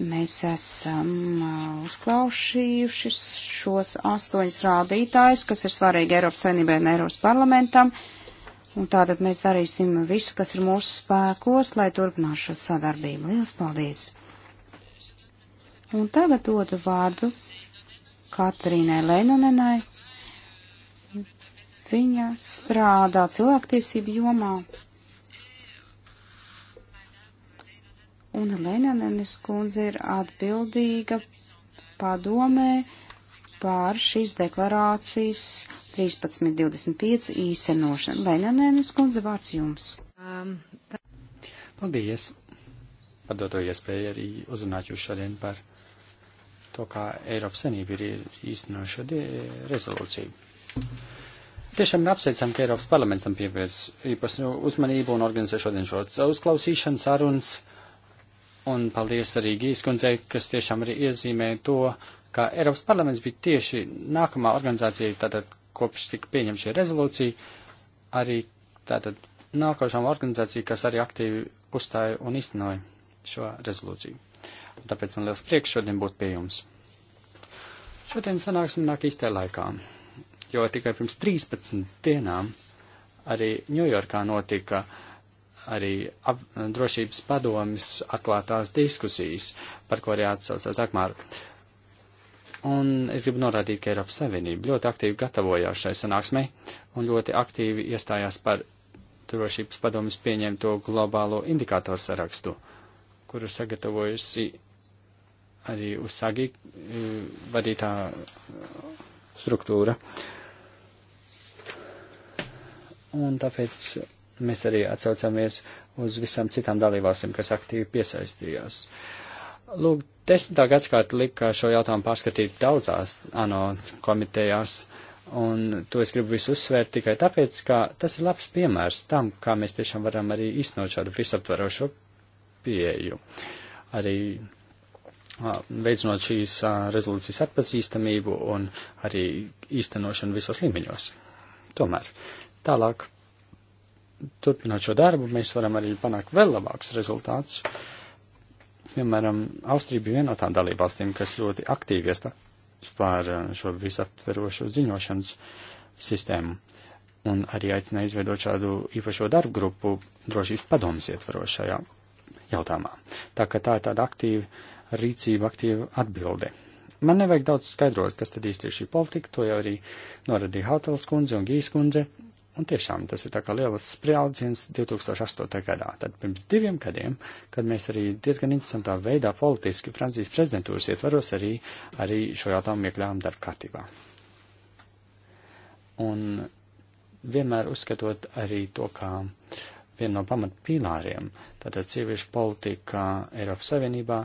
Mēs esam uh, uzklaušījuši šos astoņus rādītājus, kas ir svarīgi Eiropas Savienībai un Eiropas parlamentam. Uh, Un tātad mēs darīsim visu, kas ir mūsu spēkos, lai turpinātu šo sadarbību. Lielas paldies! Un tagad dodu vārdu Katrīnai Lenonenai. Viņa strādā cilvēktiesību jomā. Un Lenonenes kundze ir atbildīga padomē pār šīs deklarācijas 13.25 īstenošana. Leņanēnes kundze vārds jums. Um, tā... Paldies par doto iespēju arī uzrunāt jūs šodien par to, kā Eiropas Sanība ir īstenojuša rezolūciju. Tiešām apsveicam, ka Eiropas parlaments tam pievērs īpašu uzmanību un organizē šodien šo uzklausīšanu sarunas. Un paldies arī Gīs kundzei, kas tiešām arī iezīmē to, ka Eiropas parlaments bija tieši nākamā organizācija, tātad kopš tika pieņemta šī rezolūcija, arī tātad nākošām organizācija, kas arī aktīvi uzstāja un iztenoja šo rezolūciju. Un tāpēc man liels prieks šodien būt pie jums. Šodien sanāksim nāk īstē laikā, jo tikai pirms 13 dienām arī Ņujorkā notika arī ap, drošības padomis atklātās diskusijas, par ko arī atsaucās Akmāra. Un es gribu norādīt, ka Eiropas Savienība ļoti aktīvi gatavojās šai sanāksmei un ļoti aktīvi iestājās par drošības padomjas pieņemto globālo indikātoru sarakstu, kuru sagatavojusi arī USAGI eh, vadītā eh, struktūra. Un tāpēc mēs arī atsaucamies uz visām citām dalībvalstīm, kas aktīvi piesaistījās. Uh, Lūk, desmitā gadskārt lika šo jautājumu pārskatīt daudzās ANO komitejās, un to es gribu visu uzsvērt tikai tāpēc, ka tas ir labs piemērs tam, kā mēs tiešām varam arī iznot šādu visaptvarošo pieeju. Arī veicinot šīs rezolūcijas atpazīstamību un arī īstenošanu visos līmeņos. Tomēr tālāk, turpinot šo darbu, mēs varam arī panākt vēl labāks rezultāts. Uh, Piemēram, Austrija bija viena no tām dalībvalstīm, kas ļoti aktīvi iestājās par eh, šo visaptverošo ziņošanas sistēmu un arī aicināja izveidot šādu īpašo darbu grupu drošības padomas ietvaros šajā jautājumā. Tā ka tā ir tāda aktīva rīcība, aktīva atbilde. Man nevajag daudz skaidrot, kas tad īsti ir šī politika, to jau arī norādīja Hautels kundze un Gīs kundze, Un tiešām tas ir tā kā lielas spriedziens 2008. gadā, tad pirms diviem gadiem, kad mēs arī diezgan interesantā veidā politiski Francijas prezidentūras ietvaros arī, arī šo jautājumu iekļāvām darba kārtībā. Un vienmēr uzskatot arī to, kā vienu no pamatpīlāriem, tātad sieviešu politika Eiropas Savienībā,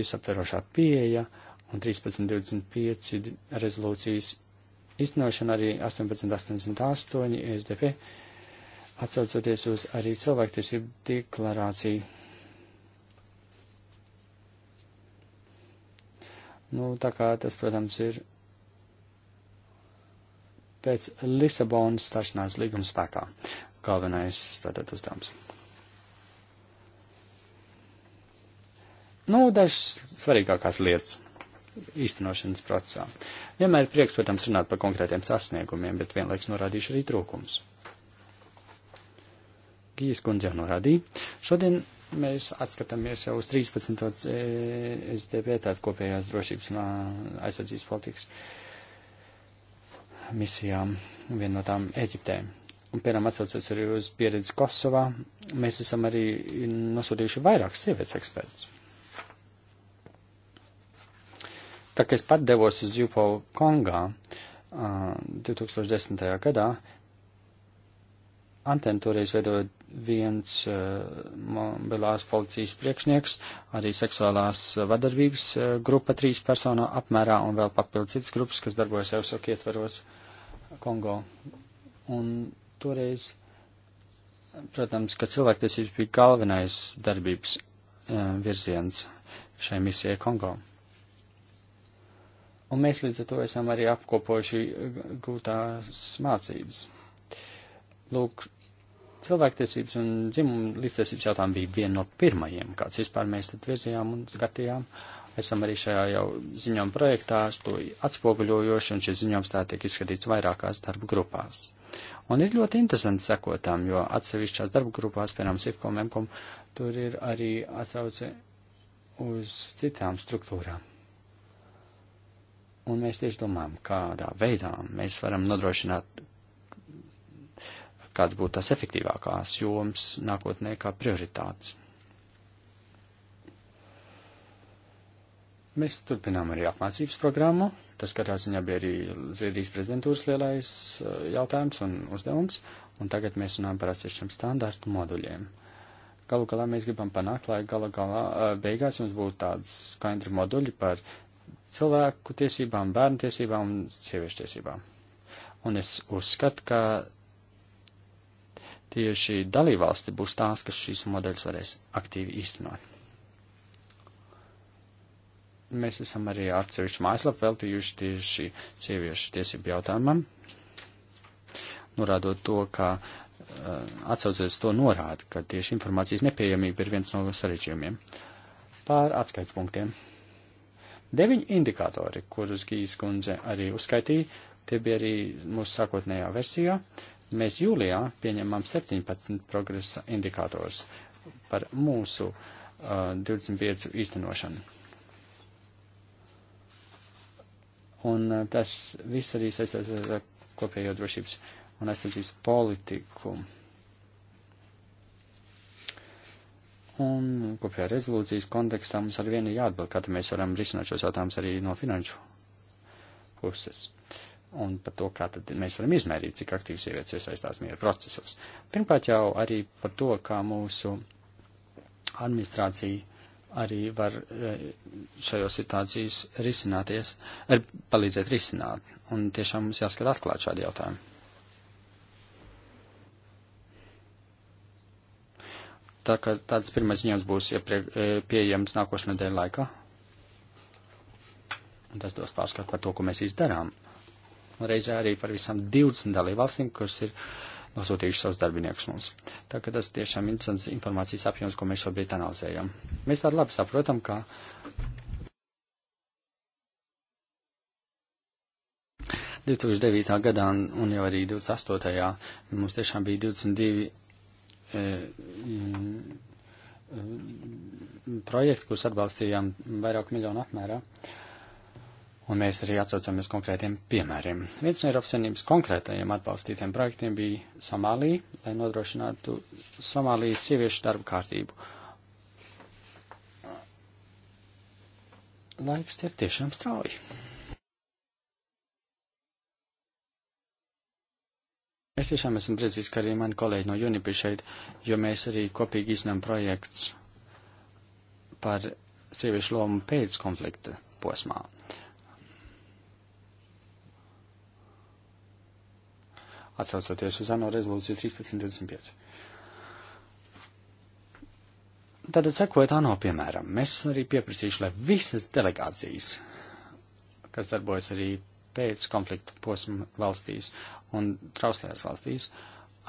visaptverošā pieeja un 1325 rezolūcijas izcināšana arī 1888 SDP, atcaucoties uz arī cilvēktiesību deklarāciju. Nu, tā kā tas, protams, ir pēc Lisabonas stašanās līguma spēkā. Galvenais tātad uzdevums. Nu, dažas svarīgākās lietas īstenošanas procesā. Vienmēr ir prieks, protams, runāt par konkrētiem sasniegumiem, bet vienlaiks norādīšu arī trūkums. Gijas kundze jau norādīja. Šodien mēs atskatāmies jau uz 13. SDP, tātad kopējās drošības un uh, aizsardzības politikas misijām, viena no tām Eģiptē. Un, piemēram, atsaucoties arī uz pieredzi Kosovā, mēs esam arī nosūtījuši vairākas sievietes ekspertus. Tā kā es pat devos uz Jupo Kongā uh, 2010. gadā, antenu toreiz veidoja viens uh, mobilās policijas priekšnieks, arī seksuālās vadarbības uh, grupa trīs personā apmērā un vēl papildus citas grupas, kas darbojas EUSOK ietveros Kongo. Un toreiz, protams, ka cilvēktiesības bija galvenais darbības uh, virziens šai misijai Kongo. Un mēs līdz ar to esam arī apkopojuši eh, gūtās mācības. Lūk, cilvēktiesības un dzimuma līdztiesības jautājumi bija viena no pirmajiem, kāds vispār mēs tad virzījām un skatījām. Esam arī šajā jau ziņām projektā to atspoguļojoši, un šis ziņojums tā tiek izskatīts vairākās darba grupās. Un ir ļoti interesanti sekotām, jo atsevišķās darba grupās, piemēram, SIFCOM, MCOM, tur ir arī atsauce uz citām struktūrām. Un mēs tieši domājam, kādā veidā mēs varam nodrošināt, kāds būtu tās efektīvākās joms nākotnē kā prioritātes. Mēs turpinām arī apmācības programmu. Tas katrā ziņā bija arī Zviedrijas prezidentūras lielais eh, jautājums un uzdevums, un tagad mēs runājam par atsevišķiem standartu moduļiem. Galu galā mēs gribam panākt, lai gala galā eh, beigās jums būtu tādi skaidri moduļi par cilvēku tiesībām, bērnu tiesībām un sieviešu tiesībām. Un es uzskatu, ka tieši dalībvalsti būs tās, kas šīs modeļus varēs aktīvi īstenot. Mēs esam arī atsevišķu mājaslapu veltījuši tieši sieviešu tiesību jautājumam, norādot to, ka eh, atsaucoties to norāda, ka tieši informācijas nepieejamība ir viens no sarežģījumiem. Pār atskaits punktiem. Deviņi indikātori, kurus Gīs kundze arī uzskaitīja, tie bija arī mūsu sākotnējā versijā. Mēs jūlijā pieņemam 17 progresa indikātors par mūsu uh, 25 īstenošanu. Un uh, tas viss arī saistās ar kopējo drošības un aizsardzības politiku. Uh, Un kopējā rezolūcijas kontekstā mums ar vienu jāatbild, kā mēs varam risināt šos jautājumus arī no finanšu puses. Un par to, kā tad mēs varam izmērīt, cik aktīvi sievietes iesaistās miera procesos. Pirmkārt jau arī par to, kā mūsu administrācija arī var eh, šajos situācijas risināties, ar er, palīdzēt risināt. Un tiešām mums jāskat atklāt šādi jautājumi. Tā kā tāds pirmais ziņojums būs iepriek, e, pieejams nākošā nedēļa laikā. Un tas dos pārskatu par to, ko mēs izdarām. Un reizē arī par visām 20 dalībvalstīm, kas ir nosūtījuši savus darbiniekus mums. Tā kā tas tiešām interesants informācijas apjoms, ko mēs šobrīd analizējam. Mēs tādu labi saprotam, ka ...2009. gadā un, un jau arī 28. mums tiešām bija 22 E, projektu, kurus atbalstījām vairāk miljonu apmērā. Un mēs arī atsaucamies konkrētiem piemēriem. Viens no Eiropas Savienības konkrētajiem atbalstītiem projektiem bija Somālija, lai nodrošinātu Somālijas sieviešu darbu kārtību. Laiks tiek tiešām strauji. Es tiešām esmu priecīgs, ka arī mani kolēģi no UNIPI šeit, jo mēs arī kopīgi iznam projekts par sieviešu lomu pēc konflikta posmā. Atsaucoties uz ANO rezolūciju 1325. Tātad, sekojot ANO piemēram, mēs arī pieprasīšu, lai visas delegācijas, kas darbojas arī pēc konflikta posma valstīs un trauslējās valstīs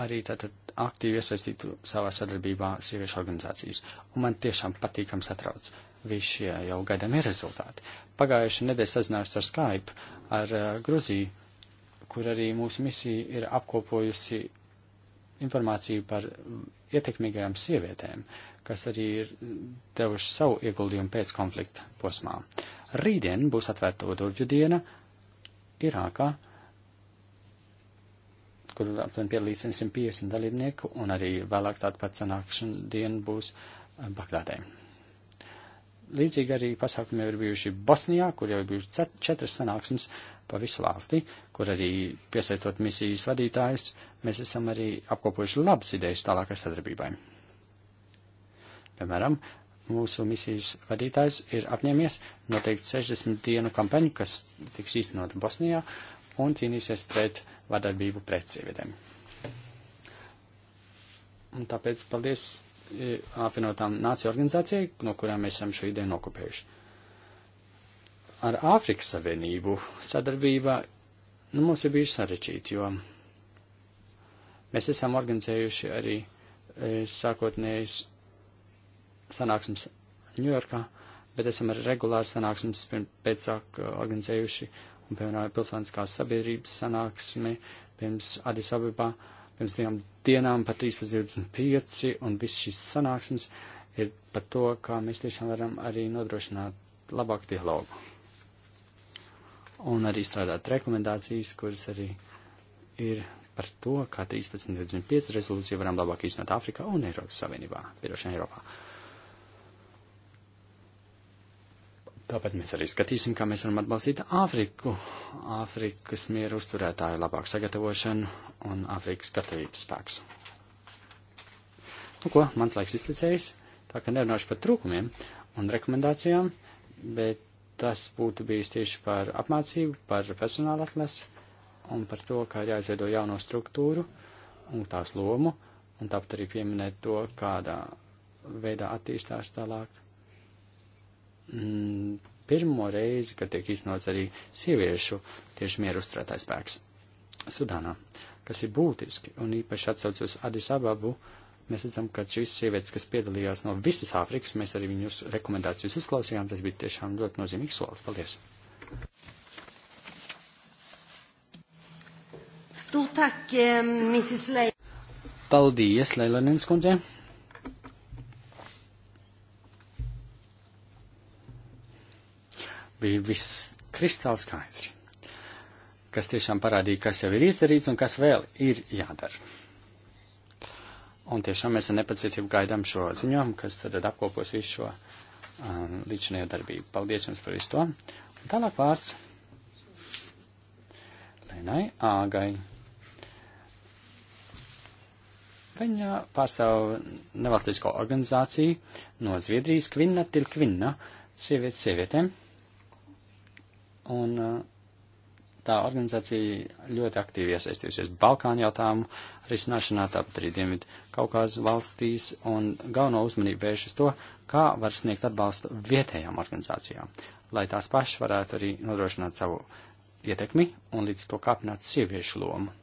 arī tātad aktīvi iesaistītu savā sadarbībā sieviešu organizācijas. Un man tiešām patīkam satrauc visi šie jau gaidāmie rezultāti. Pagājuši nedēļa sazinājos ar Skype, ar uh, Gruziju, kur arī mūsu misija ir apkopojusi informāciju par ietekmīgajām sievietēm, kas arī ir devuši savu ieguldījumu pēc konflikta posmā. Rītdien būs atvērta durvju diena Irākā, kur piedalīs 150 dalībnieku, un arī vēlāk tāda pats sanākšana diena būs eh, Bagdādē. Līdzīgi arī pasākumi jau ir bijuši Bosnijā, kur jau ir bijuši četras sanāksmes pa visu valsti, kur arī piesaistot misijas vadītājus, mēs esam arī apkopojuši labas idejas tālākai sadarbībai. Piemēram, Mūsu misijas vadītājs ir apņēmies noteikt 60 dienu kampaņu, kas tiks īstenota Bosnijā un cīnīsies pret vadarbību pret sievietēm. Un tāpēc paldies e, apvienotām nāciju organizācijai, no kurām mēs esam šo ideju nokopējuši. Ar Āfrikas Savienību sadarbībā nu, mums ir bijuši sarežģīti, jo mēs esam organizējuši arī e, sākotnējs sanāksmes Ņujorkā, bet esam arī regulāri sanāksmes pēc sāk uh, organizējuši un, piemēram, pilsētiskās sabiedrības sanāksmi pirms Adisabibā, pirms divām dienām par 13.25 un viss šis sanāksmes ir par to, kā mēs tiešām varam arī nodrošināt labāku dialogu. Un arī strādāt rekomendācijas, kuras arī ir par to, kā 13.25 rezolūciju varam labāk īstenot Āfrikā un Eiropas Savienībā, pirošana Eiropā. Uh, Tāpat mēs arī skatīsim, kā mēs varam atbalstīt Āfriku, Āfrikas mieru uzturētāju labāku sagatavošanu un Āfrikas gatavības spēks. Nu ko, mans laiks izlicējis, tā ka nerunāšu par trūkumiem un rekomendācijām, bet tas būtu bijis tieši par apmācību, par personāla atlasu un par to, kā jāizveido jauno struktūru un tās lomu, un tāpat arī pieminēt to, kādā veidā attīstās tālāk mm, pirmo reizi, kad tiek iznots arī sieviešu tieši mieru uzturētājs spēks Sudānā, kas ir būtiski, un īpaši atsauc uz Adis Ababu, mēs redzam, ka šīs sievietes, kas piedalījās no visas Āfrikas, mēs arī viņus rekomendācijas uzklausījām, tas bija tiešām ļoti nozīmīgs solis. Paldies! Stūtak, eh, Mrs. Lai. Paldies, Leilanins kundze! bija viss kristāli skaidri, kas tiešām parādīja, kas jau ir izdarīts un kas vēl ir jādara. Un tiešām mēs ar nepacietību gaidām šo ziņojumu, kas tad apkopos visu šo um, līdzinējo darbību. Paldies jums par visu to. Un tālāk vārds Lenai Āgai. Viņa pārstāv nevalstisko organizāciju no Zviedrijas Kvinna til Kvinna sievietes sievietēm. Sievietēm Un uh, tā organizācija ļoti aktīvi iesaistījusies Balkānu jautājumu risināšanā, tāpat arī Dienvidu Kaukās valstīs, un galveno uzmanību vērš uz to, kā var sniegt atbalstu vietējām organizācijām, lai tās pašas varētu arī nodrošināt savu ietekmi un līdz to kāpināt sieviešu lomu.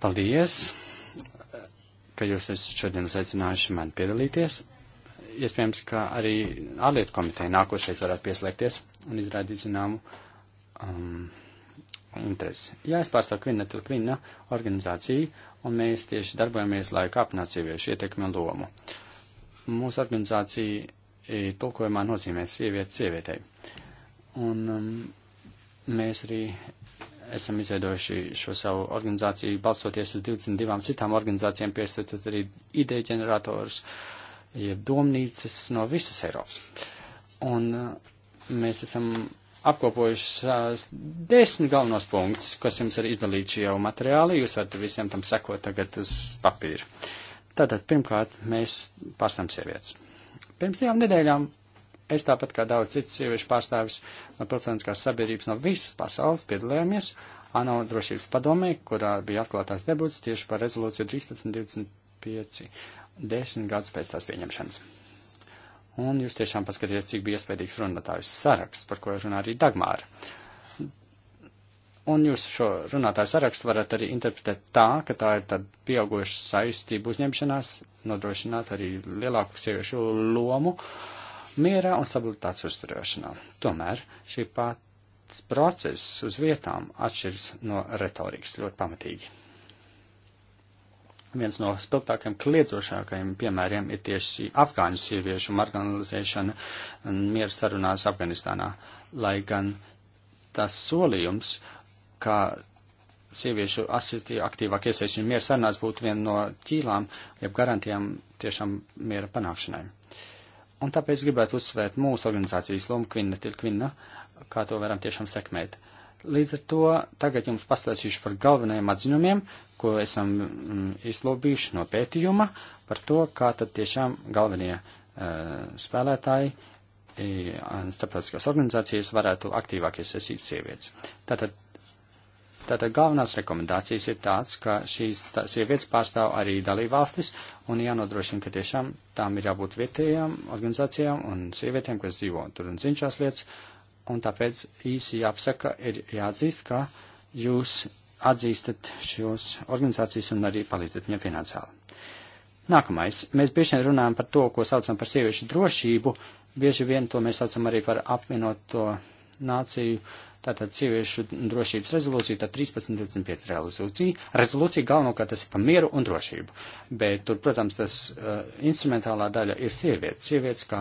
Paldies, ka jūs esat šodien uzaicinājuši mani piedalīties. Iespējams, ka arī ārlietu komiteja nākošais varētu pieslēgties un izrādīt zināmu um, interesi. Jā, es pārstāvu Kvinna Tilkvinna organizāciju, un mēs tieši darbojamies, lai kāpinātu sieviešu ietekmi un lomu. Mūsu organizācija e, tulkojumā nozīmē sievieti sievietei. Un um, mēs arī esam izveidojuši šo savu organizāciju, balstoties uz 22 citām organizācijām, piesaistot arī ideju ģenerators, jeb domnīcas no visas Eiropas. Un uh, mēs esam apkopojuši desmit galvenos punktus, kas jums ir izdalīti šie jau materiāli, jūs varat visiem tam sekot tagad uz papīra. Tātad, pirmkārt, mēs pārstāvam sievietes. Pirms divām nedēļām Es tāpat kā daudz citas sieviešu pārstāvis no pilsoniskās sabiedrības no visas pasaules piedalījāmies ANO drošības padomē, kurā bija atklātās debats tieši par rezolūciju 1325, desmit gadus pēc tās pieņemšanas. Un jūs tiešām paskatieties, cik bija iespējams runātājs saraksts, par ko runā arī Dagmāra. Un jūs šo runātāju sarakstu varat arī interpretēt tā, ka tā ir tad pieaugoša saistība uzņemšanās, nodrošināt arī lielāku sieviešu lomu. Uh, mierā un stabilitātes uzturēšanā. Tomēr šī pats process uz vietām atšķiras no retorikas ļoti pamatīgi. Viens no spilgtākajiem, kliedzošākajiem piemēriem ir tieši afgāņu sieviešu marginalizēšana mieru sarunās Afganistānā, lai gan tas solījums, ka sieviešu aktīvāk iesaistīšana miera sarunās būtu viena no ķīlām, jeb garantijām tiešām miera panākšanai. Un tāpēc gribētu uzsvērt mūsu organizācijas lomu Kvinna til Kvinna, kā to varam tiešām sekmēt. Līdz ar to tagad jums pastāstīšu par galvenajiem atziņumiem, ko esam mm, izlobījuši no pētījuma par to, kā tad tiešām galvenie uh, spēlētāji eh, starptautiskās organizācijas varētu aktīvāk iesaistīt sievietes. Tātad Tātad galvenās rekomendācijas ir tāds, ka šīs tā, sievietes pārstāv arī dalībvalstis un jānodrošina, ka tiešām tām ir jābūt vietējām organizācijām un sievietēm, kas dzīvo tur un zina šās lietas. Un tāpēc īsi jāapsaka, ir jāatzīst, ka jūs atzīstat šos organizācijas un arī palīdzat viņiem finansiāli. Nākamais. Mēs bieži vien runājam par to, ko saucam par sieviešu drošību. Bieži vien to mēs saucam arī par apvienoto. To nāciju, tātad sieviešu drošības rezolūcija, tad 1325 rezolūcija. Rezolūcija galvenokārt tas ir par mieru un drošību, bet tur, protams, tas uh, instrumentālā daļa ir sievietes. Sievietes kā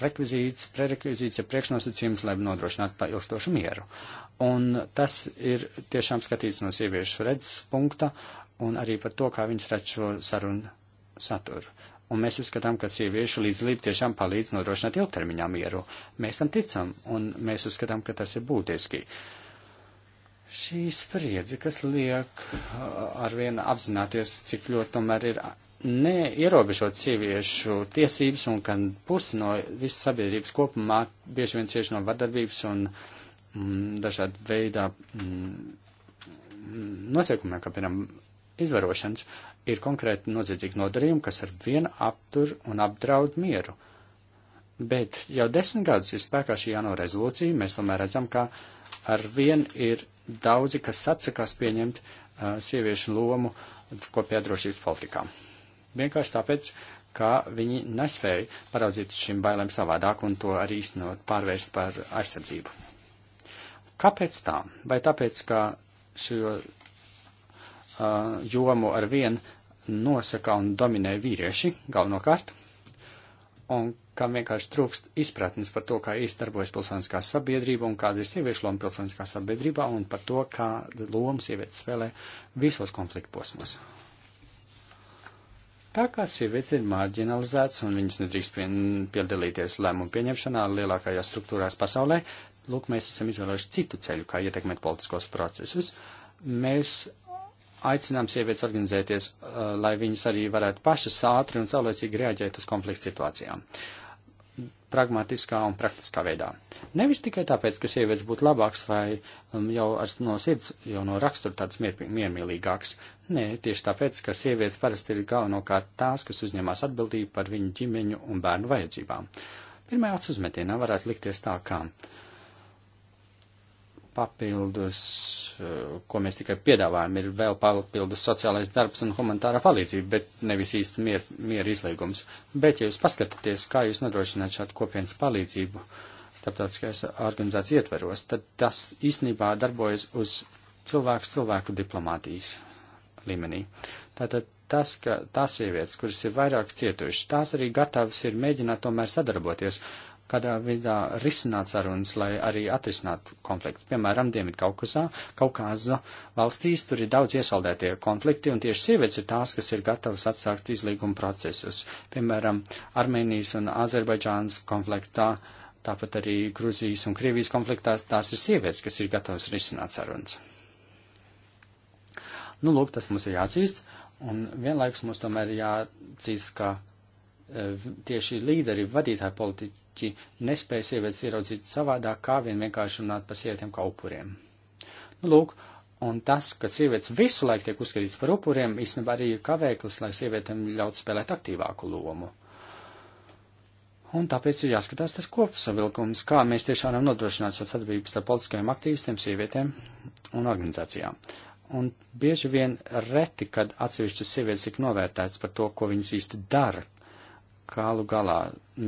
rekvizīts, prerekvizīts ir priekšnosacījums, lai nodrošinātu pa ilgstošu mieru. Un tas ir tiešām skatīts no sieviešu redzes punkta un arī par to, kā viņas redz šo sarunu saturu. Un mēs uzskatām, ka sieviešu līdzlība tiešām palīdz nodrošināt ilgtermiņā mieru. Mēs tam ticam, un mēs uzskatām, ka tas ir būtiski. Šī spriedze, kas liek uh, arvien apzināties, cik ļoti tomēr ir neierobežot sieviešu tiesības, un ka pusi no visas sabiedrības kopumā bieži vien cieši no vardarbības un mm, dažāda veidā mm, mm, nosiekumiem, kā piemēram izvarošanas, ir konkrēti noziedzīgi nodarījumi, kas ar vienu aptur un apdraud mieru. Bet jau desmit gadus ir spēkā šī jauno rezolūcija, mēs tomēr redzam, ka ar vien ir daudzi, kas atsakās pieņemt uh, sieviešu lomu kopējā drošības politikā. Vienkārši tāpēc, ka viņi nespēja paraudzīt šīm bailēm savādāk un to arī īstenot pārvērst par aizsardzību. Kāpēc tā? Vai tāpēc, ka šo uh, jomu ar vien nosaka un dominē vīrieši galvenokārt, un kam vienkārši trūkst izpratnes par to, kā īsti darbojas pilsoniskā sabiedrība un kāda ir sieviešu loma pilsoniskā sabiedrībā un par to, kāda loma sievietes spēlē visos konfliktu posmos. Tā kā sievietes ir marginalizētas un viņas nedrīkst pie, piedalīties lēmumu pieņemšanā lielākajās struktūrās pasaulē, lūk, mēs esam izvēlējuši citu ceļu, kā ietekmēt politiskos procesus. Mēs aicinām sievietes organizēties, uh, lai viņas arī varētu pašas ātri un saulēcīgi reaģēt uz konfliktu situācijām. Pragmatiskā un praktiskā veidā. Nevis tikai tāpēc, ka sievietes būtu labāks vai um, jau ar, no sirds, jau no rakstura tāds miermīlīgāks. Nē, tieši tāpēc, ka sievietes parasti ir galvenokārt tās, kas uzņemās atbildību par viņu ģimeņu un bērnu vajadzībām. Pirmajā atsuzmetienā varētu likties tā, ka uh, papildus, eh, ko mēs tikai piedāvājam, ir vēl papildus sociālais darbs un humanitārā palīdzība, bet nevis īsti mier, miera izlīgums. Bet, ja jūs paskatāties, kā jūs nodrošināt šādu kopienas palīdzību starptautiskajās organizācijas ietveros, tad tas īstenībā darbojas uz cilvēku cilvēku diplomātijas līmenī. Tātad tas, ka tās sievietes, kuras ir vairāk cietušas, tās arī gatavas ir mēģināt tomēr sadarboties kādā veidā risināt sarunas, lai arī atrisinātu konfliktu. Piemēram, Dienvidkaukazā, Kaukāza valstīs tur ir daudz iesaldētie konflikti, un tieši sievietes ir tās, kas ir gatavas atsākt izlīguma procesus. Piemēram, Armēnijas un Azerbaidžānas konfliktā, tāpat arī Gruzijas un Krievijas konfliktā tās ir sievietes, kas ir gatavas risināt sarunas. Nu, lūk, tas mums ir jāatzīst, un vienlaikus mums tomēr jāatzīst, ka e, tieši līderi, vadītāji politiķi, politiķi nespēja sievietes ieraudzīt savādāk, kā vien vienkārši runāt par sievietēm kā upuriem. Nu, lūk, un tas, ka sievietes visu laiku tiek uzskatīts par upuriem, īstenībā arī ir kavēklis, lai sievietēm ļautu spēlēt aktīvāku lomu. Un tāpēc ir jāskatās tas kopsavilkums, kā mēs tiešām varam nodrošināt šo sadarbību starp politiskajiem aktīvistiem, sievietēm un organizācijām. Un bieži vien reti, kad atsevišķas sievietes ir novērtētas par to, ko viņas īsti dara, galu galā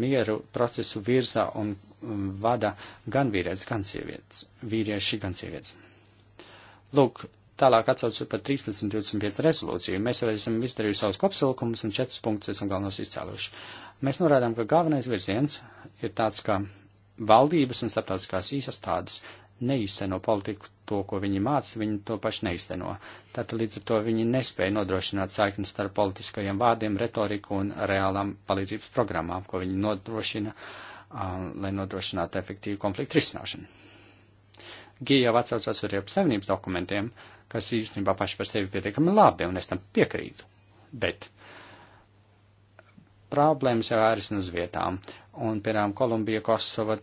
mieru procesu virza un um, vada gan vīrietis, gan sievietes, vīrieši, gan sievietes. Lūk, tālāk atsaucu par 1325 rezolūciju. Mēs jau esam izdarījuši savus kopsilkumus un četrus punktus esam galvenos izcēluši. Mēs norādām, ka galvenais virziens ir tāds, ka valdības un starptautiskās īsas tādas neīsteno politiku, to, ko viņi māca, viņi to paši neīsteno. Tātad līdz ar to viņi nespēja nodrošināt saikni starp politiskajiem vārdiem, retoriku un reālām palīdzības programmām, ko viņi nodrošina, um, lai nodrošinātu efektīvu konfliktu risināšanu. Gija jau atsaucās arī ap savienības dokumentiem, kas īstenībā paši par sevi pietiekami labi, un es tam piekrītu. Bet problēmas jau ārisina uz vietām, un, piemēram, Kolumbija, Kosova,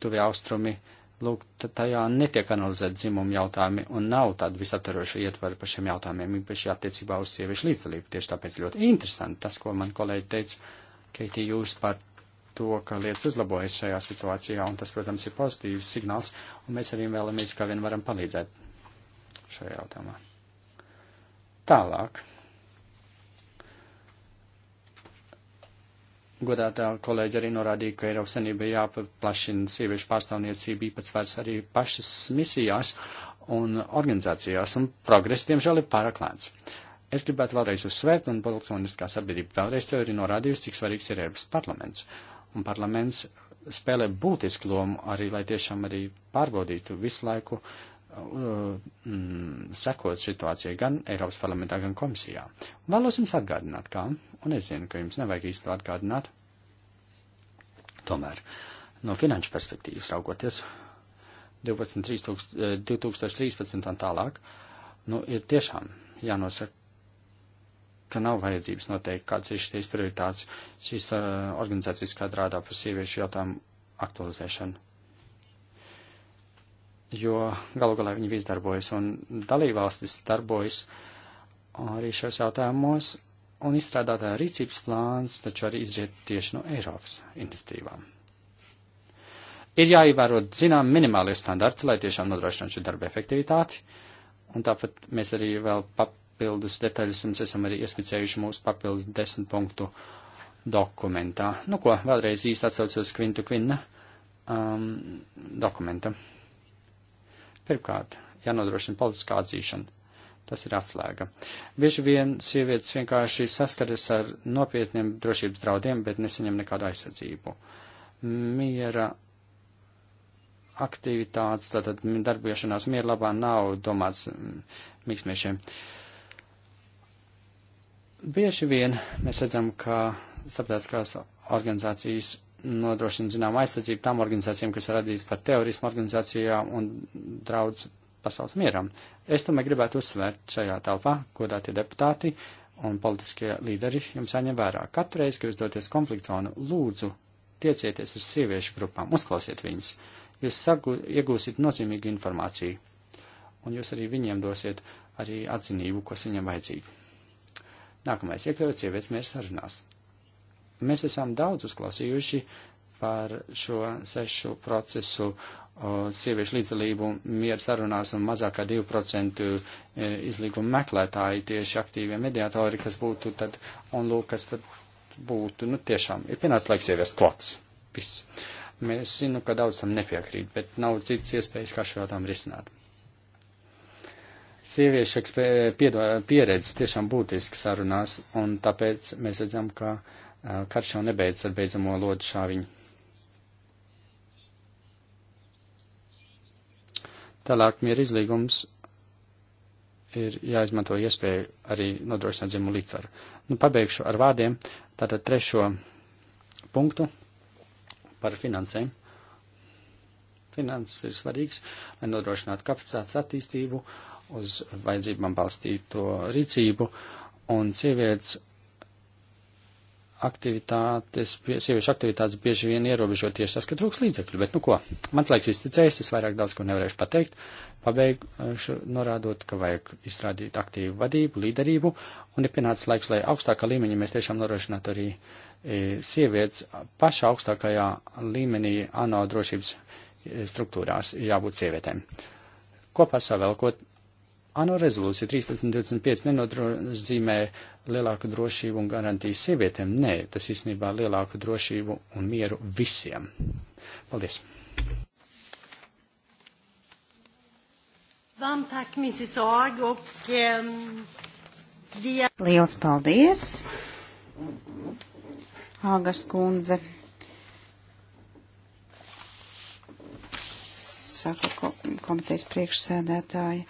tuvie austrumi, uh, lūk, tajā netiek analizēt dzimumu jautājumi un nav tāda visaptaroša ietvara par šiem jautājumiem, īpaši attiecībā uz sieviešu līdzdalību. Tieši tāpēc ļoti interesanti tas, ko man kolēģi teica, Keiti, jūs par to, ka lietas uzlabojas šajā situācijā, un tas, protams, ir pozitīvs signāls, un mēs arī vēlamies, kā vien varam palīdzēt šajā jautājumā. Tālāk. godātā kolēģi arī norādīja, ka Eiropas Sanība jāpaplašina sieviešu pārstāvniecību īpatsvars arī pašas misijās un organizācijās, un progress, diemžēl, ir pārāk lēns. Es gribētu vēlreiz uzsvērt, un Balkoniskā sabiedrība vēlreiz to ir norādījusi, cik svarīgs ir Eiropas parlaments. Un parlaments spēlē būtisku lomu arī, lai tiešām arī pārbaudītu visu laiku uh, Uh, mm, sekot situācijai gan Eiropas parlamentā, gan komisijā. Vēlos jums atgādināt, kā, un es zinu, ka jums nevajag īsti atgādināt, tomēr no finanšu perspektīvas raugoties 12, 3000, 2013 un tālāk, nu, ir tiešām jānosaka, ka nav vajadzības noteikt kāds ir šīs prioritātes, šīs uh, organizācijas, kā strādā par sieviešu jautājumu aktualizēšanu jo galu galā viņi visi darbojas, un dalībvalstis darbojas arī šajos jautājumos, un izstrādātā rīcības plāns taču arī izriet tieši no Eiropas iniciatīvām. Ir jāievēro, zinām, minimālie standarti, lai tiešām nodrošinātu šo darbu efektivitāti, un tāpat mēs arī vēl papildus detaļas jums esam arī ieskicējuši mūsu papildus desmit punktu dokumentā. Nu ko, vēlreiz īsti atsaucos Kvintu Kvinna um, dokumenta. Pirmkārt, jānodrošina politiskā atzīšana. Tas ir atslēga. Bieži vien sievietes vienkārši saskaras ar nopietniem drošības draudiem, bet nesaņem nekādu aizsardzību. Miera aktivitātes, tātad darbiešanās miera labā nav domāts mm, mīkstniešiem. Bieži vien mēs redzam, ka starptautiskās organizācijas nodrošina zinām aizsardzību tām organizācijām, kas ir radīts par terorismu organizācijām un draudz pasaules mieram. Es tomēr gribētu uzsvērt šajā telpā, godātie deputāti un politiskie līderi, jums jāņem vērā. Katru reizi, kad jūs doties konfliktu zonu, lūdzu tiecieties ar sieviešu grupām, uzklausiet viņas. Jūs sagu, iegūsiet nozīmīgu informāciju, un jūs arī viņiem dosiet arī atzinību, kas viņam vajadzīga. Nākamais iekļaut sievietes mieru sarunās. Mēs esam daudz uzklausījuši par šo sešu procesu o, sieviešu līdzdalību mieru sarunās un mazākā 2% e, izlīguma meklētāji tieši aktīvie mediātori, kas būtu tad, un lūk, kas tad būtu, nu tiešām, ir pienācis laiks ieviest kvotas. Viss. Mēs zinu, ka daudz tam nepiekrīt, bet nav citas iespējas, kā šo jautājumu risināt. Sieviešu pieredze tiešām būtiski sarunās, un tāpēc mēs redzam, ka uh, Karš jau nebeidz ar beidzamo lodu šāviņu. Tālāk miera izlīgums ir jāizmanto iespēju arī nodrošināt dzimumu līdzsvaru. Nu, pabeigšu ar vārdiem tātad trešo punktu par finansēm. Finanses ir svarīgs, lai nodrošinātu kapacitātes attīstību, uz vajadzībām balstīto rīcību, un sievietes aktivitātes, sieviešu aktivitātes bieži vien ierobežo tieši tas, ka trūks līdzekļu. Bet, nu ko, mans laiks izticējis, es vairāk daudz ko nevarēšu pateikt. Pabeigšu norādot, ka vajag izrādīt aktīvu vadību, līderību, un ir pienācis laiks, lai augstākā līmeņa mēs tiešām norošinātu arī e, sievietes pašā augstākajā līmenī ANO drošības e, struktūrās jābūt sievietēm. Kopā savēlkot ANO rezolūcija 1325 nenodrošina lielāku drošību un garantijas sievietēm. Nē, tas īstenībā lielāku drošību un mieru visiem. Paldies! Ehm, Liels paldies, Āgas kundze. Saka komitejas priekšsēdētāja.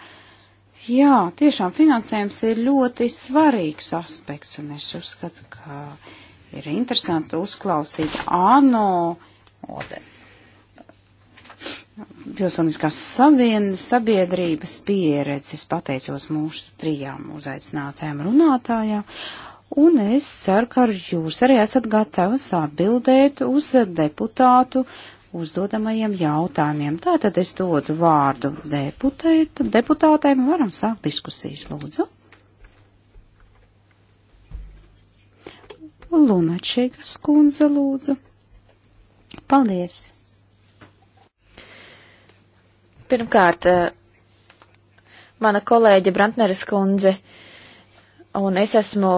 Jā, tiešām finansējums ir ļoti svarīgs aspekts, un es uzskatu, ka ir interesanti uzklausīt ANO pilsoniskās savienas sabiedrības pieredzes, pateicos mūsu trijām uzaicinātājām runātājām, un es ceru, ka ar jūs arī esat gatavas atbildēt uz deputātu uzdodamajiem jautājumiem. Tātad es dodu vārdu deputēt, deputātēm, varam sākt diskusijas, lūdzu. Lunačīgas kundze, lūdzu. Paldies. Pirmkārt, eh, mana kolēģe Brantneres kundze un es esmu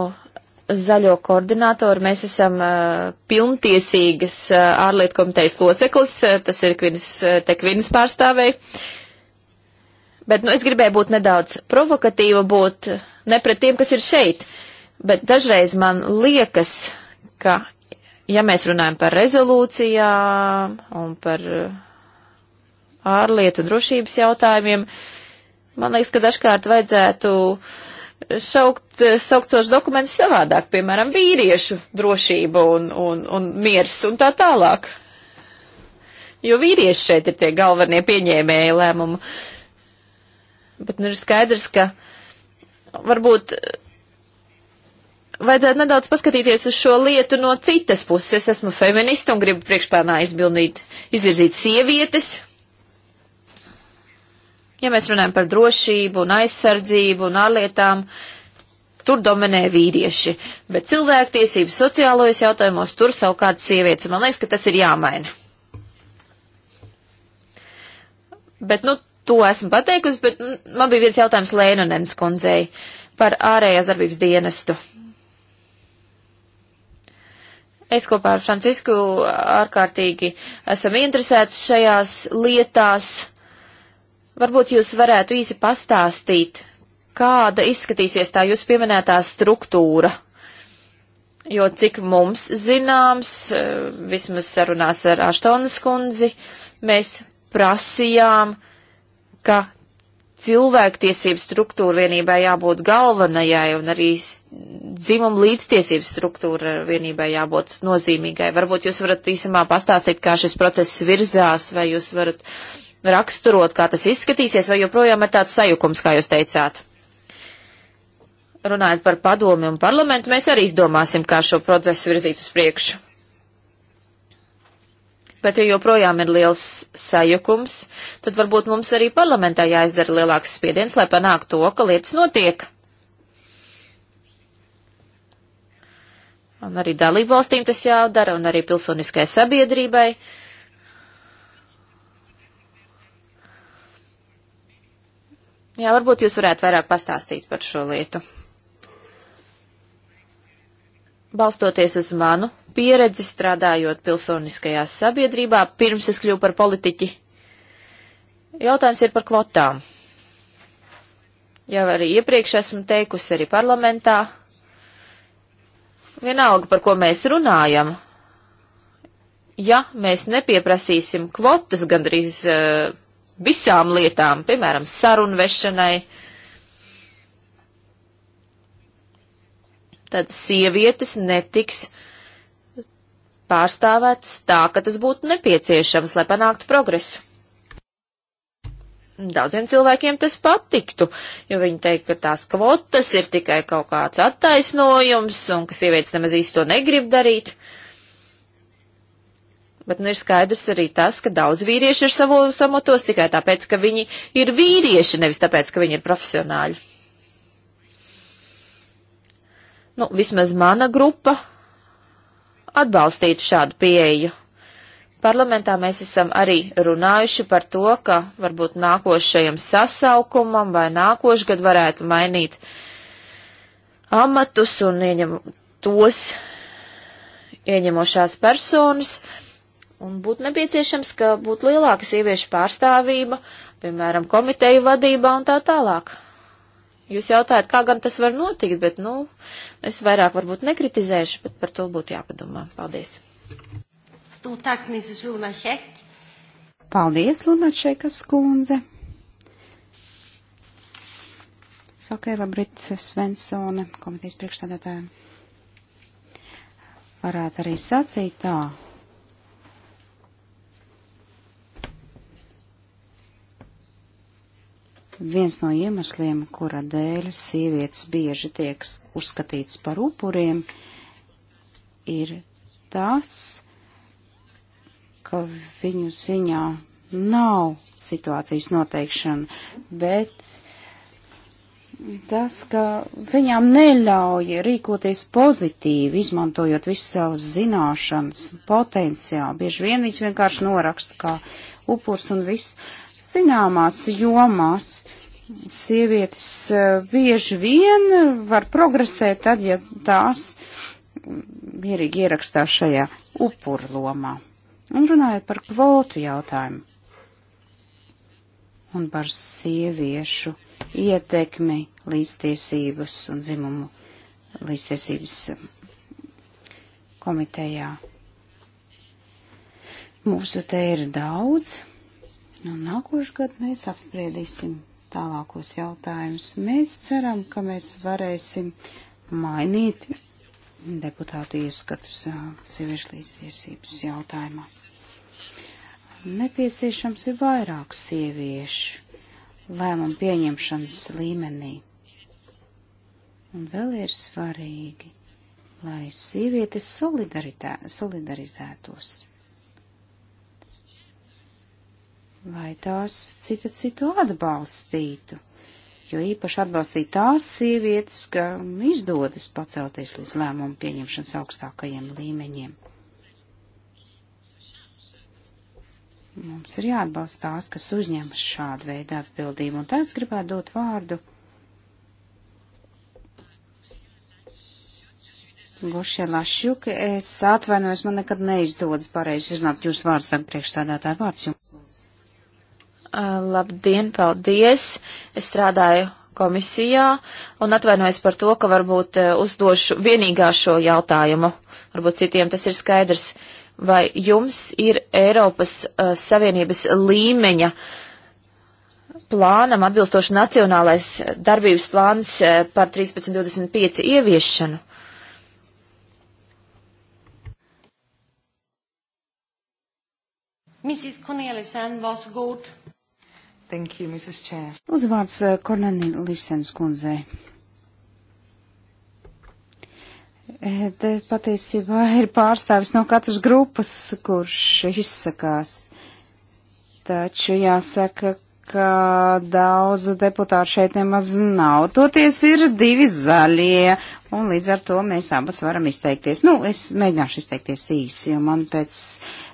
zaļo koordinātoru. Mēs esam uh, pilntiesīgas uh, ārlietu komitejas loceklis, uh, tas ir Kvinas, uh, te Kvinas pārstāvēji. Bet nu, es gribēju būt nedaudz provokatīva, būt uh, ne pret tiem, kas ir šeit. Bet dažreiz man liekas, ka, ja mēs runājam par rezolūcijām un par uh, ārlietu drošības jautājumiem, man liekas, ka dažkārt vajadzētu uh, saukt, eh, sauktos dokumentus savādāk, piemēram, vīriešu drošība un, un, un miers un tā tālāk. Jo vīrieši šeit ir tie galvenie pieņēmēji lēmumu. Bet nu ir skaidrs, ka varbūt vajadzētu nedaudz paskatīties uz šo lietu no citas puses. Es esmu feminista un gribu priekšpārnā izbildīt, izvirzīt sievietes, Ja mēs runājam par drošību un aizsardzību un ārlietām, tur dominē vīrieši, bet cilvēktiesības sociālojas jautājumos tur savukārt sievietes. Man liekas, ka tas ir jāmaina. Bet, nu, to esmu pateikusi, bet mm, man bija viens jautājums Lēnonens kundzei par ārējās darbības dienestu. Es kopā ar Francisku ārkārtīgi esam interesēti šajās lietās. Varbūt jūs varētu īsi pastāstīt, kāda izskatīsies tā jūs pieminētā struktūra, jo cik mums zināms, eh, vismaz sarunās ar Aštonas kundzi, mēs prasījām, ka cilvēktiesību struktūra vienībai jābūt galvenajai un arī dzimumu līdztiesību struktūra vienībai jābūt nozīmīgai. Varbūt jūs varat īsumā pastāstīt, kā šis process virzās, vai jūs varat raksturot, kā tas izskatīsies, vai joprojām ir tāds sajukums, kā jūs teicāt? Runājot par padomi un parlamentu, mēs arī izdomāsim, kā šo procesu virzīt uz priekšu. Bet, ja joprojām ir liels sajukums, tad varbūt mums arī parlamentā jāizdara lielāks spiediens, lai panāktu to, ka lietas notiek. Un arī dalībvalstīm tas jādara, un arī pilsoniskai sabiedrībai. Uh, Jā, varbūt jūs varētu vairāk pastāstīt par šo lietu. Balstoties uz manu pieredzi strādājot pilsoniskajā sabiedrībā, pirms es kļuvu par politiķi, jautājums ir par kvotām. Jau arī iepriekš esmu teikusi arī parlamentā, vienalga, par ko mēs runājam, ja mēs nepieprasīsim kvotas gandrīz uh, visām lietām, piemēram, sarunvešanai. Tad sievietes netiks pārstāvētas tā, ka tas būtu nepieciešams, lai panāktu progresu. Daudziem cilvēkiem tas patiktu, jo viņi teikt, ka tās kvotas ir tikai kaut kāds attaisnojums un ka sievietes nemaz īsti to negrib darīt. Uh, Bet nu, ir skaidrs arī tas, ka daudz vīrieši ir savo samotos tikai tāpēc, ka viņi ir vīrieši, nevis tāpēc, ka viņi ir profesionāļi. Nu, vismaz mana grupa atbalstītu šādu pieeju. Parlamentā mēs esam arī runājuši par to, ka varbūt nākošajam sasaukumam vai nākošgad varētu mainīt amatus un ieņem tos ieņemošās personas. Un būtu nepieciešams, ka būtu lielāka sieviešu pārstāvība, piemēram, komiteju vadībā un tā tālāk. Jūs jautājat, kā gan tas var notikt, bet, nu, es vairāk varbūt nekritizēšu, bet par to būtu jāpadomā. Paldies. Stūtāk, Mrs. Lunašek. Paldies, Lunačekas kundze. Saka Eva Brit Svensone, komitejas priekšstādātāja. Varētu arī sacīt tā, Tad viens no iemesliem, kura dēļ sievietes bieži tiek uzskatītas par upuriem, ir tas, ka viņu ziņā nav situācijas noteikšana, bet tas, ka viņām neļauj rīkoties pozitīvi, izmantojot visu savas zināšanas, potenciālu. Bieži vien viņas vienkārši noraksta kā upurs un viss zināmās jomās sievietes eh, bieži vien var progresēt tad, ja tās mierīgi ierakstās šajā upurlomā. Un runājot par kvotu jautājumu un par sieviešu ietekmi līdztiesības un dzimumu līdztiesības eh, komitejā. Mūsu te ir daudz Nu, nākošgad mēs apspriedīsim tālākos jautājumus. Mēs ceram, ka mēs varēsim mainīt deputātu ieskatus sieviešu līdztiesības jautājumā. Nepieciešams ir vairāk sieviešu lēmumu pieņemšanas līmenī. Un vēl ir svarīgi, lai sievietes solidarizētos. lai tās cita citu atbalstītu. Jo īpaši atbalstīt tās sievietes, kam izdodas pacelties līdz lēmumu pieņemšanas augstākajiem līmeņiem. Mums ir jāatbalsta tās, kas uzņemas šādu veidu atbildību, un tas gribētu dot vārdu Gošie Lašjuki, es atvainojos, man nekad neizdodas pareizi izrunāt jūsu vārdu, saka priekšsādātāja vārds jums. Eh, labdien, paldies! Es strādāju komisijā un atvainojos par to, ka varbūt eh, uzdošu vienīgā šo jautājumu. Varbūt citiem tas ir skaidrs. Vai jums ir Eiropas uh, Savienības līmeņa plānam atbilstoši nacionālais darbības plāns uh, par 1325 ieviešanu? Mrs. Cornelissen, vasagūd. Thank you, Mrs. Chair. Uzvārds eh, Kornelisens kundzei. Eh, te patiesībā ir pārstāvis no katras grupas, kurš izsakās. Taču jāsaka, ka daudzu deputātu šeit nemaz nav. Toties ir divi zaļie, un līdz ar to mēs abas varam izteikties. Nu, es mēģināšu izteikties īsi, jo man pēc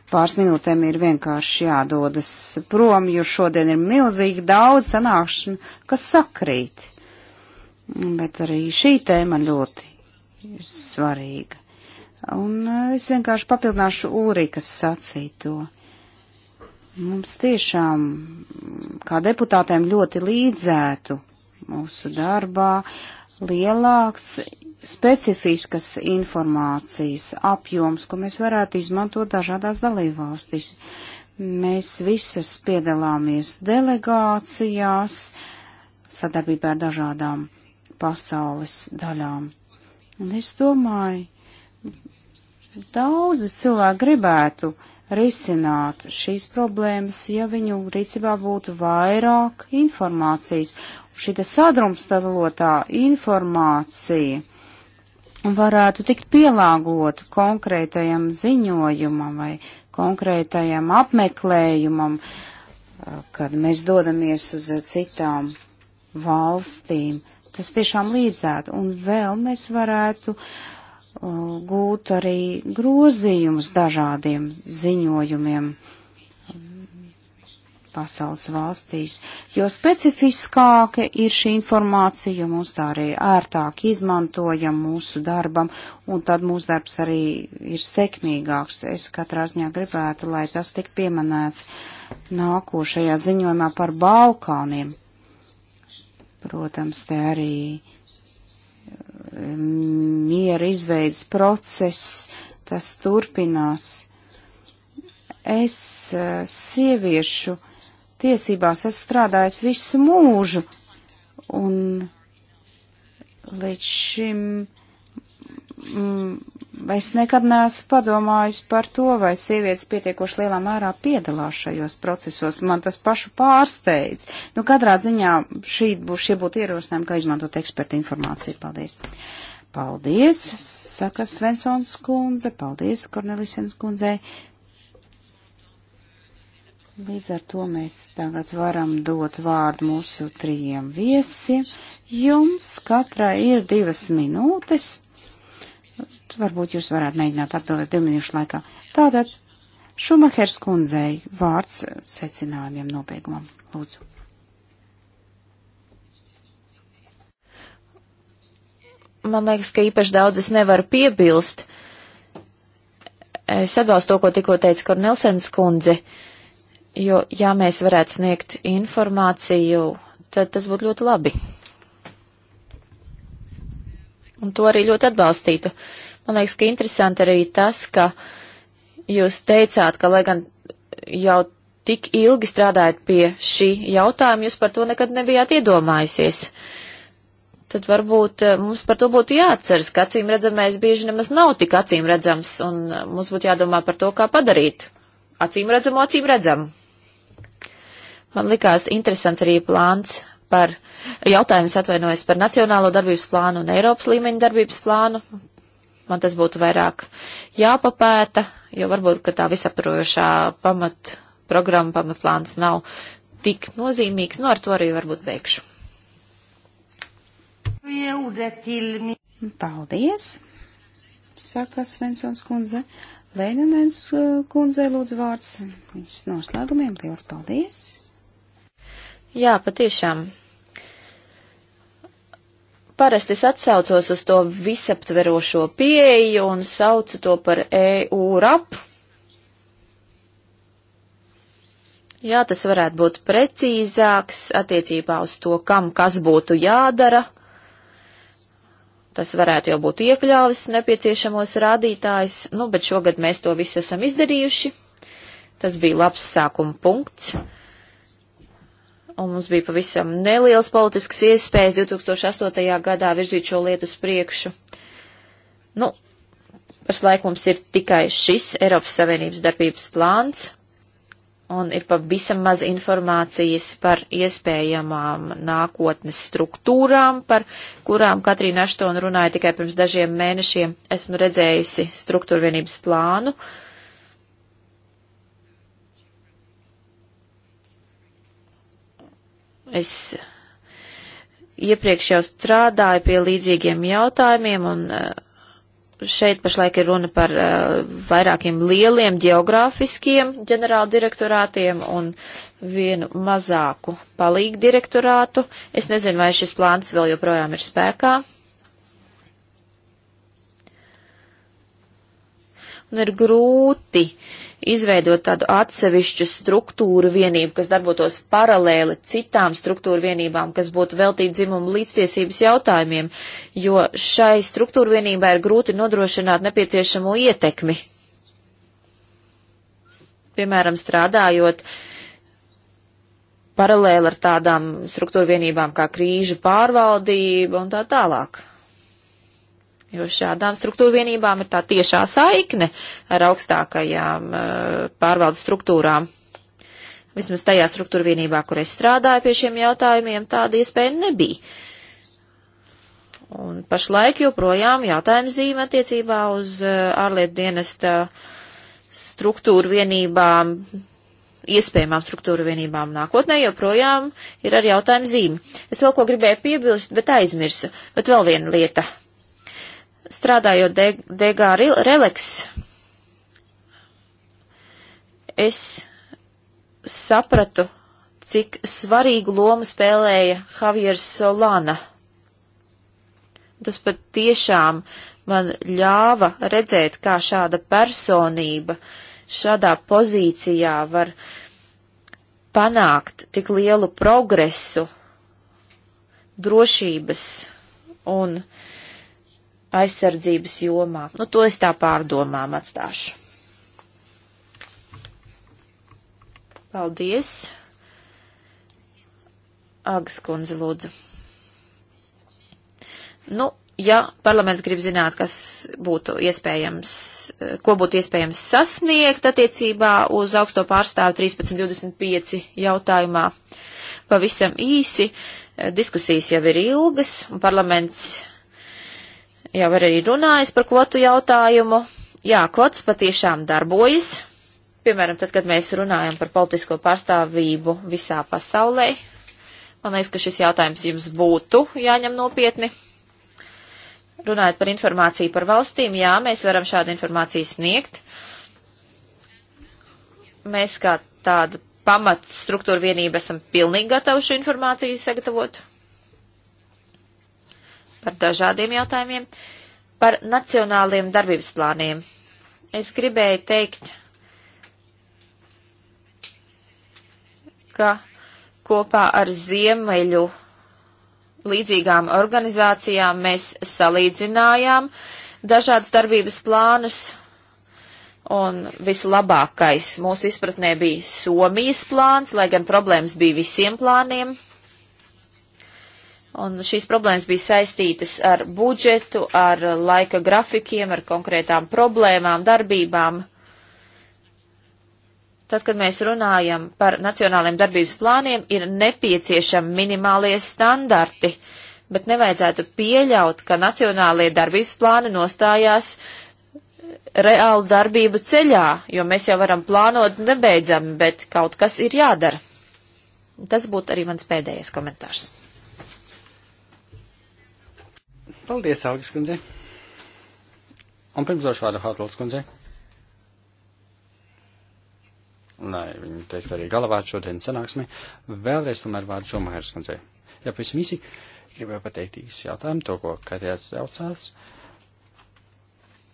pāris minūtēm ir vienkārši jādodas prom, jo šodien ir milzīgi daudz sanākšanu, kas sakrīt. Bet arī šī tēma ļoti svarīga. Un e, es vienkārši papildināšu Ulrikas sacīto. Mums tiešām, kā deputātēm, ļoti līdzētu mūsu darbā lielāks specifiskas informācijas apjoms, ko mēs varētu izmantot dažādās dalībvalstīs. Mēs visas piedalāmies delegācijās, sadarbībā ar dažādām pasaules daļām. Un es domāju, daudzi cilvēki gribētu risināt šīs problēmas, ja viņu rīcībā būtu vairāk informācijas. Šī te sadrumstalotā informācija varētu tikt pielāgota konkrētajam ziņojumam vai konkrētajam apmeklējumam, eh, kad mēs dodamies uz eh, citām valstīm. Tas tiešām līdzētu. Un vēl mēs varētu eh, gūt arī grozījumus dažādiem ziņojumiem pasaules valstīs, jo specifiskāka ir šī informācija, jo mums tā arī ērtāk izmantojam mūsu darbam, un tad mūsu darbs arī ir sekmīgāks. Es katrā ziņā gribētu, lai tas tik pieminēts nākošajā ziņojumā par Balkāniem. Protams, te arī eh, miera izveids process, tas turpinās. Es eh, sieviešu tiesībās esmu strādājis visu mūžu, un līdz šim mm, es nekad neesmu padomājis par to, vai sievietes pietiekoši lielā mērā piedalās šajos procesos. Man tas pašu pārsteidz. Nu, katrā ziņā šī būs, šie būtu ierosinājumi, kā izmantot ekspertu informāciju. Paldies! Paldies, saka Svensons kundze, paldies Kornelisens kundzei. Līdz ar to mēs tagad varam dot vārdu mūsu trījiem viesiem. Jums katrai ir divas minūtes. Varbūt jūs varētu mēģināt atbildēt divu minūšu laikā. Tātad Šumahers kundzei vārds secinājumiem nobeigumam. Lūdzu. Man liekas, ka īpaši daudz es nevaru piebilst. Es atbalstu to, ko tikko teica Kornelsens kundze. Uh, jo ja mēs varētu sniegt informāciju, tad tas būtu ļoti labi. Un to arī ļoti atbalstītu. Man liekas, ka interesanti arī tas, ka jūs teicāt, ka, lai gan jau tik ilgi strādājat pie šī jautājuma, jūs par to nekad nebijāt iedomājusies. Tad varbūt eh, mums par to būtu jāatceras, ka acīm redzamais bieži nemaz nav tik acīm redzams, un eh, mums būtu jādomā par to, kā padarīt acīm redzamu, acīm redzamu. Man likās interesants arī plāns par jautājums atvainojas par Nacionālo darbības plānu un Eiropas līmeņa darbības plānu. Man tas būtu vairāk jāpapēta, jo varbūt, ka tā visaprojošā pamat programma, pamatplāns nav tik nozīmīgs. Nu, ar to arī varbūt beigšu. Paldies, saka Svensons kundze. Lēnenens eh, kundze lūdzu vārds. Viņas noslēgumiem liels paldies. Jā, patiešām. Parasti es atsaucos uz to visaptverošo pieeju un saucu to par EU-rap. Jā, tas varētu būt precīzāks attiecībā uz to, kam kas būtu jādara. Tas varētu jau būt iekļāvis nepieciešamos rādītājs, nu, bet šogad mēs to visu esam izdarījuši. Tas bija labs sākuma punkts un mums bija pavisam nelielas politiskas iespējas 2008. gadā virzīt šo lietu uz priekšu. Nu, pašlaik mums ir tikai šis Eiropas Savienības darbības plāns, un ir pavisam maz informācijas par iespējamām nākotnes struktūrām, par kurām Katrīna Aštona runāja tikai pirms dažiem mēnešiem. Esmu redzējusi struktūrvienības plānu. Uh, Es iepriekš jau strādāju pie līdzīgiem jautājumiem, un eh, šeit pašlaik ir runa par eh, vairākiem lieliem geogrāfiskiem ģenerāldirektorātiem un vienu mazāku palīgu direktorātu. Es nezinu, vai šis plāns vēl joprojām ir spēkā. Un ir grūti izveidot tādu atsevišķu struktūru vienību, kas darbotos paralēli citām struktūru vienībām, kas būtu veltīti dzimumu līdztiesības jautājumiem, jo šai struktūru vienībai ir grūti nodrošināt nepieciešamo ietekmi. Piemēram, strādājot paralēli ar tādām struktūru vienībām kā krīžu pārvaldība un tā tālāk jo šādām struktūra vienībām ir tā tiešā saikne ar augstākajām eh, pārvaldes struktūrām. Vismaz tajā struktūra vienībā, kur es strādāju pie šiem jautājumiem, tāda iespēja nebija. Un pašlaik joprojām jautājums zīme attiecībā uz eh, ārlietu dienesta struktūra vienībām, iespējamām struktūra vienībām nākotnē joprojām ir ar jautājumu zīmi. Es vēl ko gribēju piebilst, bet aizmirsu. Bet vēl viena lieta strādājot DG Releks, es sapratu, cik svarīgu lomu spēlēja Javiers Solana. Tas pat tiešām man ļāva redzēt, kā šāda personība šādā pozīcijā var panākt tik lielu progresu drošības un uh, aizsardzības jomā. Nu, to es tā pārdomām atstāšu. Paldies. Agas kundze, lūdzu. Nu, ja parlaments grib zināt, kas būtu iespējams, ko būtu iespējams sasniegt attiecībā uz augsto pārstāvu 1325 jautājumā, pavisam īsi, diskusijas jau ir ilgas, un parlaments jau ir arī runājis par kvotu jautājumu. Jā, kvotas patiešām darbojas. Piemēram, tad, kad mēs runājam par politisko pārstāvību visā pasaulē, man liekas, ka šis jautājums jums būtu jāņem nopietni. Runājot par informāciju par valstīm, jā, mēs varam šādu informāciju sniegt. Mēs kā tāda pamats struktūra vienība esam pilnīgi gatavi šo informāciju sagatavot par dažādiem jautājumiem, par nacionāliem darbības plāniem. Es gribēju teikt, ka kopā ar Ziemeļu līdzīgām organizācijām mēs salīdzinājām dažādus darbības plānus, un vislabākais mūsu izpratnē bija Somijas plāns, lai gan problēmas bija visiem plāniem, Un šīs problēmas bija saistītas ar budžetu, ar laika grafikiem, ar konkrētām problēmām, darbībām. Tad, kad mēs runājam par nacionāliem darbības plāniem, ir nepieciešami minimālie standarti, bet nevajadzētu pieļaut, ka nacionālie darbības plāni nostājās reālu darbību ceļā, jo mēs jau varam plānot nebeidzami, bet kaut kas ir jādara. Tas būtu arī mans pēdējais komentārs. Paldies, Algas kundze. Un pirms došu vārdu Hautls kundze. Lai viņi teikt arī galavāt šodien sanāksmi, vēlreiz tomēr vārdu Šomahers kundze. Jā, pavisam īsi, gribēju pateikt īsi jautājumu, to, ko Katjāts jaucās.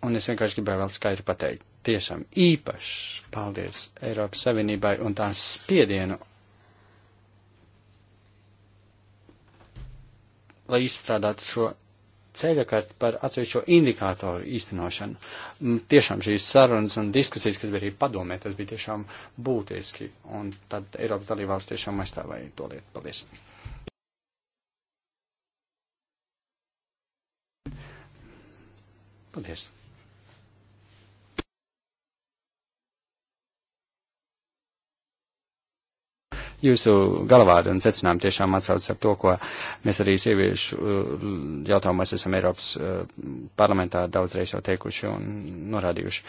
Un es vienkārši gribēju vēl skaidri pateikt. Tiešām īpaši paldies Eiropas Savienībai un tās spiedienu lai izstrādātu šo ceļakārti par atsevišķo indikātoru īstenošanu. Tiešām šīs sarunas un diskusijas, kas bija arī padomē, tas bija tiešām būtiski. Un tad Eiropas dalībvalsts tiešām aizstāvēja to lietu. Paldies! Paldies! jūsu galvādi un secinājumi tiešām atsaucas ar to, ko mēs arī sieviešu uh, jautājumos esam Eiropas uh, parlamentā daudzreiz jau teikuši un norādījuši.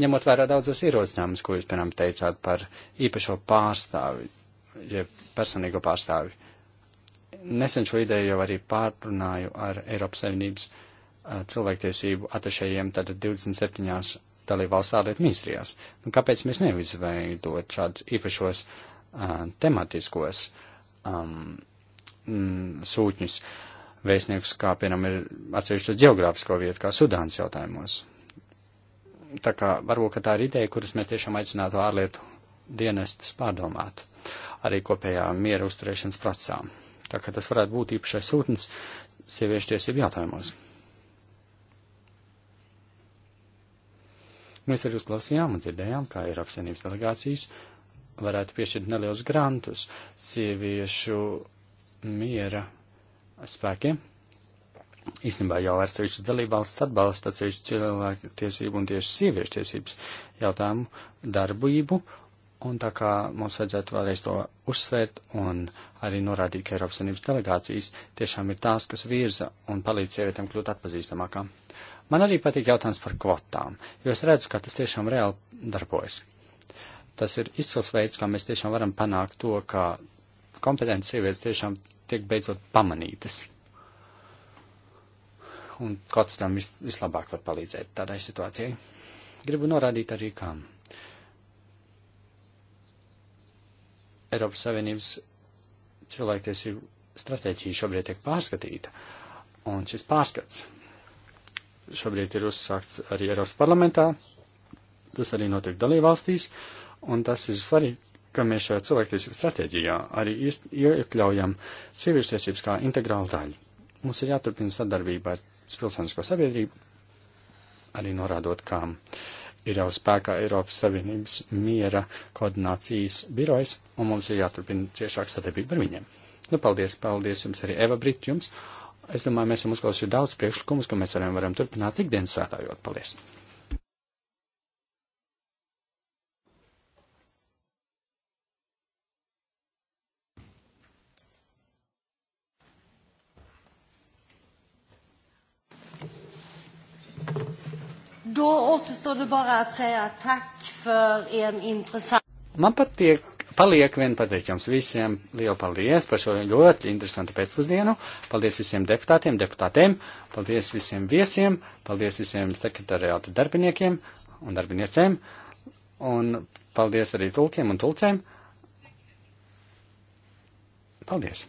Ņemot vērā daudzas ierosinājumus, ko jūs, piemēram, teicāt par īpašo pārstāvi, jeb personīgo pārstāvi. Nesen šo ideju jau arī pārrunāju ar Eiropas Savienības uh, cilvēktiesību atašējiem, tad 27 dalībvalstu ārlietu ministrijās. Nu, kāpēc mēs neizveidot šādus īpašos uh, tematiskos um, sūtņus vēstniekus, kā, piemēram, ir atsevišķo geogrāfisko vietu, kā Sudānas jautājumos. Tā kā varbūt, ka tā ir ideja, kuras mēs tiešām aicinātu ārlietu dienestus pārdomāt arī kopējā miera uzturēšanas procesā. Tā kā tas varētu būt īpašais sūtnis sieviešu tiesību jautājumos. Mēs arī uzklausījām un dzirdējām, kā Eiropas Savienības delegācijas uh, varētu piešķirt nelielus grantus sieviešu miera spēkiem. Īstenībā jau ar sevišķu dalībvalsts atbalsta sevišķu cilvēku tiesību un tieši sieviešu tiesības jautājumu darbību, un tā kā mums vajadzētu vēlreiz to uzsvērt un arī norādīt, ka Eiropas Savienības delegācijas tiešām ir tās, kas virza un palīdz sievietēm kļūt atpazīstamākām. Man arī patīk jautājums par kvotām, jo es redzu, ka tas tiešām reāli darbojas tas ir izcils veids, kā mēs tiešām varam panākt to, ka kompetences sievietes tiešām tiek beidzot pamanītas. Un kods tam vis, vislabāk var palīdzēt tādai situācijai. Gribu norādīt arī, kā Eiropas Savienības cilvēktiesību stratēģija šobrīd tiek pārskatīta. Un šis pārskats šobrīd ir uzsākts arī Eiropas parlamentā. Tas arī notiek dalībvalstīs. valstīs Un tas ir svarīgi, ka mēs šajā cilvēktiesību stratēģijā arī iekļaujam sieviešu tiesības kā integrālu daļu. Mums ir jāturpina sadarbība ar pilsonisko sabiedrību, arī norādot, kā ir jau spēkā Eiropas Savienības miera koordinācijas birojas, un mums ir jāturpina ciešāk sadarbība ar viņiem. Nu, paldies, paldies jums arī, Eva Brit, jums. Es domāju, mēs esam uzklausījuši daudz priekšlikumus, ko mēs varam, varam turpināt ikdienas strādājot. Paldies! Då återstår det bara att säga tack för en intressant... Man patiek, paliek vien pateikt jums visiem lielu paldies par šo ļoti interesantu pēcpusdienu. Paldies visiem deputātiem, deputātēm, paldies visiem viesiem, paldies visiem sekretariāta darbiniekiem un darbiniecēm, un paldies arī tulkiem un tulcēm. Paldies!